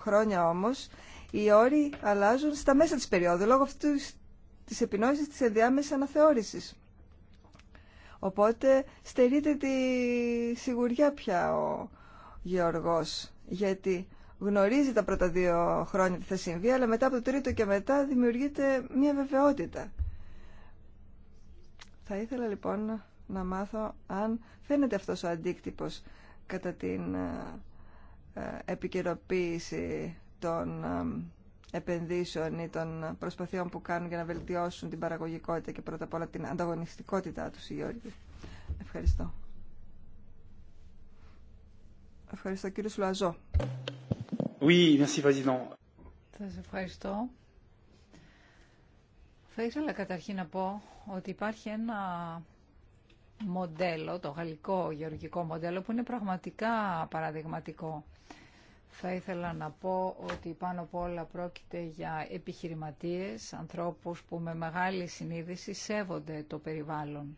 χρόνια όμως οι όροι αλλάζουν στα μέσα της περίοδου λόγω αυτού της επινόησης της ενδιάμεσης αναθεώρησης. Οπότε στερείται τη σιγουριά πια ο Γεωργός γιατί γνωρίζει τα πρώτα δύο χρόνια τι θα συμβεί αλλά μετά από το τρίτο και μετά δημιουργείται μια βεβαιότητα. Θα ήθελα λοιπόν να μάθω αν φαίνεται αυτός ο αντίκτυπος κατά την ε, ε, επικαιροποίηση των ε, επενδύσεων ή των προσπαθειών που κάνουν για να βελτιώσουν την παραγωγικότητα και πρώτα απ' όλα την ανταγωνιστικότητά τους οι Ευχαριστώ. Ευχαριστώ κύριο Σουλαζό. Oui, merci, Président. Σας ευχαριστώ. Θα ήθελα καταρχήν να πω ότι υπάρχει ένα μοντέλο, το γαλλικό γεωργικό μοντέλο που είναι πραγματικά παραδειγματικό. Θα ήθελα να πω ότι πάνω απ' όλα πρόκειται για επιχειρηματίες, ανθρώπους που με μεγάλη συνείδηση σέβονται το περιβάλλον.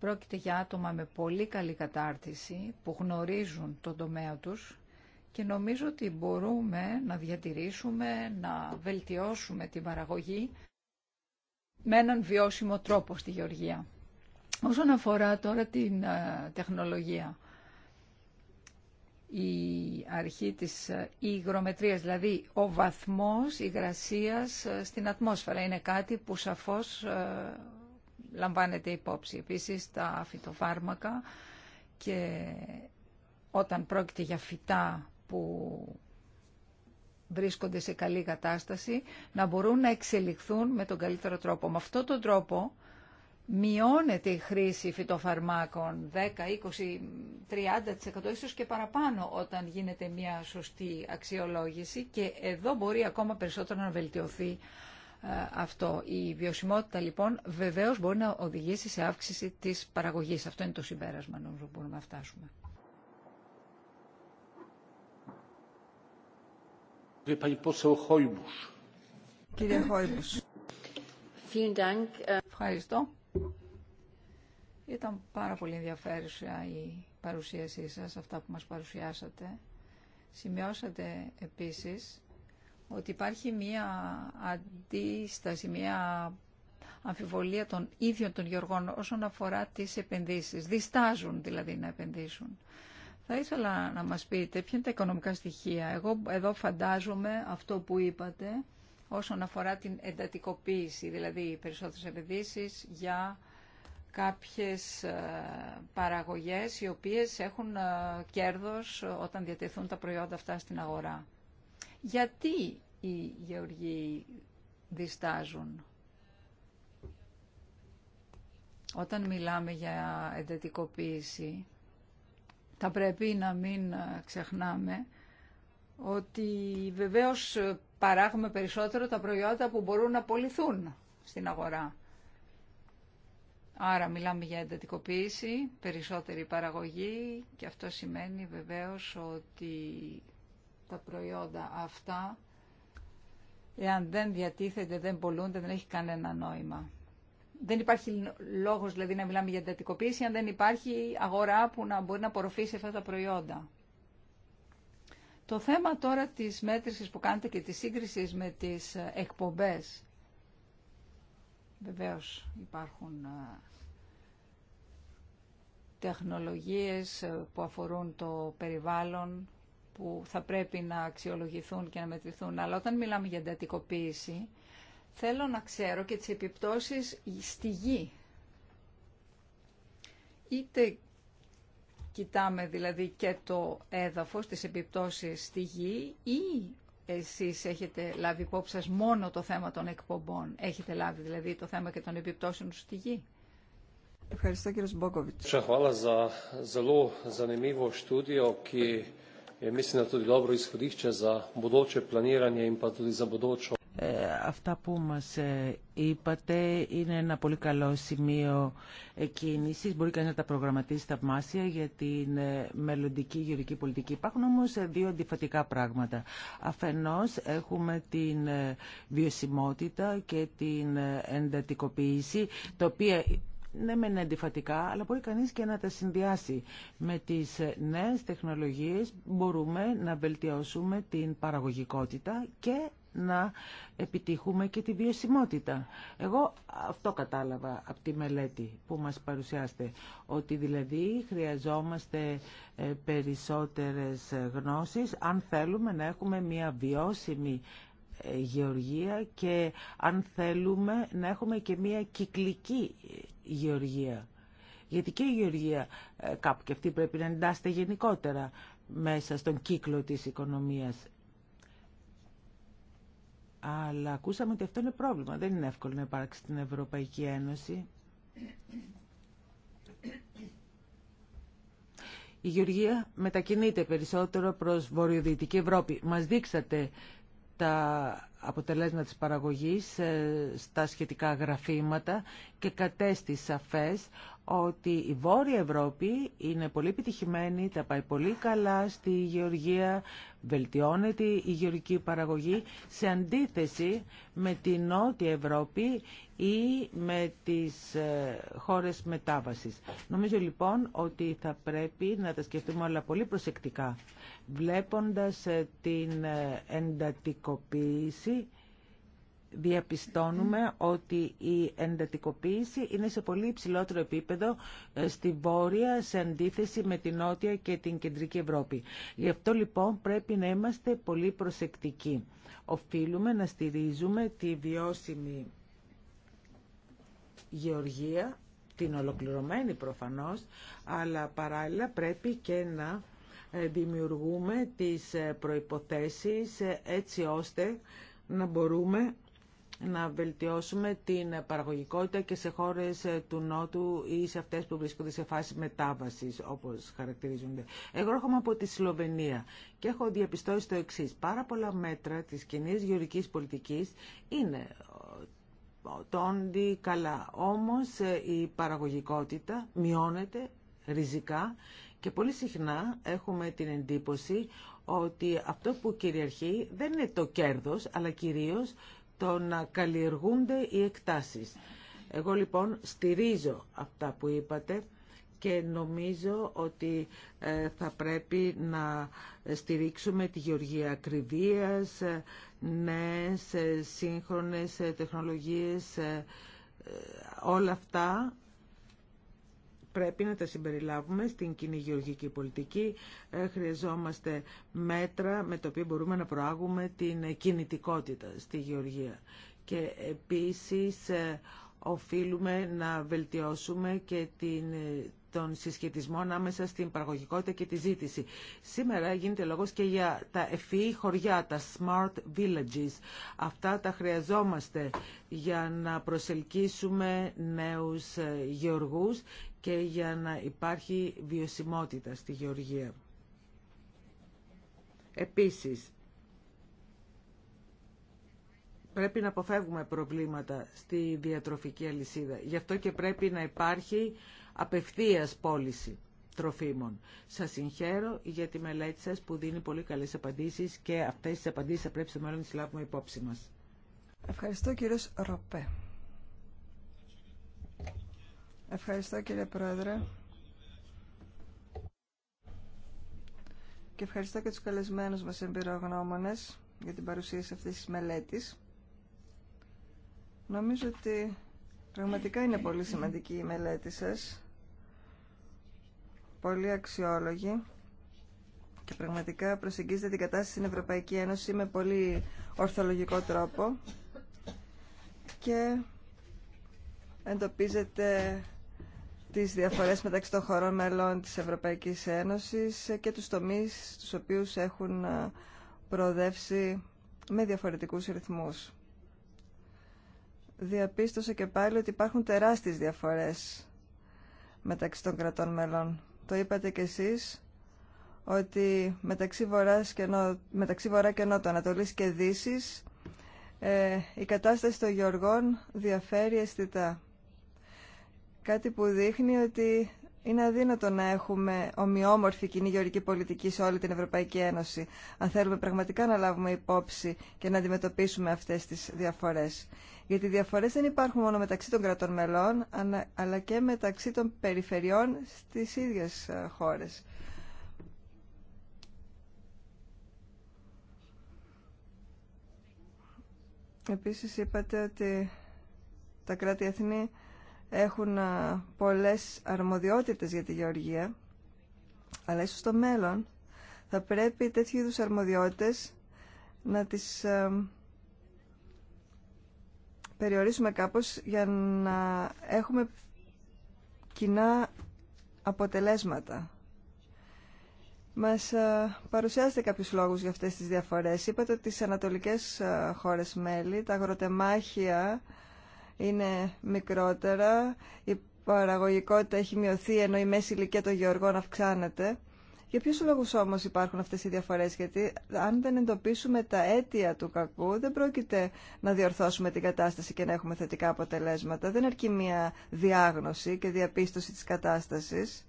Πρόκειται για άτομα με πολύ καλή κατάρτιση που γνωρίζουν τον τομέα τους και νομίζω ότι μπορούμε να διατηρήσουμε, να βελτιώσουμε την παραγωγή με έναν βιώσιμο τρόπο στη Γεωργία. Όσον αφορά τώρα την ε, τεχνολογία, η αρχή της ε, υγρομετρίας, δηλαδή ο βαθμός υγρασίας ε, στην ατμόσφαιρα, είναι κάτι που σαφώς λαμβάνεται υπόψη. Επίσης τα φυτοφάρμακα και όταν πρόκειται για φυτά που βρίσκονται σε καλή κατάσταση, να μπορούν να εξελιχθούν με τον καλύτερο τρόπο. Με αυτόν τον τρόπο μειώνεται η χρήση φυτοφαρμάκων 10, 20, 30% ίσως και παραπάνω όταν γίνεται μια σωστή αξιολόγηση και εδώ μπορεί ακόμα περισσότερο να βελτιωθεί ε, αυτό. Η βιωσιμότητα λοιπόν βεβαίως μπορεί να οδηγήσει σε αύξηση της παραγωγής. Αυτό είναι το συμπέρασμα νομίζω που μπορούμε να φτάσουμε. Κύριε Χόιμπους. Ευχαριστώ. Ήταν πάρα πολύ ενδιαφέρουσα η παρουσίασή σας, αυτά που μας παρουσιάσατε. Σημειώσατε επίσης ότι υπάρχει μία αντίσταση, μία αμφιβολία των ίδιων των γεωργών όσον αφορά τις επενδύσεις. Διστάζουν δηλαδή να επενδύσουν. Θα ήθελα να μας πείτε ποια είναι τα οικονομικά στοιχεία. Εγώ εδώ φαντάζομαι αυτό που είπατε, όσον αφορά την εντατικοποίηση, δηλαδή περισσότερες επενδύσεις για κάποιες ε, παραγωγές οι οποίες έχουν ε, κέρδος όταν διατεθούν τα προϊόντα αυτά στην αγορά. Γιατί οι γεωργοί διστάζουν. Όταν μιλάμε για εντατικοποίηση, θα πρέπει να μην ε, ξεχνάμε ότι βεβαίως παράγουμε περισσότερο τα προϊόντα που μπορούν να πολιθούν στην αγορά. Άρα μιλάμε για εντατικοποίηση, περισσότερη παραγωγή και αυτό σημαίνει βεβαίως ότι τα προϊόντα αυτά εάν δεν διατίθεται, δεν πολλούνται, δεν έχει κανένα νόημα. Δεν υπάρχει λόγος δηλαδή να μιλάμε για εντατικοποίηση αν δεν υπάρχει αγορά που να μπορεί να απορροφήσει αυτά τα προϊόντα. Το θέμα τώρα της μέτρησης που κάνετε και της σύγκρισης με τις ε, εκπομπές. Βεβαίως υπάρχουν ε, τεχνολογίες ε, που αφορούν το περιβάλλον που θα πρέπει να αξιολογηθούν και να μετρηθούν. Αλλά όταν μιλάμε για εντατικοποίηση, θέλω να ξέρω και τις επιπτώσεις στη γη. Κοιτάμε δηλαδή και το έδαφος, τις επιπτώσεις στη γη ή εσείς έχετε λάβει υπόψη σας μόνο το θέμα των εκπομπών. Έχετε λάβει δηλαδή το θέμα και των επιπτώσεων στη γη. Ευχαριστώ κύριε Μπόκοβιτς. Ε, αυτά που μας ε, είπατε είναι ένα πολύ καλό σημείο κίνησης. Μπορεί κανείς να τα προγραμματίσει θαυμάσια για την ε, μελλοντική γεωρική πολιτική. Υπάρχουν όμως δύο αντιφατικά πράγματα. Αφενός έχουμε την βιωσιμότητα και την εντατικοποίηση, τα οποία ναι μεν αντιφατικά, αλλά μπορεί κανείς και να τα συνδυάσει. Με τις νέες τεχνολογίες μπορούμε να βελτιώσουμε την παραγωγικότητα και να επιτύχουμε και τη βιωσιμότητα. Εγώ αυτό κατάλαβα από τη μελέτη που μας παρουσιάστε, ότι δηλαδή χρειαζόμαστε ε, περισσότερες γνώσεις αν θέλουμε να έχουμε μια βιώσιμη ε, γεωργία και αν θέλουμε να έχουμε και μια κυκλική ε, γεωργία. Γιατί και η γεωργία κάπου και αυτή πρέπει να εντάσσεται γενικότερα μέσα στον κύκλο της οικονομίας. Αλλά ακούσαμε ότι αυτό είναι πρόβλημα. Δεν είναι εύκολο να υπάρξει στην Ευρωπαϊκή Ένωση. Η Γεωργία μετακινείται περισσότερο προς βορειοδυτική Ευρώπη. Μας δείξατε τα αποτελέσματα της παραγωγής ε, στα σχετικά γραφήματα και κατέστη σαφές ότι η Βόρεια Ευρώπη είναι πολύ επιτυχημένη, τα πάει πολύ καλά στη γεωργία, βελτιώνεται η γεωργική παραγωγή σε αντίθεση με τη Νότια Ευρώπη ή με τις ε, χώρες μετάβασης. Νομίζω λοιπόν ότι θα πρέπει να τα σκεφτούμε όλα πολύ προσεκτικά Βλέποντας ε, την ε, εντατικοποίηση, διαπιστώνουμε ότι η εντατικοποίηση είναι σε πολύ υψηλότερο επίπεδο ε, στη Βόρεια σε αντίθεση με την Νότια και την Κεντρική Ευρώπη. Γι' αυτό λοιπόν πρέπει να είμαστε πολύ προσεκτικοί. Οφείλουμε να στηρίζουμε τη βιώσιμη γεωργία, την ολοκληρωμένη προφανώς, αλλά παράλληλα πρέπει και να δημιουργούμε τις ε, προϋποθέσεις ε, έτσι ώστε να μπορούμε να βελτιώσουμε την παραγωγικότητα και σε χώρες ε, του Νότου ή σε αυτές που βρίσκονται σε φάση μετάβασης, όπως χαρακτηρίζονται. Εγώ έρχομαι από τη Σλοβενία και έχω διαπιστώσει το εξής. Πάρα πολλά μέτρα της κοινή γεωρικής πολιτικής είναι τόντι καλά. Όμως η παραγωγικότητα μειώνεται ριζικά και πολύ συχνά έχουμε την εντύπωση ότι αυτό που κυριαρχεί δεν είναι το κέρδος, αλλά κυρίως το να καλλιεργούνται οι εκτάσεις. Εγώ λοιπόν στηρίζω αυτά που είπατε και νομίζω ότι ε, θα πρέπει να στηρίξουμε τη γεωργία ακριβίας, ε, νέες ε, σύγχρονες τεχνολογίες, όλα αυτά πρέπει να τα συμπεριλάβουμε στην κοινή γεωργική πολιτική. Ε, χρειαζόμαστε μέτρα με τα οποία μπορούμε να προάγουμε την κινητικότητα στη γεωργία. Και επίσης ε, οφείλουμε να βελτιώσουμε και την, ε, τον συσχετισμό ανάμεσα στην παραγωγικότητα και τη ζήτηση. Σήμερα γίνεται λόγος και για τα ευφυή χωριά, τα smart villages. Αυτά τα χρειαζόμαστε για να προσελκύσουμε νέους γεωργούς και για να υπάρχει βιωσιμότητα στη γεωργία. Επίσης, πρέπει να αποφεύγουμε προβλήματα στη διατροφική αλυσίδα. Γι' αυτό και πρέπει να υπάρχει απευθείας πώληση τροφίμων. Σας συγχαίρω για τη μελέτη σας που δίνει πολύ καλές απαντήσεις και αυτές τις απαντήσεις θα πρέπει στο μέλλον να τις λάβουμε υπόψη μας. Ευχαριστώ κύριος Ροπέ. Ευχαριστώ κύριε Πρόεδρε. Και ευχαριστώ και τους καλεσμένους μας εμπειρογνώμονες για την παρουσίαση αυτής της μελέτης. Νομίζω ότι πραγματικά είναι πολύ σημαντική η μελέτη σας. Πολύ αξιόλογη. Και πραγματικά προσεγγίζετε την κατάσταση στην Ευρωπαϊκή Ένωση με πολύ ορθολογικό τρόπο. Και εντοπίζετε τις διαφορές μεταξύ των χωρών μελών της Ευρωπαϊκής Ένωσης και τους τομείς τους οποίους έχουν ε, προοδεύσει με διαφορετικούς ρυθμούς. Διαπίστωσε και πάλι ότι υπάρχουν τεράστιες διαφορές μεταξύ των κρατών μελών. Το είπατε κι εσείς ότι μεταξύ, και νο... μεταξύ Βορρά και Νότου, Ανατολής και Δύσης, ε, η κατάσταση των γεωργών διαφέρει αισθητά. Κάτι που δείχνει ότι είναι αδύνατο να έχουμε ομοιόμορφη κοινή γεωρική πολιτική σε όλη την Ευρωπαϊκή Ένωση, αν θέλουμε πραγματικά να λάβουμε υπόψη και να αντιμετωπίσουμε αυτές τις διαφορές. Γιατί οι διαφορές δεν υπάρχουν μόνο μεταξύ των κρατών μελών, αλλά και μεταξύ των περιφερειών στις ίδιες ε, χώρες. Επίσης είπατε ότι τα κράτη-εθνή έχουν ε, πολλές αρμοδιότητες για τη γεωργία, αλλά ίσως στο μέλλον θα πρέπει τέτοιου είδους αρμοδιότητες να τις ε, περιορίσουμε κάπως για να έχουμε κοινά αποτελέσματα. Μας ε, παρουσιάσετε κάποιους λόγους για αυτές τις διαφορές. Είπατε ότι στις ανατολικές χώρες μέλη τα αγροτεμάχια είναι μικρότερα, η παραγωγικότητα έχει μειωθεί ενώ η μέση ηλικία των γεωργών αυξάνεται. Για ποιους λόγους όμως υπάρχουν αυτές οι διαφορές, γιατί αν δεν εντοπίσουμε τα αίτια του κακού δεν πρόκειται να διορθώσουμε την κατάσταση και να έχουμε θετικά αποτελέσματα. Δεν αρκεί μια διάγνωση και διαπίστωση της κατάστασης.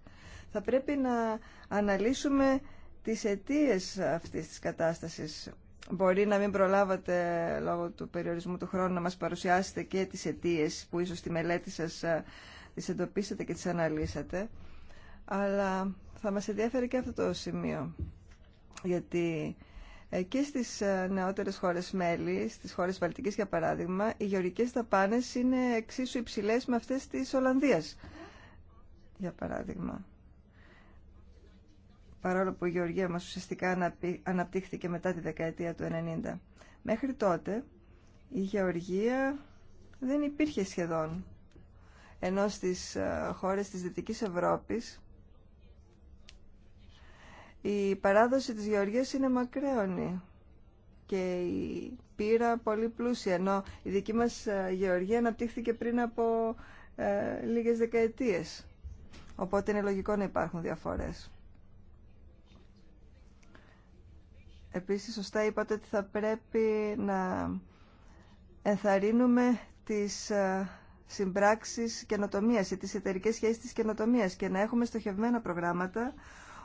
Θα πρέπει να αναλύσουμε τις αιτίες αυτής της κατάστασης Μπορεί να μην προλάβατε λόγω του περιορισμού του χρόνου να μας παρουσιάσετε και τις αιτίε που ίσως στη μελέτη σας ε, τις εντοπίσατε και τις αναλύσατε. Αλλά θα μας ενδιαφέρει και αυτό το σημείο. Γιατί ε, και στις ε, νεότερες χώρες μέλη, στις χώρες Βαλτικής για παράδειγμα, οι γεωρικές ταπάνες είναι εξίσου υψηλές με αυτές της Ολλανδίας, για παράδειγμα παρόλο που η γεωργία μας ουσιαστικά αναπτύχθηκε μετά τη δεκαετία του 90. Μέχρι τότε η γεωργία δεν υπήρχε σχεδόν, ενώ στις ε, χώρες της Δυτικής Ευρώπης η παράδοση της γεωργίας είναι μακραίωνη και η πείρα πολύ πλούσια, ενώ η δική μας ε, γεωργία αναπτύχθηκε πριν από ε, λίγες δεκαετίες. Οπότε είναι λογικό να υπάρχουν διαφορές. Επίσης, σωστά είπατε ότι θα πρέπει να ενθαρρύνουμε τις ε, συμπράξεις καινοτομία ή τις εταιρικές σχέσεις της καινοτομίας και να έχουμε στοχευμένα προγράμματα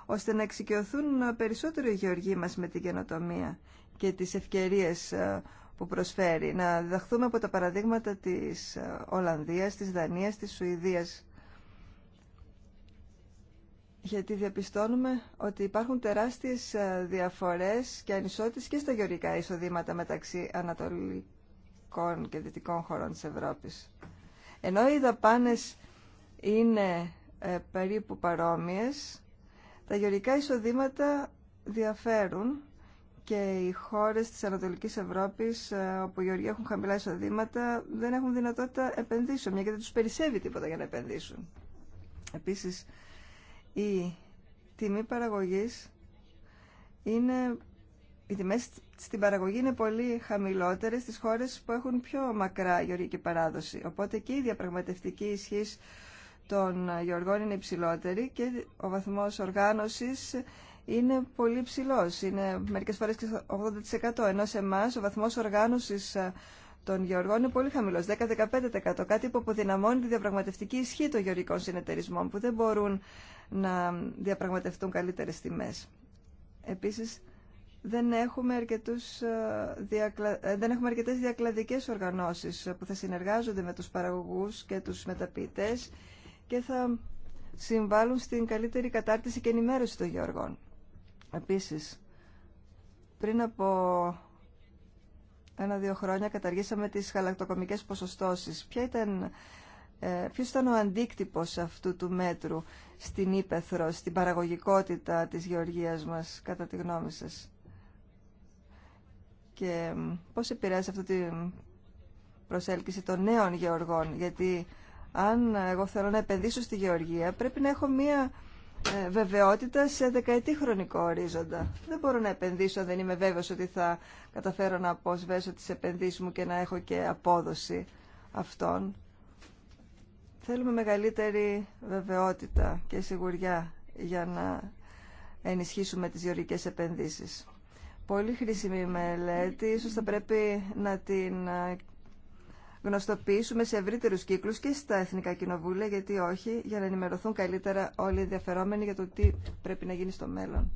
ώστε να εξοικειωθούν ε, περισσότερο οι γεωργοί μας με την καινοτομία και τις ευκαιρίες ε, που προσφέρει. Να διδαχθούμε από τα παραδείγματα της Ολλανδίας, της Δανίας, της Σουηδίας γιατί διαπιστώνουμε ότι υπάρχουν τεράστιες ε, διαφορές και ανισότητες και στα γεωργικά εισοδήματα μεταξύ ανατολικών και δυτικών χωρών της Ευρώπης. Ενώ οι δαπάνες είναι ε, περίπου παρόμοιες, τα γεωρικά εισοδήματα διαφέρουν και οι χώρες της Ανατολικής Ευρώπης ε, όπου οι γεωργοί έχουν χαμηλά εισοδήματα δεν έχουν δυνατότητα επενδύσεων, μια και δεν τους περισσεύει τίποτα για να επενδύσουν. Επίσης, η τιμή παραγωγής είναι, οι τιμέ στην παραγωγή είναι πολύ χαμηλότερε στις χώρες που έχουν πιο μακρά γεωργική παράδοση. Οπότε και η διαπραγματευτική ισχύ των γεωργών είναι υψηλότερη και ο βαθμός οργάνωσης είναι πολύ ψηλό. Είναι μερικές φορές και 80%. Ενώ σε εμά ο βαθμός οργάνωσης των γεωργών είναι πολύ χαμηλό, 10-15%. Κάτι που αποδυναμώνει τη διαπραγματευτική ισχύ των γεωργικών συνεταιρισμών που δεν μπορούν να διαπραγματευτούν καλύτερες τιμές. Επίσης, δεν έχουμε, αρκετούς, ε, διακλα... Ε, δεν έχουμε αρκετές διακλαδικές οργανώσεις που θα συνεργάζονται με τους παραγωγούς και τους μεταποιητές και θα συμβάλλουν στην καλύτερη κατάρτιση και ενημέρωση των γεωργών. Επίσης, πριν από ένα-δύο χρόνια καταργήσαμε τις χαλακτοκομικές ποσοστώσεις. Ε, ποιος ήταν ο αντίκτυπος αυτού του μέτρου στην ύπεθρο, στην παραγωγικότητα της γεωργίας μας, κατά τη γνώμη σας. Και πώς επηρέασε αυτή την προσέλκυση των νέων γεωργών, γιατί αν εγώ θέλω να επενδύσω στη γεωργία, πρέπει να έχω μία ε, βεβαιότητα σε δεκαετή χρονικό ορίζοντα. Δεν μπορώ να επενδύσω αν δεν είμαι βέβαιος ότι θα καταφέρω να αποσβέσω τις επενδύσεις μου και να έχω και απόδοση αυτών. Θέλουμε μεγαλύτερη βεβαιότητα και σιγουριά για να ενισχύσουμε τις γεωργικές επενδύσεις. Πολύ χρήσιμη μελέτη, ίσως θα πρέπει να την ε, γνωστοποιήσουμε σε ευρύτερου κύκλους και στα Εθνικά Κοινοβούλια, γιατί όχι, για να ενημερωθούν καλύτερα όλοι οι ενδιαφερόμενοι για το τι πρέπει να γίνει στο μέλλον.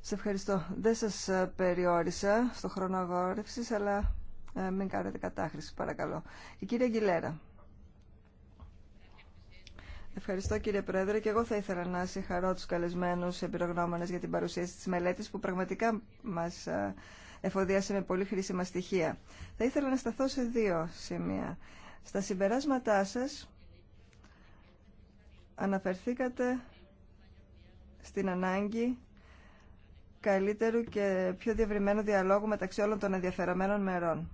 Σε ευχαριστώ. Δεν σας ε, περιόρισα στο χρόνο αγόρευσης, αλλά ε, μην κάνετε κατάχρηση, παρακαλώ. Η κυρία Γκυλέρα. Ευχαριστώ κύριε Πρόεδρε και εγώ θα ήθελα να συγχαρώ τους καλεσμένους εμπειρογνώμονες για την παρουσίαση της μελέτης που πραγματικά μας ε, εφοδίασε με πολύ χρήσιμα στοιχεία. Θα ήθελα να σταθώ σε δύο σημεία. Στα συμπεράσματά σας αναφερθήκατε στην ανάγκη καλύτερου και πιο διευρυμένου διαλόγου μεταξύ όλων των ενδιαφερομένων μερών,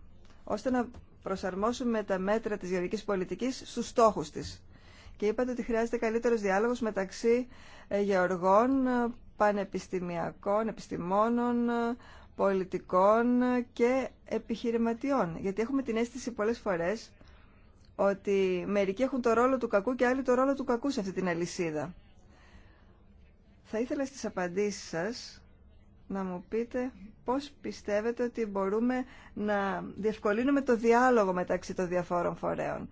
ώστε να προσαρμόσουμε τα μέτρα της γεωργικής πολιτικής στους στόχους της και είπατε ότι χρειάζεται καλύτερος διάλογος μεταξύ ε, γεωργών, ε, πανεπιστημιακών, επιστημόνων, ε, πολιτικών και επιχειρηματιών. Γιατί έχουμε την αίσθηση πολλές φορές ότι μερικοί έχουν το ρόλο του κακού και άλλοι το ρόλο του κακού σε αυτή την αλυσίδα. Θα ήθελα στις απαντήσεις σας να μου πείτε πώς πιστεύετε ότι μπορούμε να διευκολύνουμε το διάλογο μεταξύ των διαφόρων φορέων.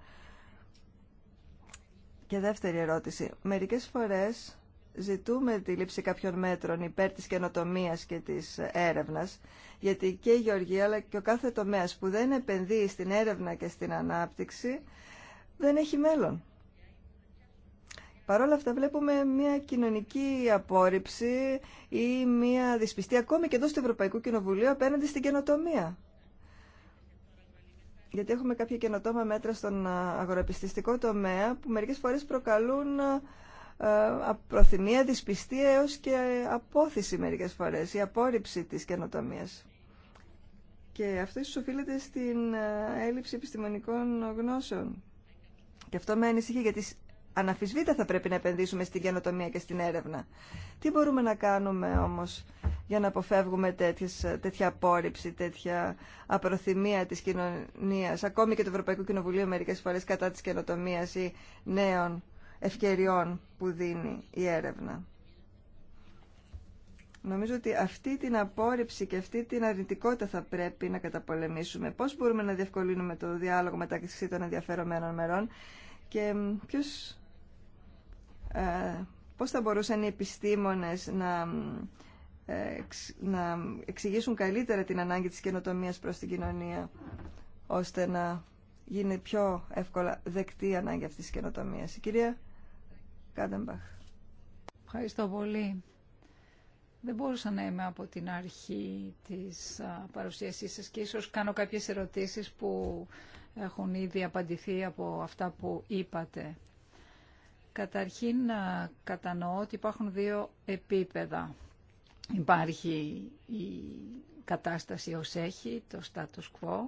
Και δεύτερη ερώτηση. Μερικές φορές ζητούμε τη λήψη κάποιων μέτρων υπέρ της καινοτομία και της έρευνας, γιατί και η Γεωργία αλλά και ο κάθε τομέας που δεν επενδύει στην έρευνα και στην ανάπτυξη δεν έχει μέλλον. Παρ' όλα αυτά βλέπουμε μια κοινωνική απόρριψη ή μια δυσπιστία ακόμη και εδώ στο Ευρωπαϊκό Κοινοβουλίο απέναντι στην καινοτομία γιατί έχουμε κάποια καινοτόμα μέτρα στον αγοραπιστιστικό τομέα που μερικές φορές προκαλούν προθυμία, δυσπιστία έως και απόθυση μερικές φορές, η απόρριψη της καινοτομίας. Και αυτό ίσως οφείλεται στην έλλειψη επιστημονικών γνώσεων. Και αυτό με ανησυχεί γιατί αναφυσβήτα θα πρέπει να επενδύσουμε στην καινοτομία και στην έρευνα. Τι μπορούμε να κάνουμε όμως για να αποφεύγουμε τέτοιες, τέτοια απόρριψη, τέτοια απροθυμία της κοινωνίας, ακόμη και του Ευρωπαϊκού Κοινοβουλίου μερικές φορές κατά της καινοτομία ή νέων ευκαιριών που δίνει η έρευνα. Νομίζω ότι αυτή την απόρριψη και αυτή την αρνητικότητα θα πρέπει να καταπολεμήσουμε. Πώς μπορούμε να διευκολύνουμε το διάλογο μεταξύ των ενδιαφερομένων μερών και ποιος ε, πώς θα μπορούσαν οι επιστήμονες να, ε, να εξηγήσουν καλύτερα την ανάγκη της καινοτομίας προς την κοινωνία, ώστε να γίνει πιο εύκολα δεκτή η ανάγκη αυτής της καινοτομίας. Η κυρία Κάντεμπαχ. Ευχαριστώ πολύ. Δεν μπορούσα να είμαι από την αρχή της παρουσίασής σας και ίσως κάνω κάποιες ερωτήσεις που έχουν ήδη απαντηθεί από αυτά που είπατε. Καταρχήν κατανοώ ότι υπάρχουν δύο επίπεδα. Υπάρχει η κατάσταση ως έχει, το status quo,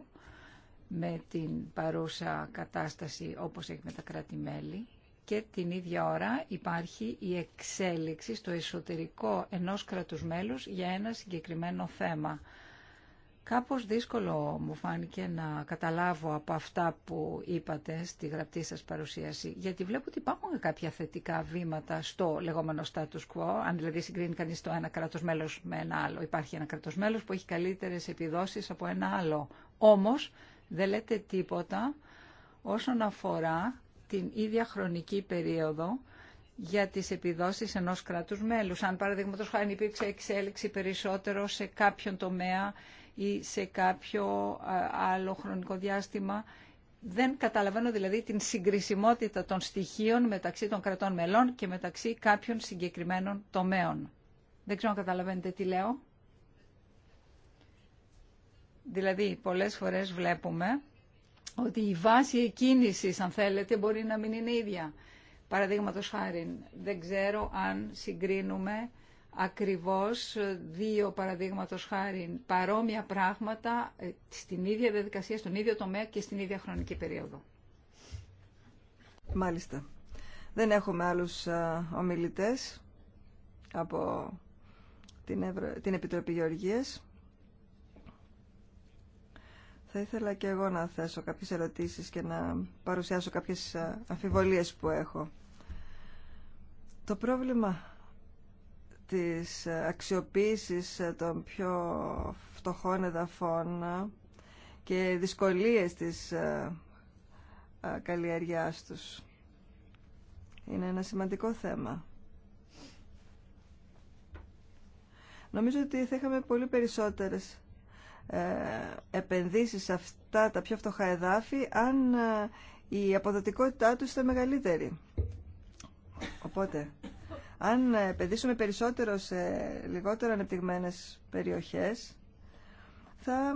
με την παρούσα κατάσταση όπως έχει με τα κράτη-μέλη και την ίδια ώρα υπάρχει η εξέλιξη στο εσωτερικό ενός κρατους μέλους για ένα συγκεκριμένο θέμα. Κάπως δύσκολο μου φάνηκε να καταλάβω από αυτά που είπατε στη γραπτή σας παρουσίαση, γιατί βλέπω ότι υπάρχουν κάποια θετικά βήματα στο λεγόμενο status quo, αν δηλαδή συγκρίνει κανείς το ένα κράτος μέλος με ένα άλλο. Υπάρχει ένα κράτος μέλος που έχει καλύτερες επιδόσεις από ένα άλλο. Όμως δεν λέτε τίποτα όσον αφορά την ίδια χρονική περίοδο για τις επιδόσεις ενός κράτους μέλους. Αν παραδείγματο χάρη υπήρξε εξέλιξη περισσότερο σε κάποιον τομέα ή σε κάποιο άλλο χρονικό διάστημα. Δεν καταλαβαίνω δηλαδή την συγκρισιμότητα των στοιχείων μεταξύ των κρατών μελών και μεταξύ κάποιων συγκεκριμένων τομέων. Δεν ξέρω αν καταλαβαίνετε τι λέω. Δηλαδή, πολλές φορές βλέπουμε ότι η βάση εκκίνησης, αν θέλετε, οτι η βαση κίνηση, αν θελετε μπορει να μην είναι ίδια. Παραδείγματος χάρη, δεν ξέρω αν συγκρίνουμε ακριβώς δύο παραδείγματος χάρη παρόμοια πράγματα ε, στην ίδια διαδικασία, στον ίδιο τομέα και στην ίδια χρονική περίοδο. Μάλιστα. Δεν έχουμε άλλους ομιλητές από την, Επιτροπή Γεωργίας. Θα ήθελα και εγώ να θέσω κάποιες ερωτήσεις και να παρουσιάσω κάποιες αμφιβολίες που έχω. Το πρόβλημα της αξιοποίησης των πιο φτωχών εδαφών και δυσκολίες της ε, ε, καλλιέργειάς τους. Είναι ένα σημαντικό θέμα. Νομίζω ότι θα είχαμε πολύ περισσότερες ε, επενδύσεις σε αυτά τα πιο φτωχά εδάφη αν η αποδοτικότητά τους ήταν μεγαλύτερη. Οπότε, αν επενδύσουμε περισσότερο σε λιγότερο ανεπτυγμένες περιοχές, θα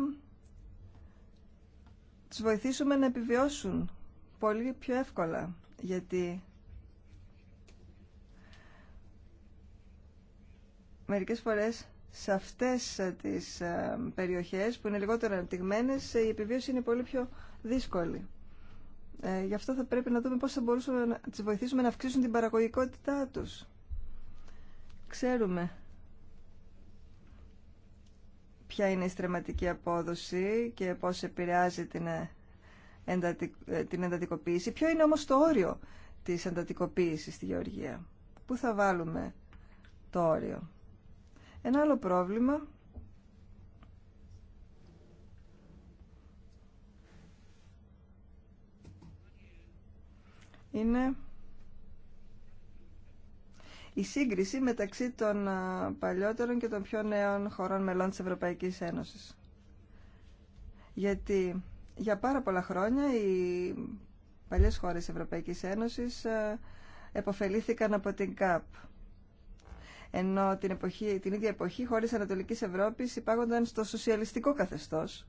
τις βοηθήσουμε να επιβιώσουν πολύ πιο εύκολα, γιατί μερικές φορές σε αυτές τις ε, περιοχές που είναι λιγότερο ανεπτυγμένες η επιβίωση είναι πολύ πιο δύσκολη. Ε, γι' αυτό θα πρέπει να δούμε πώς θα μπορούσαμε να τις βοηθήσουμε να αυξήσουν την παραγωγικότητά τους. Ξέρουμε ποια είναι η στρεματική απόδοση και πώς επηρεάζει την, ε, ε, την εντατικοποίηση. Ποιο είναι όμως το όριο της εντατικοποίησης στη γεωργία. Πού θα βάλουμε το όριο. Ένα άλλο πρόβλημα είναι η σύγκριση μεταξύ των ε, παλιότερων και των πιο νέων χωρών μελών της Ευρωπαϊκής Ένωσης. Γιατί για πάρα πολλά χρόνια οι παλιές χώρες της Ευρωπαϊκής Ένωσης ε, εποφελήθηκαν από την ΚΑΠ. Ενώ την, εποχή, την ίδια εποχή χώρες Ανατολικής Ευρώπης υπάγονταν στο σοσιαλιστικό καθεστώς.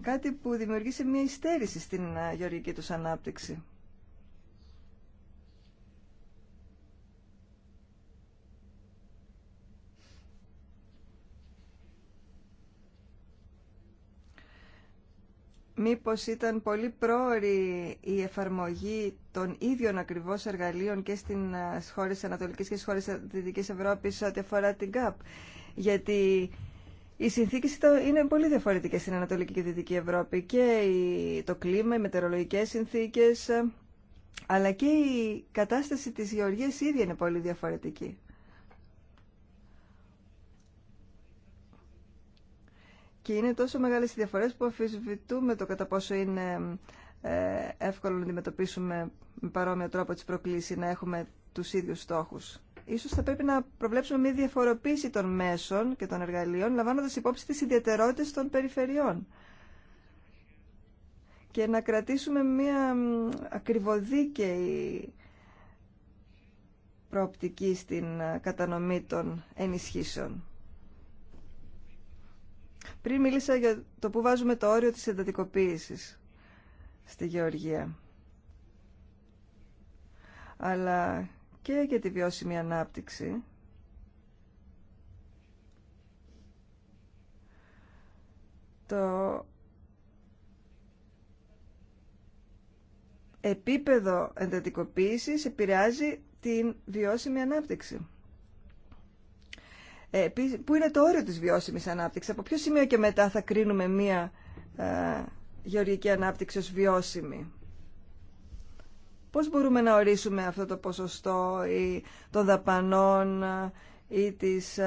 Κάτι που δημιουργήσε μια υστέρηση στην ε, γεωργική τους ανάπτυξη. μήπως ήταν πολύ πρόωρη η εφαρμογή των ίδιων ακριβώς εργαλείων και ε, στις χώρες της Ανατολικής και στις χώρες της Δυτικής Ευρώπης ό,τι αφορά την ΚΑΠ. Γιατί οι συνθήκε είναι πολύ διαφορετικές στην Ανατολική και Δυτική Ευρώπη και το κλίμα, οι μετεωρολογικές συνθήκες, ε, αλλά και η κατάσταση της γεωργίας ίδια είναι πολύ διαφορετική. Και είναι τόσο μεγάλες οι διαφορές που αφισβητούμε το κατά πόσο είναι ε, εύκολο να αντιμετωπίσουμε με παρόμοιο τρόπο τις προκλήσεις να έχουμε τους ίδιους στόχους. Ίσως θα πρέπει να προβλέψουμε μια διαφοροποίηση των μέσων και των εργαλείων λαμβάνοντας υπόψη τις ιδιαιτερότητες των περιφερειών και να κρατήσουμε μια ακριβοδίκαιη προοπτική στην ε, κατανομή των ενισχύσεων. Πριν μίλησα για το που βάζουμε το όριο της εντατικοποίησης στη γεωργία. Αλλά και για τη βιώσιμη ανάπτυξη. Το επίπεδο εντατικοποίησης επηρεάζει την βιώσιμη ανάπτυξη. Ε, πού είναι το όριο της βιώσιμης ανάπτυξης, από ποιο σημείο και μετά θα κρίνουμε μία ε, γεωργική ανάπτυξη ως βιώσιμη. Πώς μπορούμε να ορίσουμε αυτό το ποσοστό ή των δαπανών ε, ή της,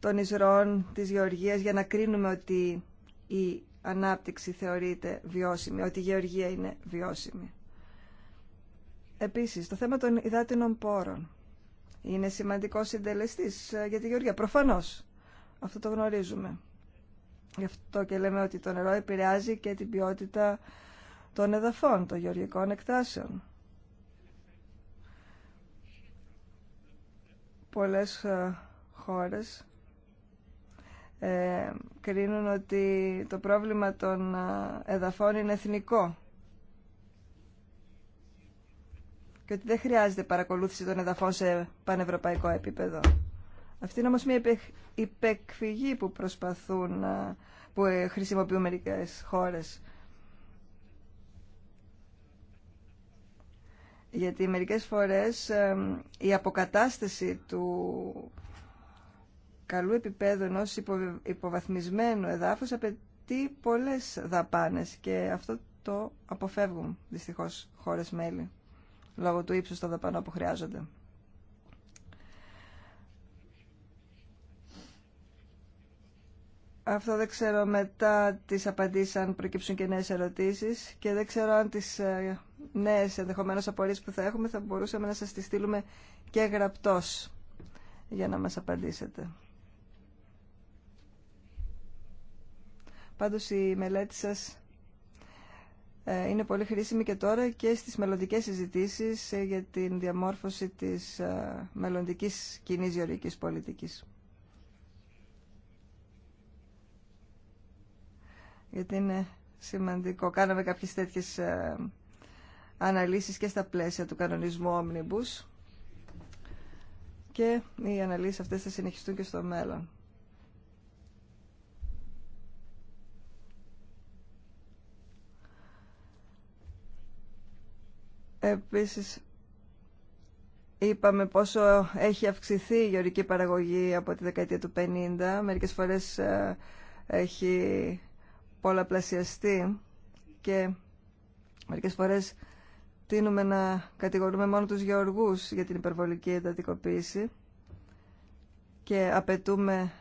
των ισρών της γεωργίας για να κρίνουμε ότι η ανάπτυξη θεωρείται βιώσιμη, ότι η γεωργία είναι βιώσιμη. Επίσης, το θέμα των υδάτινων πόρων είναι σημαντικό συντελεστή ε, για τη Γεωργία. Προφανώ. Αυτό το γνωρίζουμε. Γι' αυτό και λέμε ότι το νερό επηρεάζει και την ποιότητα των εδαφών, των γεωργικών εκτάσεων. Πολλές ε, χώρες ε, κρίνουν ότι το πρόβλημα των εδαφών είναι εθνικό και ότι δεν χρειάζεται παρακολούθηση των εδαφών σε πανευρωπαϊκό επίπεδο. Αυτή είναι όμως μια υπεκφυγή που προσπαθούν, που ε, χρησιμοποιούν μερικές χώρες. Γιατί μερικές φορές η αποκατάσταση του καλού επίπεδου ενό υποβαθμισμένου εδάφους απαιτεί πολλές δαπάνες και αυτό το αποφεύγουν δυστυχώς χώρες μέλη λόγω του ύψους των δαπανών που χρειάζονται. Αυτό δεν ξέρω μετά τις απαντήσεις αν προκύψουν και νέες ερωτήσεις και δεν ξέρω αν τις ε, νέες ενδεχομένως απορίες που θα έχουμε θα μπορούσαμε να σας τις στείλουμε και γραπτός για να μας απαντήσετε. Πάντως η μελέτη σας ε, είναι πολύ χρήσιμη και τώρα και στις μελλοντικές συζητήσεις ε, για την διαμόρφωση της ε, μελλοντική κοινή γεωργικής πολιτικής. Γιατί είναι σημαντικό. Κάναμε κάποιες τέτοιες αναλύσεις και στα πλαίσια του κανονισμού Omnibus και οι αναλύσεις αυτές θα συνεχιστούν και στο μέλλον. Επίσης, είπαμε πόσο έχει αυξηθεί η γεωρική παραγωγή από τη δεκαετία του 50. Μερικές φορές ε, έχει πολλαπλασιαστεί και μερικές φορές τίνουμε να κατηγορούμε μόνο τους γεωργούς για την υπερβολική εντατικοποίηση και απαιτούμε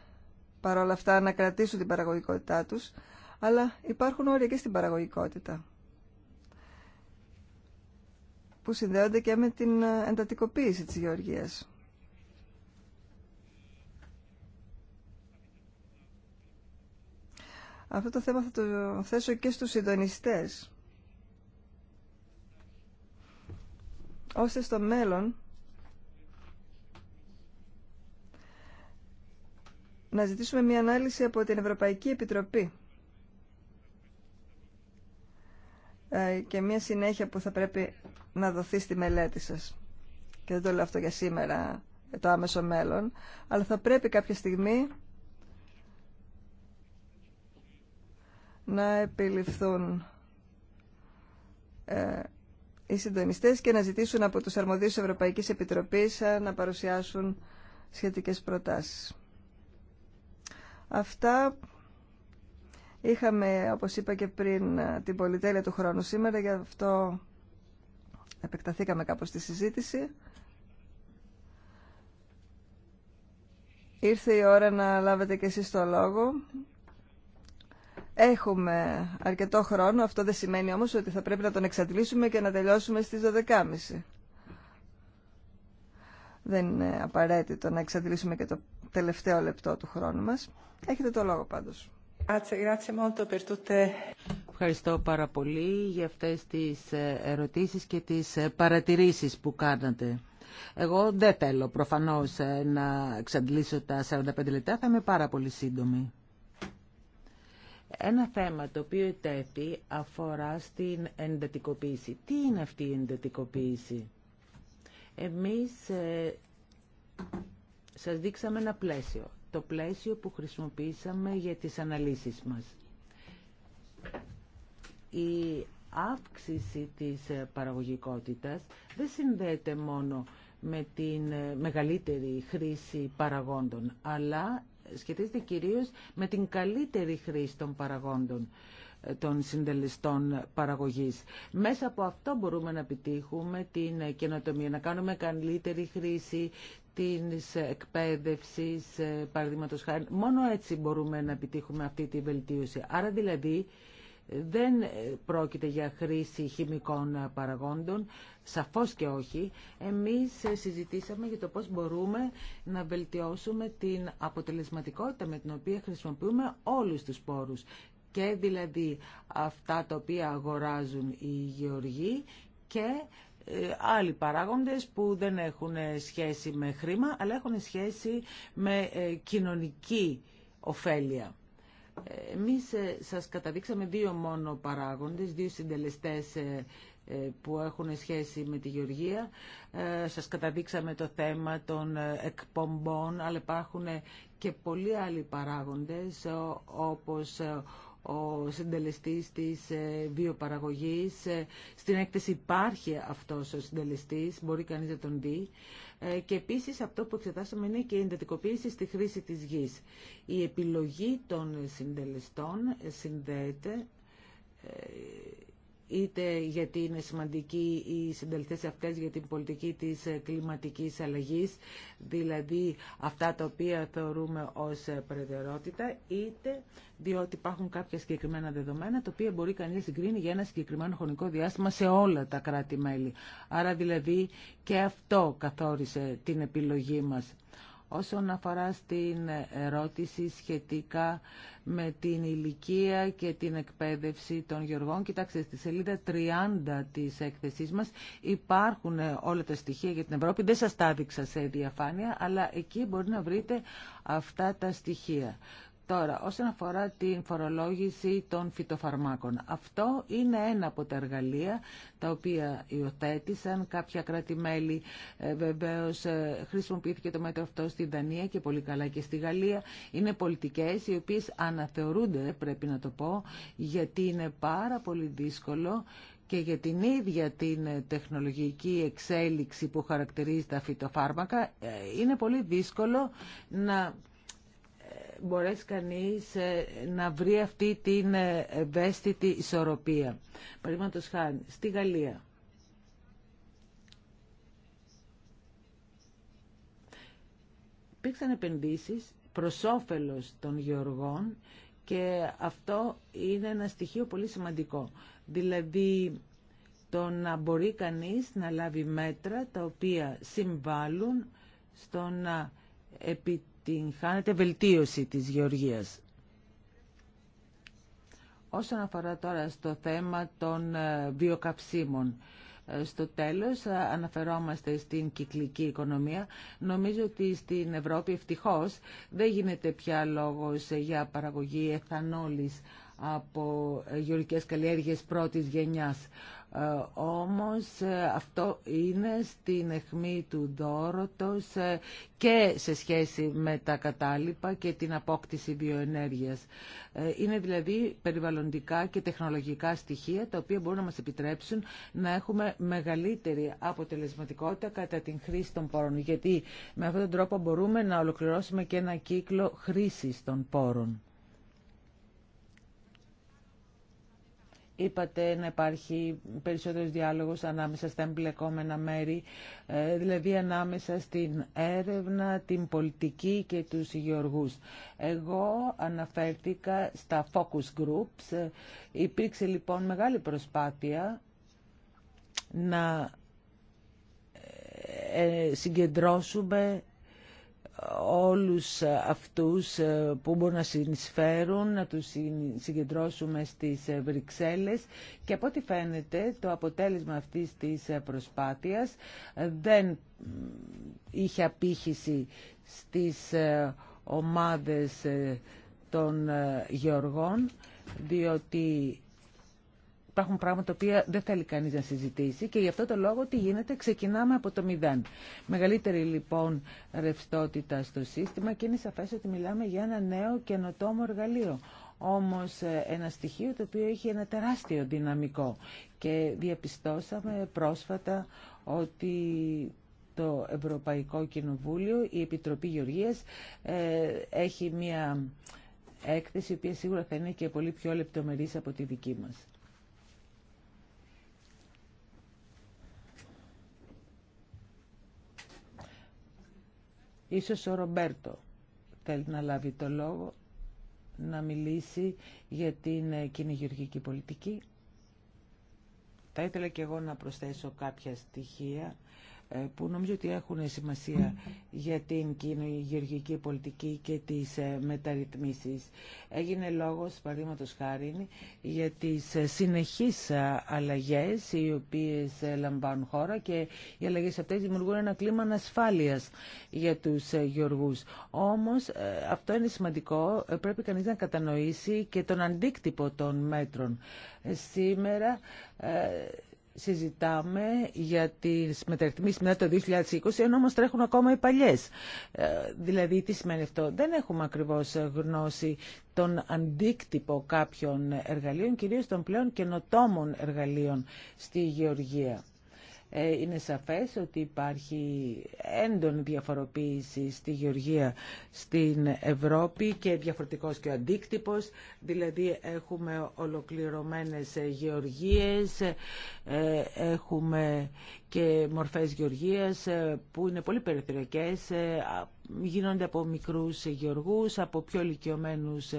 παρόλα αυτά να κρατήσουν την παραγωγικότητά τους, αλλά υπάρχουν όρια και στην παραγωγικότητα που συνδέονται και με την ε, εντατικοποίηση της γεωργίας. Αυτό το θέμα θα το θέσω και στους συντονιστές. Ώστε στο μέλλον να ζητήσουμε μια ανάλυση από την Ευρωπαϊκή Επιτροπή ε, και μια συνέχεια που θα πρέπει να δοθεί στη μελέτη σας. Και δεν το λέω αυτό για σήμερα, ε, το άμεσο μέλλον, αλλά θα πρέπει κάποια στιγμή να επιληφθούν ε, οι συντονιστές και να ζητήσουν από τους αρμοδίους Ευρωπαϊκής Επιτροπής ε, να παρουσιάσουν σχετικές προτάσεις. Αυτά είχαμε, όπως είπα και πριν, την πολυτέλεια του χρόνου σήμερα, γι' αυτό επεκταθήκαμε κάπως στη συζήτηση. Ήρθε η ώρα να λάβετε και εσείς το λόγο. Έχουμε αρκετό χρόνο, αυτό δεν σημαίνει όμως ότι θα πρέπει να τον εξαντλήσουμε και να τελειώσουμε στις 12.30. Δεν είναι απαραίτητο να εξαντλήσουμε και το τελευταίο λεπτό του χρόνου μας. Έχετε το λόγο πάντως ευχαριστώ πάρα πολύ για αυτές τις ε, ερωτήσεις και τις ε, παρατηρήσεις που κάνατε. Εγώ δεν θέλω προφανώς ε, να εξαντλήσω τα 45 λεπτά, θα είμαι πάρα πολύ σύντομη. Ένα θέμα το οποίο τέθη αφορά στην εντατικοποίηση. Τι είναι αυτή η εντατικοποίηση. Εμείς σας δείξαμε ένα πλαίσιο. Το πλαίσιο που χρησιμοποίησαμε για τις αναλύσεις μας η αύξηση της ε, παραγωγικότητας δεν συνδέεται μόνο με την ε, μεγαλύτερη χρήση παραγόντων, αλλά σχετίζεται κυρίως με την καλύτερη χρήση των παραγόντων ε, των συντελεστών παραγωγής. Μέσα από αυτό μπορούμε να επιτύχουμε την καινοτομία, να κάνουμε καλύτερη χρήση της εκπαίδευσης, παραδείγματος χάρη. Μόνο έτσι μπορούμε να επιτύχουμε αυτή τη βελτίωση. Άρα δηλαδή δεν πρόκειται για χρήση χημικών παραγόντων, σαφώς και όχι. Εμείς συζητήσαμε για το πώς μπορούμε να βελτιώσουμε την αποτελεσματικότητα με την οποία χρησιμοποιούμε όλους τους πόρους και δηλαδή αυτά τα οποία αγοράζουν οι γεωργοί και ε, άλλοι παράγοντες που δεν έχουν σχέση με χρήμα αλλά έχουν σχέση με ε, κοινωνική ωφέλεια. Εμείς ε, σας καταδείξαμε δύο μόνο παράγοντες, δύο συντελεστές ε, ε, που έχουν σχέση με τη γεωργία. Σας καταδείξαμε το θέμα των εκπομπών, αλλά υπάρχουν και πολλοί άλλοι παράγοντες, όπως ο συντελεστής της ε, βιοπαραγωγής. Ε, στην έκθεση υπάρχει αυτός ο συντελεστής, μπορεί κανείς να τον δει. Ε, και επίσης αυτό που εξετάσαμε είναι και η εντατικοποίηση στη χρήση της γης. Η επιλογή των συντελεστών συνδέεται είτε γιατί είναι σημαντικοί οι συντελεστές αυτές για την πολιτική της κλιματικής αλλαγής, δηλαδή αυτά τα οποία θεωρούμε ως προτεραιότητα, είτε διότι υπάρχουν κάποια συγκεκριμένα δεδομένα, τα οποία μπορεί κανείς να συγκρίνει για ένα συγκεκριμένο χρονικό διάστημα σε όλα τα κράτη-μέλη. Άρα δηλαδή και αυτό καθόρισε την επιλογή μας. Όσον αφορά στην ερώτηση σχετικά με την ηλικία και την εκπαίδευση των γεωργών, κοιτάξτε, στη σελίδα 30 της έκθεσής μας υπάρχουν όλα τα στοιχεία για την Ευρώπη. Δεν σας τα έδειξα σε διαφάνεια, αλλά εκεί μπορεί να βρείτε αυτά τα στοιχεία. Τώρα, όσον αφορά την φορολόγηση των φυτοφαρμάκων, αυτό είναι ένα από τα εργαλεία τα οποία υιοθέτησαν κάποια κράτη-μέλη. Ε, Βεβαίω, ε, χρησιμοποιήθηκε το μέτρο αυτό στη Δανία και πολύ καλά και στη Γαλλία. Είναι πολιτικέ οι οποίε αναθεωρούνται, πρέπει να το πω, γιατί είναι πάρα πολύ δύσκολο και για την ίδια την ε, τεχνολογική εξέλιξη που χαρακτηρίζει τα φυτοφάρμακα, ε, είναι πολύ δύσκολο να μπορέσει κανείς ε, να βρει αυτή την ε, ευαίσθητη ισορροπία. Παραδείγματο χάνει. στη Γαλλία. Υπήρξαν επενδύσεις προς όφελος των γεωργών και αυτό είναι ένα στοιχείο πολύ σημαντικό. Δηλαδή, το να μπορεί κανείς να λάβει μέτρα τα οποία συμβάλλουν στο να επιτρέψει την χάνεται βελτίωση της γεωργίας. Όσον αφορά τώρα στο θέμα των ε, βιοκαυσίμων ε, στο τέλος ε, αναφερόμαστε στην κυκλική οικονομία. Νομίζω ότι στην Ευρώπη ευτυχώς δεν γίνεται πια λόγος για παραγωγή εθανόλης από ε, γεωργικές καλλιέργειες πρώτης γενιάς. Ε, όμως ε, αυτό είναι στην αιχμή του δόρωτος ε, και σε σχέση με τα κατάλοιπα και την απόκτηση βιοενέργειας. είναι δηλαδή περιβαλλοντικά και τεχνολογικά στοιχεία τα οποία μπορούν να μας επιτρέψουν να έχουμε μεγαλύτερη αποτελεσματικότητα κατά την χρήση των πόρων. Γιατί με αυτόν τον τρόπο μπορούμε να ολοκληρώσουμε και ένα κύκλο χρήσης των πόρων. Είπατε να υπάρχει περισσότερος διάλογος ανάμεσα στα εμπλεκόμενα μέρη, ε, δηλαδή ανάμεσα στην έρευνα, την πολιτική και τους γεωργούς. Εγώ αναφέρθηκα στα focus groups. Ε, υπήρξε λοιπόν μεγάλη προσπάθεια να ε, συγκεντρώσουμε όλους αυτούς ε, που μπορούν να συνεισφέρουν, να τους συγκεντρώσουμε στις ε, Βρυξέλλες και από ό,τι φαίνεται το αποτέλεσμα αυτής της ε, προσπάθειας δεν είχε απήχηση στις ομάδες των γεωργών διότι υπάρχουν πράγματα τα οποία δεν θέλει κανείς να συζητήσει και γι' αυτό το λόγο τι γίνεται, ξεκινάμε από το μηδέν. Μεγαλύτερη λοιπόν ρευστότητα στο σύστημα και είναι σαφές ότι μιλάμε για ένα νέο καινοτόμο εργαλείο όμως ε, ένα στοιχείο το οποίο έχει ένα τεράστιο δυναμικό και διαπιστώσαμε πρόσφατα ότι το Ευρωπαϊκό Κοινοβούλιο, η Επιτροπή Γεωργίας ε, έχει μια έκθεση η οποία σίγουρα θα είναι και πολύ πιο λεπτομερής από τη δική μας. Ίσως ο Ρομπέρτο θέλει να λάβει το λόγο να μιλήσει για την ε, κυνηγιουργική πολιτική. Θα ήθελα και εγώ να προσθέσω κάποια στοιχεία ε, που νομίζω ότι έχουν σημασία για την γεωργική πολιτική και τις ε, μεταρρυθμίσεις. Έγινε λόγος, παραδείγματο χάρη, για τις ε, συνεχείς αλλαγές οι οποίες λαμβάνουν χώρα και οι αλλαγές αυτές δημιουργούν ένα κλίμα ανασφάλειας για τους γεωργούς. Όμως αυτό είναι σημαντικό, πρέπει κανείς να κατανοήσει και τον αντίκτυπο των μέτρων. Σήμερα συζητάμε για τις μεταρρυθμίσεις μετά το 2020, ενώ όμως τρέχουν ακόμα οι παλιές. Ε, δηλαδή, τι σημαίνει αυτό. Δεν έχουμε ακριβώς γνώση τον αντίκτυπο κάποιων εργαλείων, κυρίως των πλέον καινοτόμων εργαλείων στη γεωργία. Ε, είναι σαφές ότι υπάρχει έντονη διαφοροποίηση στη γεωργία στην Ευρώπη και διαφορετικός και ο αντίκτυπος. Δηλαδή έχουμε ολοκληρωμένες γεωργίες, ε, έχουμε και μορφές γεωργίας ε, που είναι πολύ περιφερειακές, ε, γίνονται από μικρούς γεωργούς, από πιο ηλικιωμένου ε,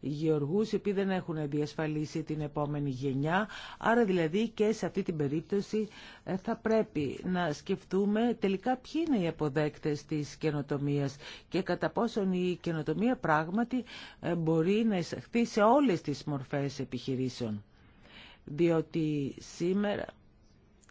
γεωργούς, επειδή δεν έχουν διασφαλίσει την επόμενη γενιά. Άρα δηλαδή και σε αυτή την περίπτωση θα πρέπει να σκεφτούμε τελικά ποιοι είναι οι αποδέκτες της καινοτομίας και κατά πόσον η καινοτομία πράγματι μπορεί να εισαχθεί σε όλες τις μορφές επιχειρήσεων. Διότι σήμερα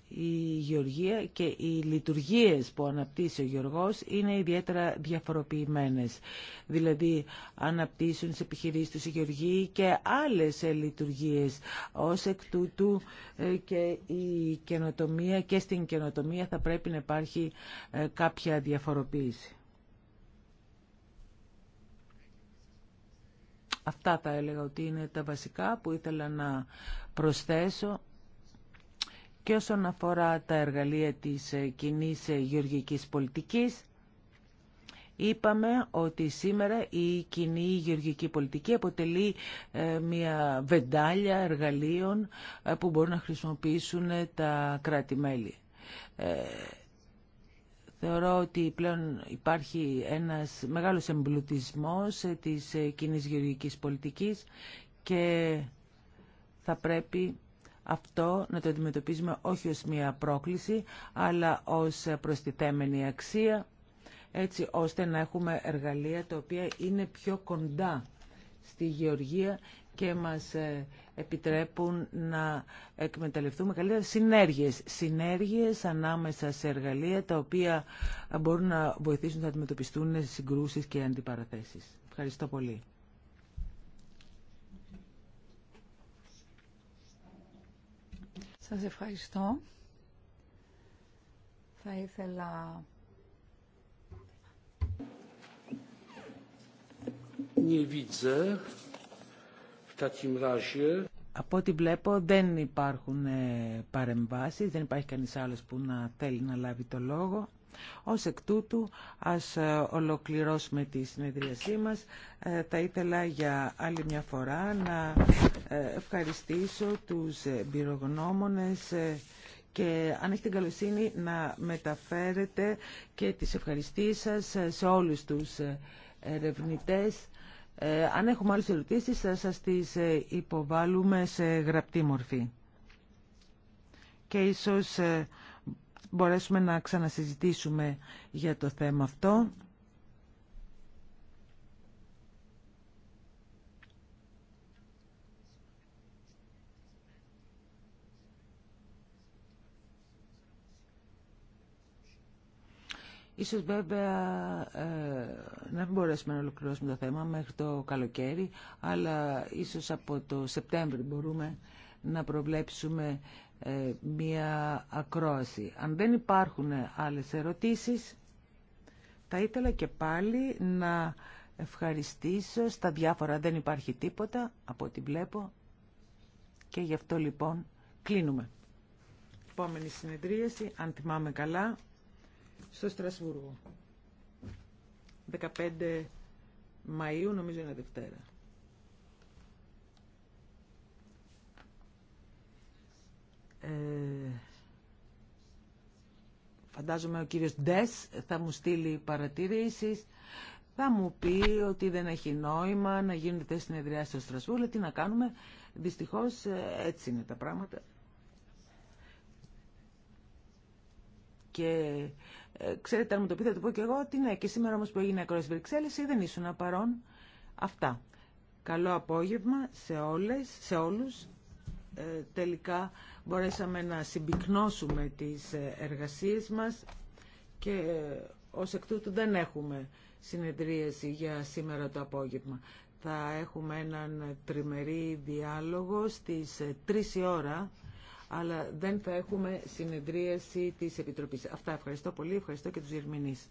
η γεωργία και οι λειτουργίες που αναπτύσσει ο γεωργός είναι ιδιαίτερα διαφοροποιημένες. Δηλαδή αναπτύσσουν σε επιχειρήσεις τους οι γεωργοί και άλλες λειτουργίες. Ως εκ τούτου ε, και η καινοτομία και στην καινοτομία θα πρέπει να υπάρχει ε, κάποια διαφοροποίηση. Αυτά θα έλεγα ότι είναι τα βασικά που ήθελα να προσθέσω και όσον αφορά τα εργαλεία της ε, κοινή ε, γεωργικής πολιτικής, Είπαμε ότι σήμερα η κοινή γεωργική πολιτική αποτελεί ε, μια βεντάλια εργαλείων που μπορούν να χρησιμοποιήσουν τα κράτη-μέλη. Θεωρώ ότι πλέον υπάρχει ένας μεγάλος εμπλουτισμός της κοινή γεωργικής πολιτικής και θα πρέπει αυτό να το αντιμετωπίζουμε όχι ως μία πρόκληση, αλλά ως προστιθέμενη αξία, έτσι ώστε να έχουμε εργαλεία τα οποία είναι πιο κοντά στη γεωργία και μας ε, επιτρέπουν να εκμεταλλευτούμε καλύτερα συνέργειες. Συνέργειες ανάμεσα σε εργαλεία τα οποία μπορούν να βοηθήσουν να αντιμετωπιστούν συγκρούσεις και αντιπαραθέσεις. Ευχαριστώ πολύ. Σας ευχαριστώ. Θα ήθελα... Από ό,τι βλέπω δεν υπάρχουν ε, παρεμβάσεις, δεν υπάρχει κανείς άλλος που να θέλει να λάβει το λόγο. Ως εκ τούτου, ας ε, ολοκληρώσουμε τη συνεδρίασή μας. Ε, θα ήθελα για άλλη μια φορά να ε, ευχαριστήσω τους εμπειρογνώμονες και αν έχετε καλοσύνη να μεταφέρετε και τις ευχαριστήσεις σας σε όλους τους ερευνητές. αν έχουμε άλλες ερωτήσεις θα σας τις υποβάλουμε σε γραπτή μορφή. Και ίσως μπορέσουμε να ξανασυζητήσουμε για το θέμα αυτό. Ίσως βέβαια ε, να μην μπορέσουμε να ολοκληρώσουμε το θέμα μέχρι το καλοκαίρι, αλλά ίσως από το Σεπτέμβριο μπορούμε να προβλέψουμε ε, μία ακρόαση. Αν δεν υπάρχουν άλλες ερωτήσεις, θα ήθελα και πάλι να ευχαριστήσω. Στα διάφορα δεν υπάρχει τίποτα από ό,τι βλέπω και γι' αυτό λοιπόν κλείνουμε. Επόμενη συνεδρίαση, αν θυμάμαι καλά, στο Στρασβούργο. 15 Μαΐου νομίζω είναι Δευτέρα. Ε, φαντάζομαι ο κύριος Ντες θα μου στείλει παρατηρήσεις. Θα μου πει ότι δεν έχει νόημα να γίνεται συνεδριά στο Στρασβούλ Τι να κάνουμε. Δυστυχώς ε, έτσι είναι τα πράγματα. Και ε, ξέρετε, αν μου το πείτε θα το πω και εγώ ότι ναι, και σήμερα όμως που έγινε ακρόαση δεν ήσουν παρόν. Αυτά. Καλό απόγευμα σε όλες, σε όλους. Ε, τελικά μπορέσαμε να συμπυκνώσουμε τις ε, εργασίες μας και ε, ως εκ τούτου δεν έχουμε συνεδρίαση για σήμερα το απόγευμα. Θα έχουμε έναν τριμερή διάλογο στις 3 ε, η ώρα, αλλά δεν θα έχουμε συνεδρίαση της Επιτροπής. Αυτά ευχαριστώ πολύ, ευχαριστώ και τους Ιερμηνείς.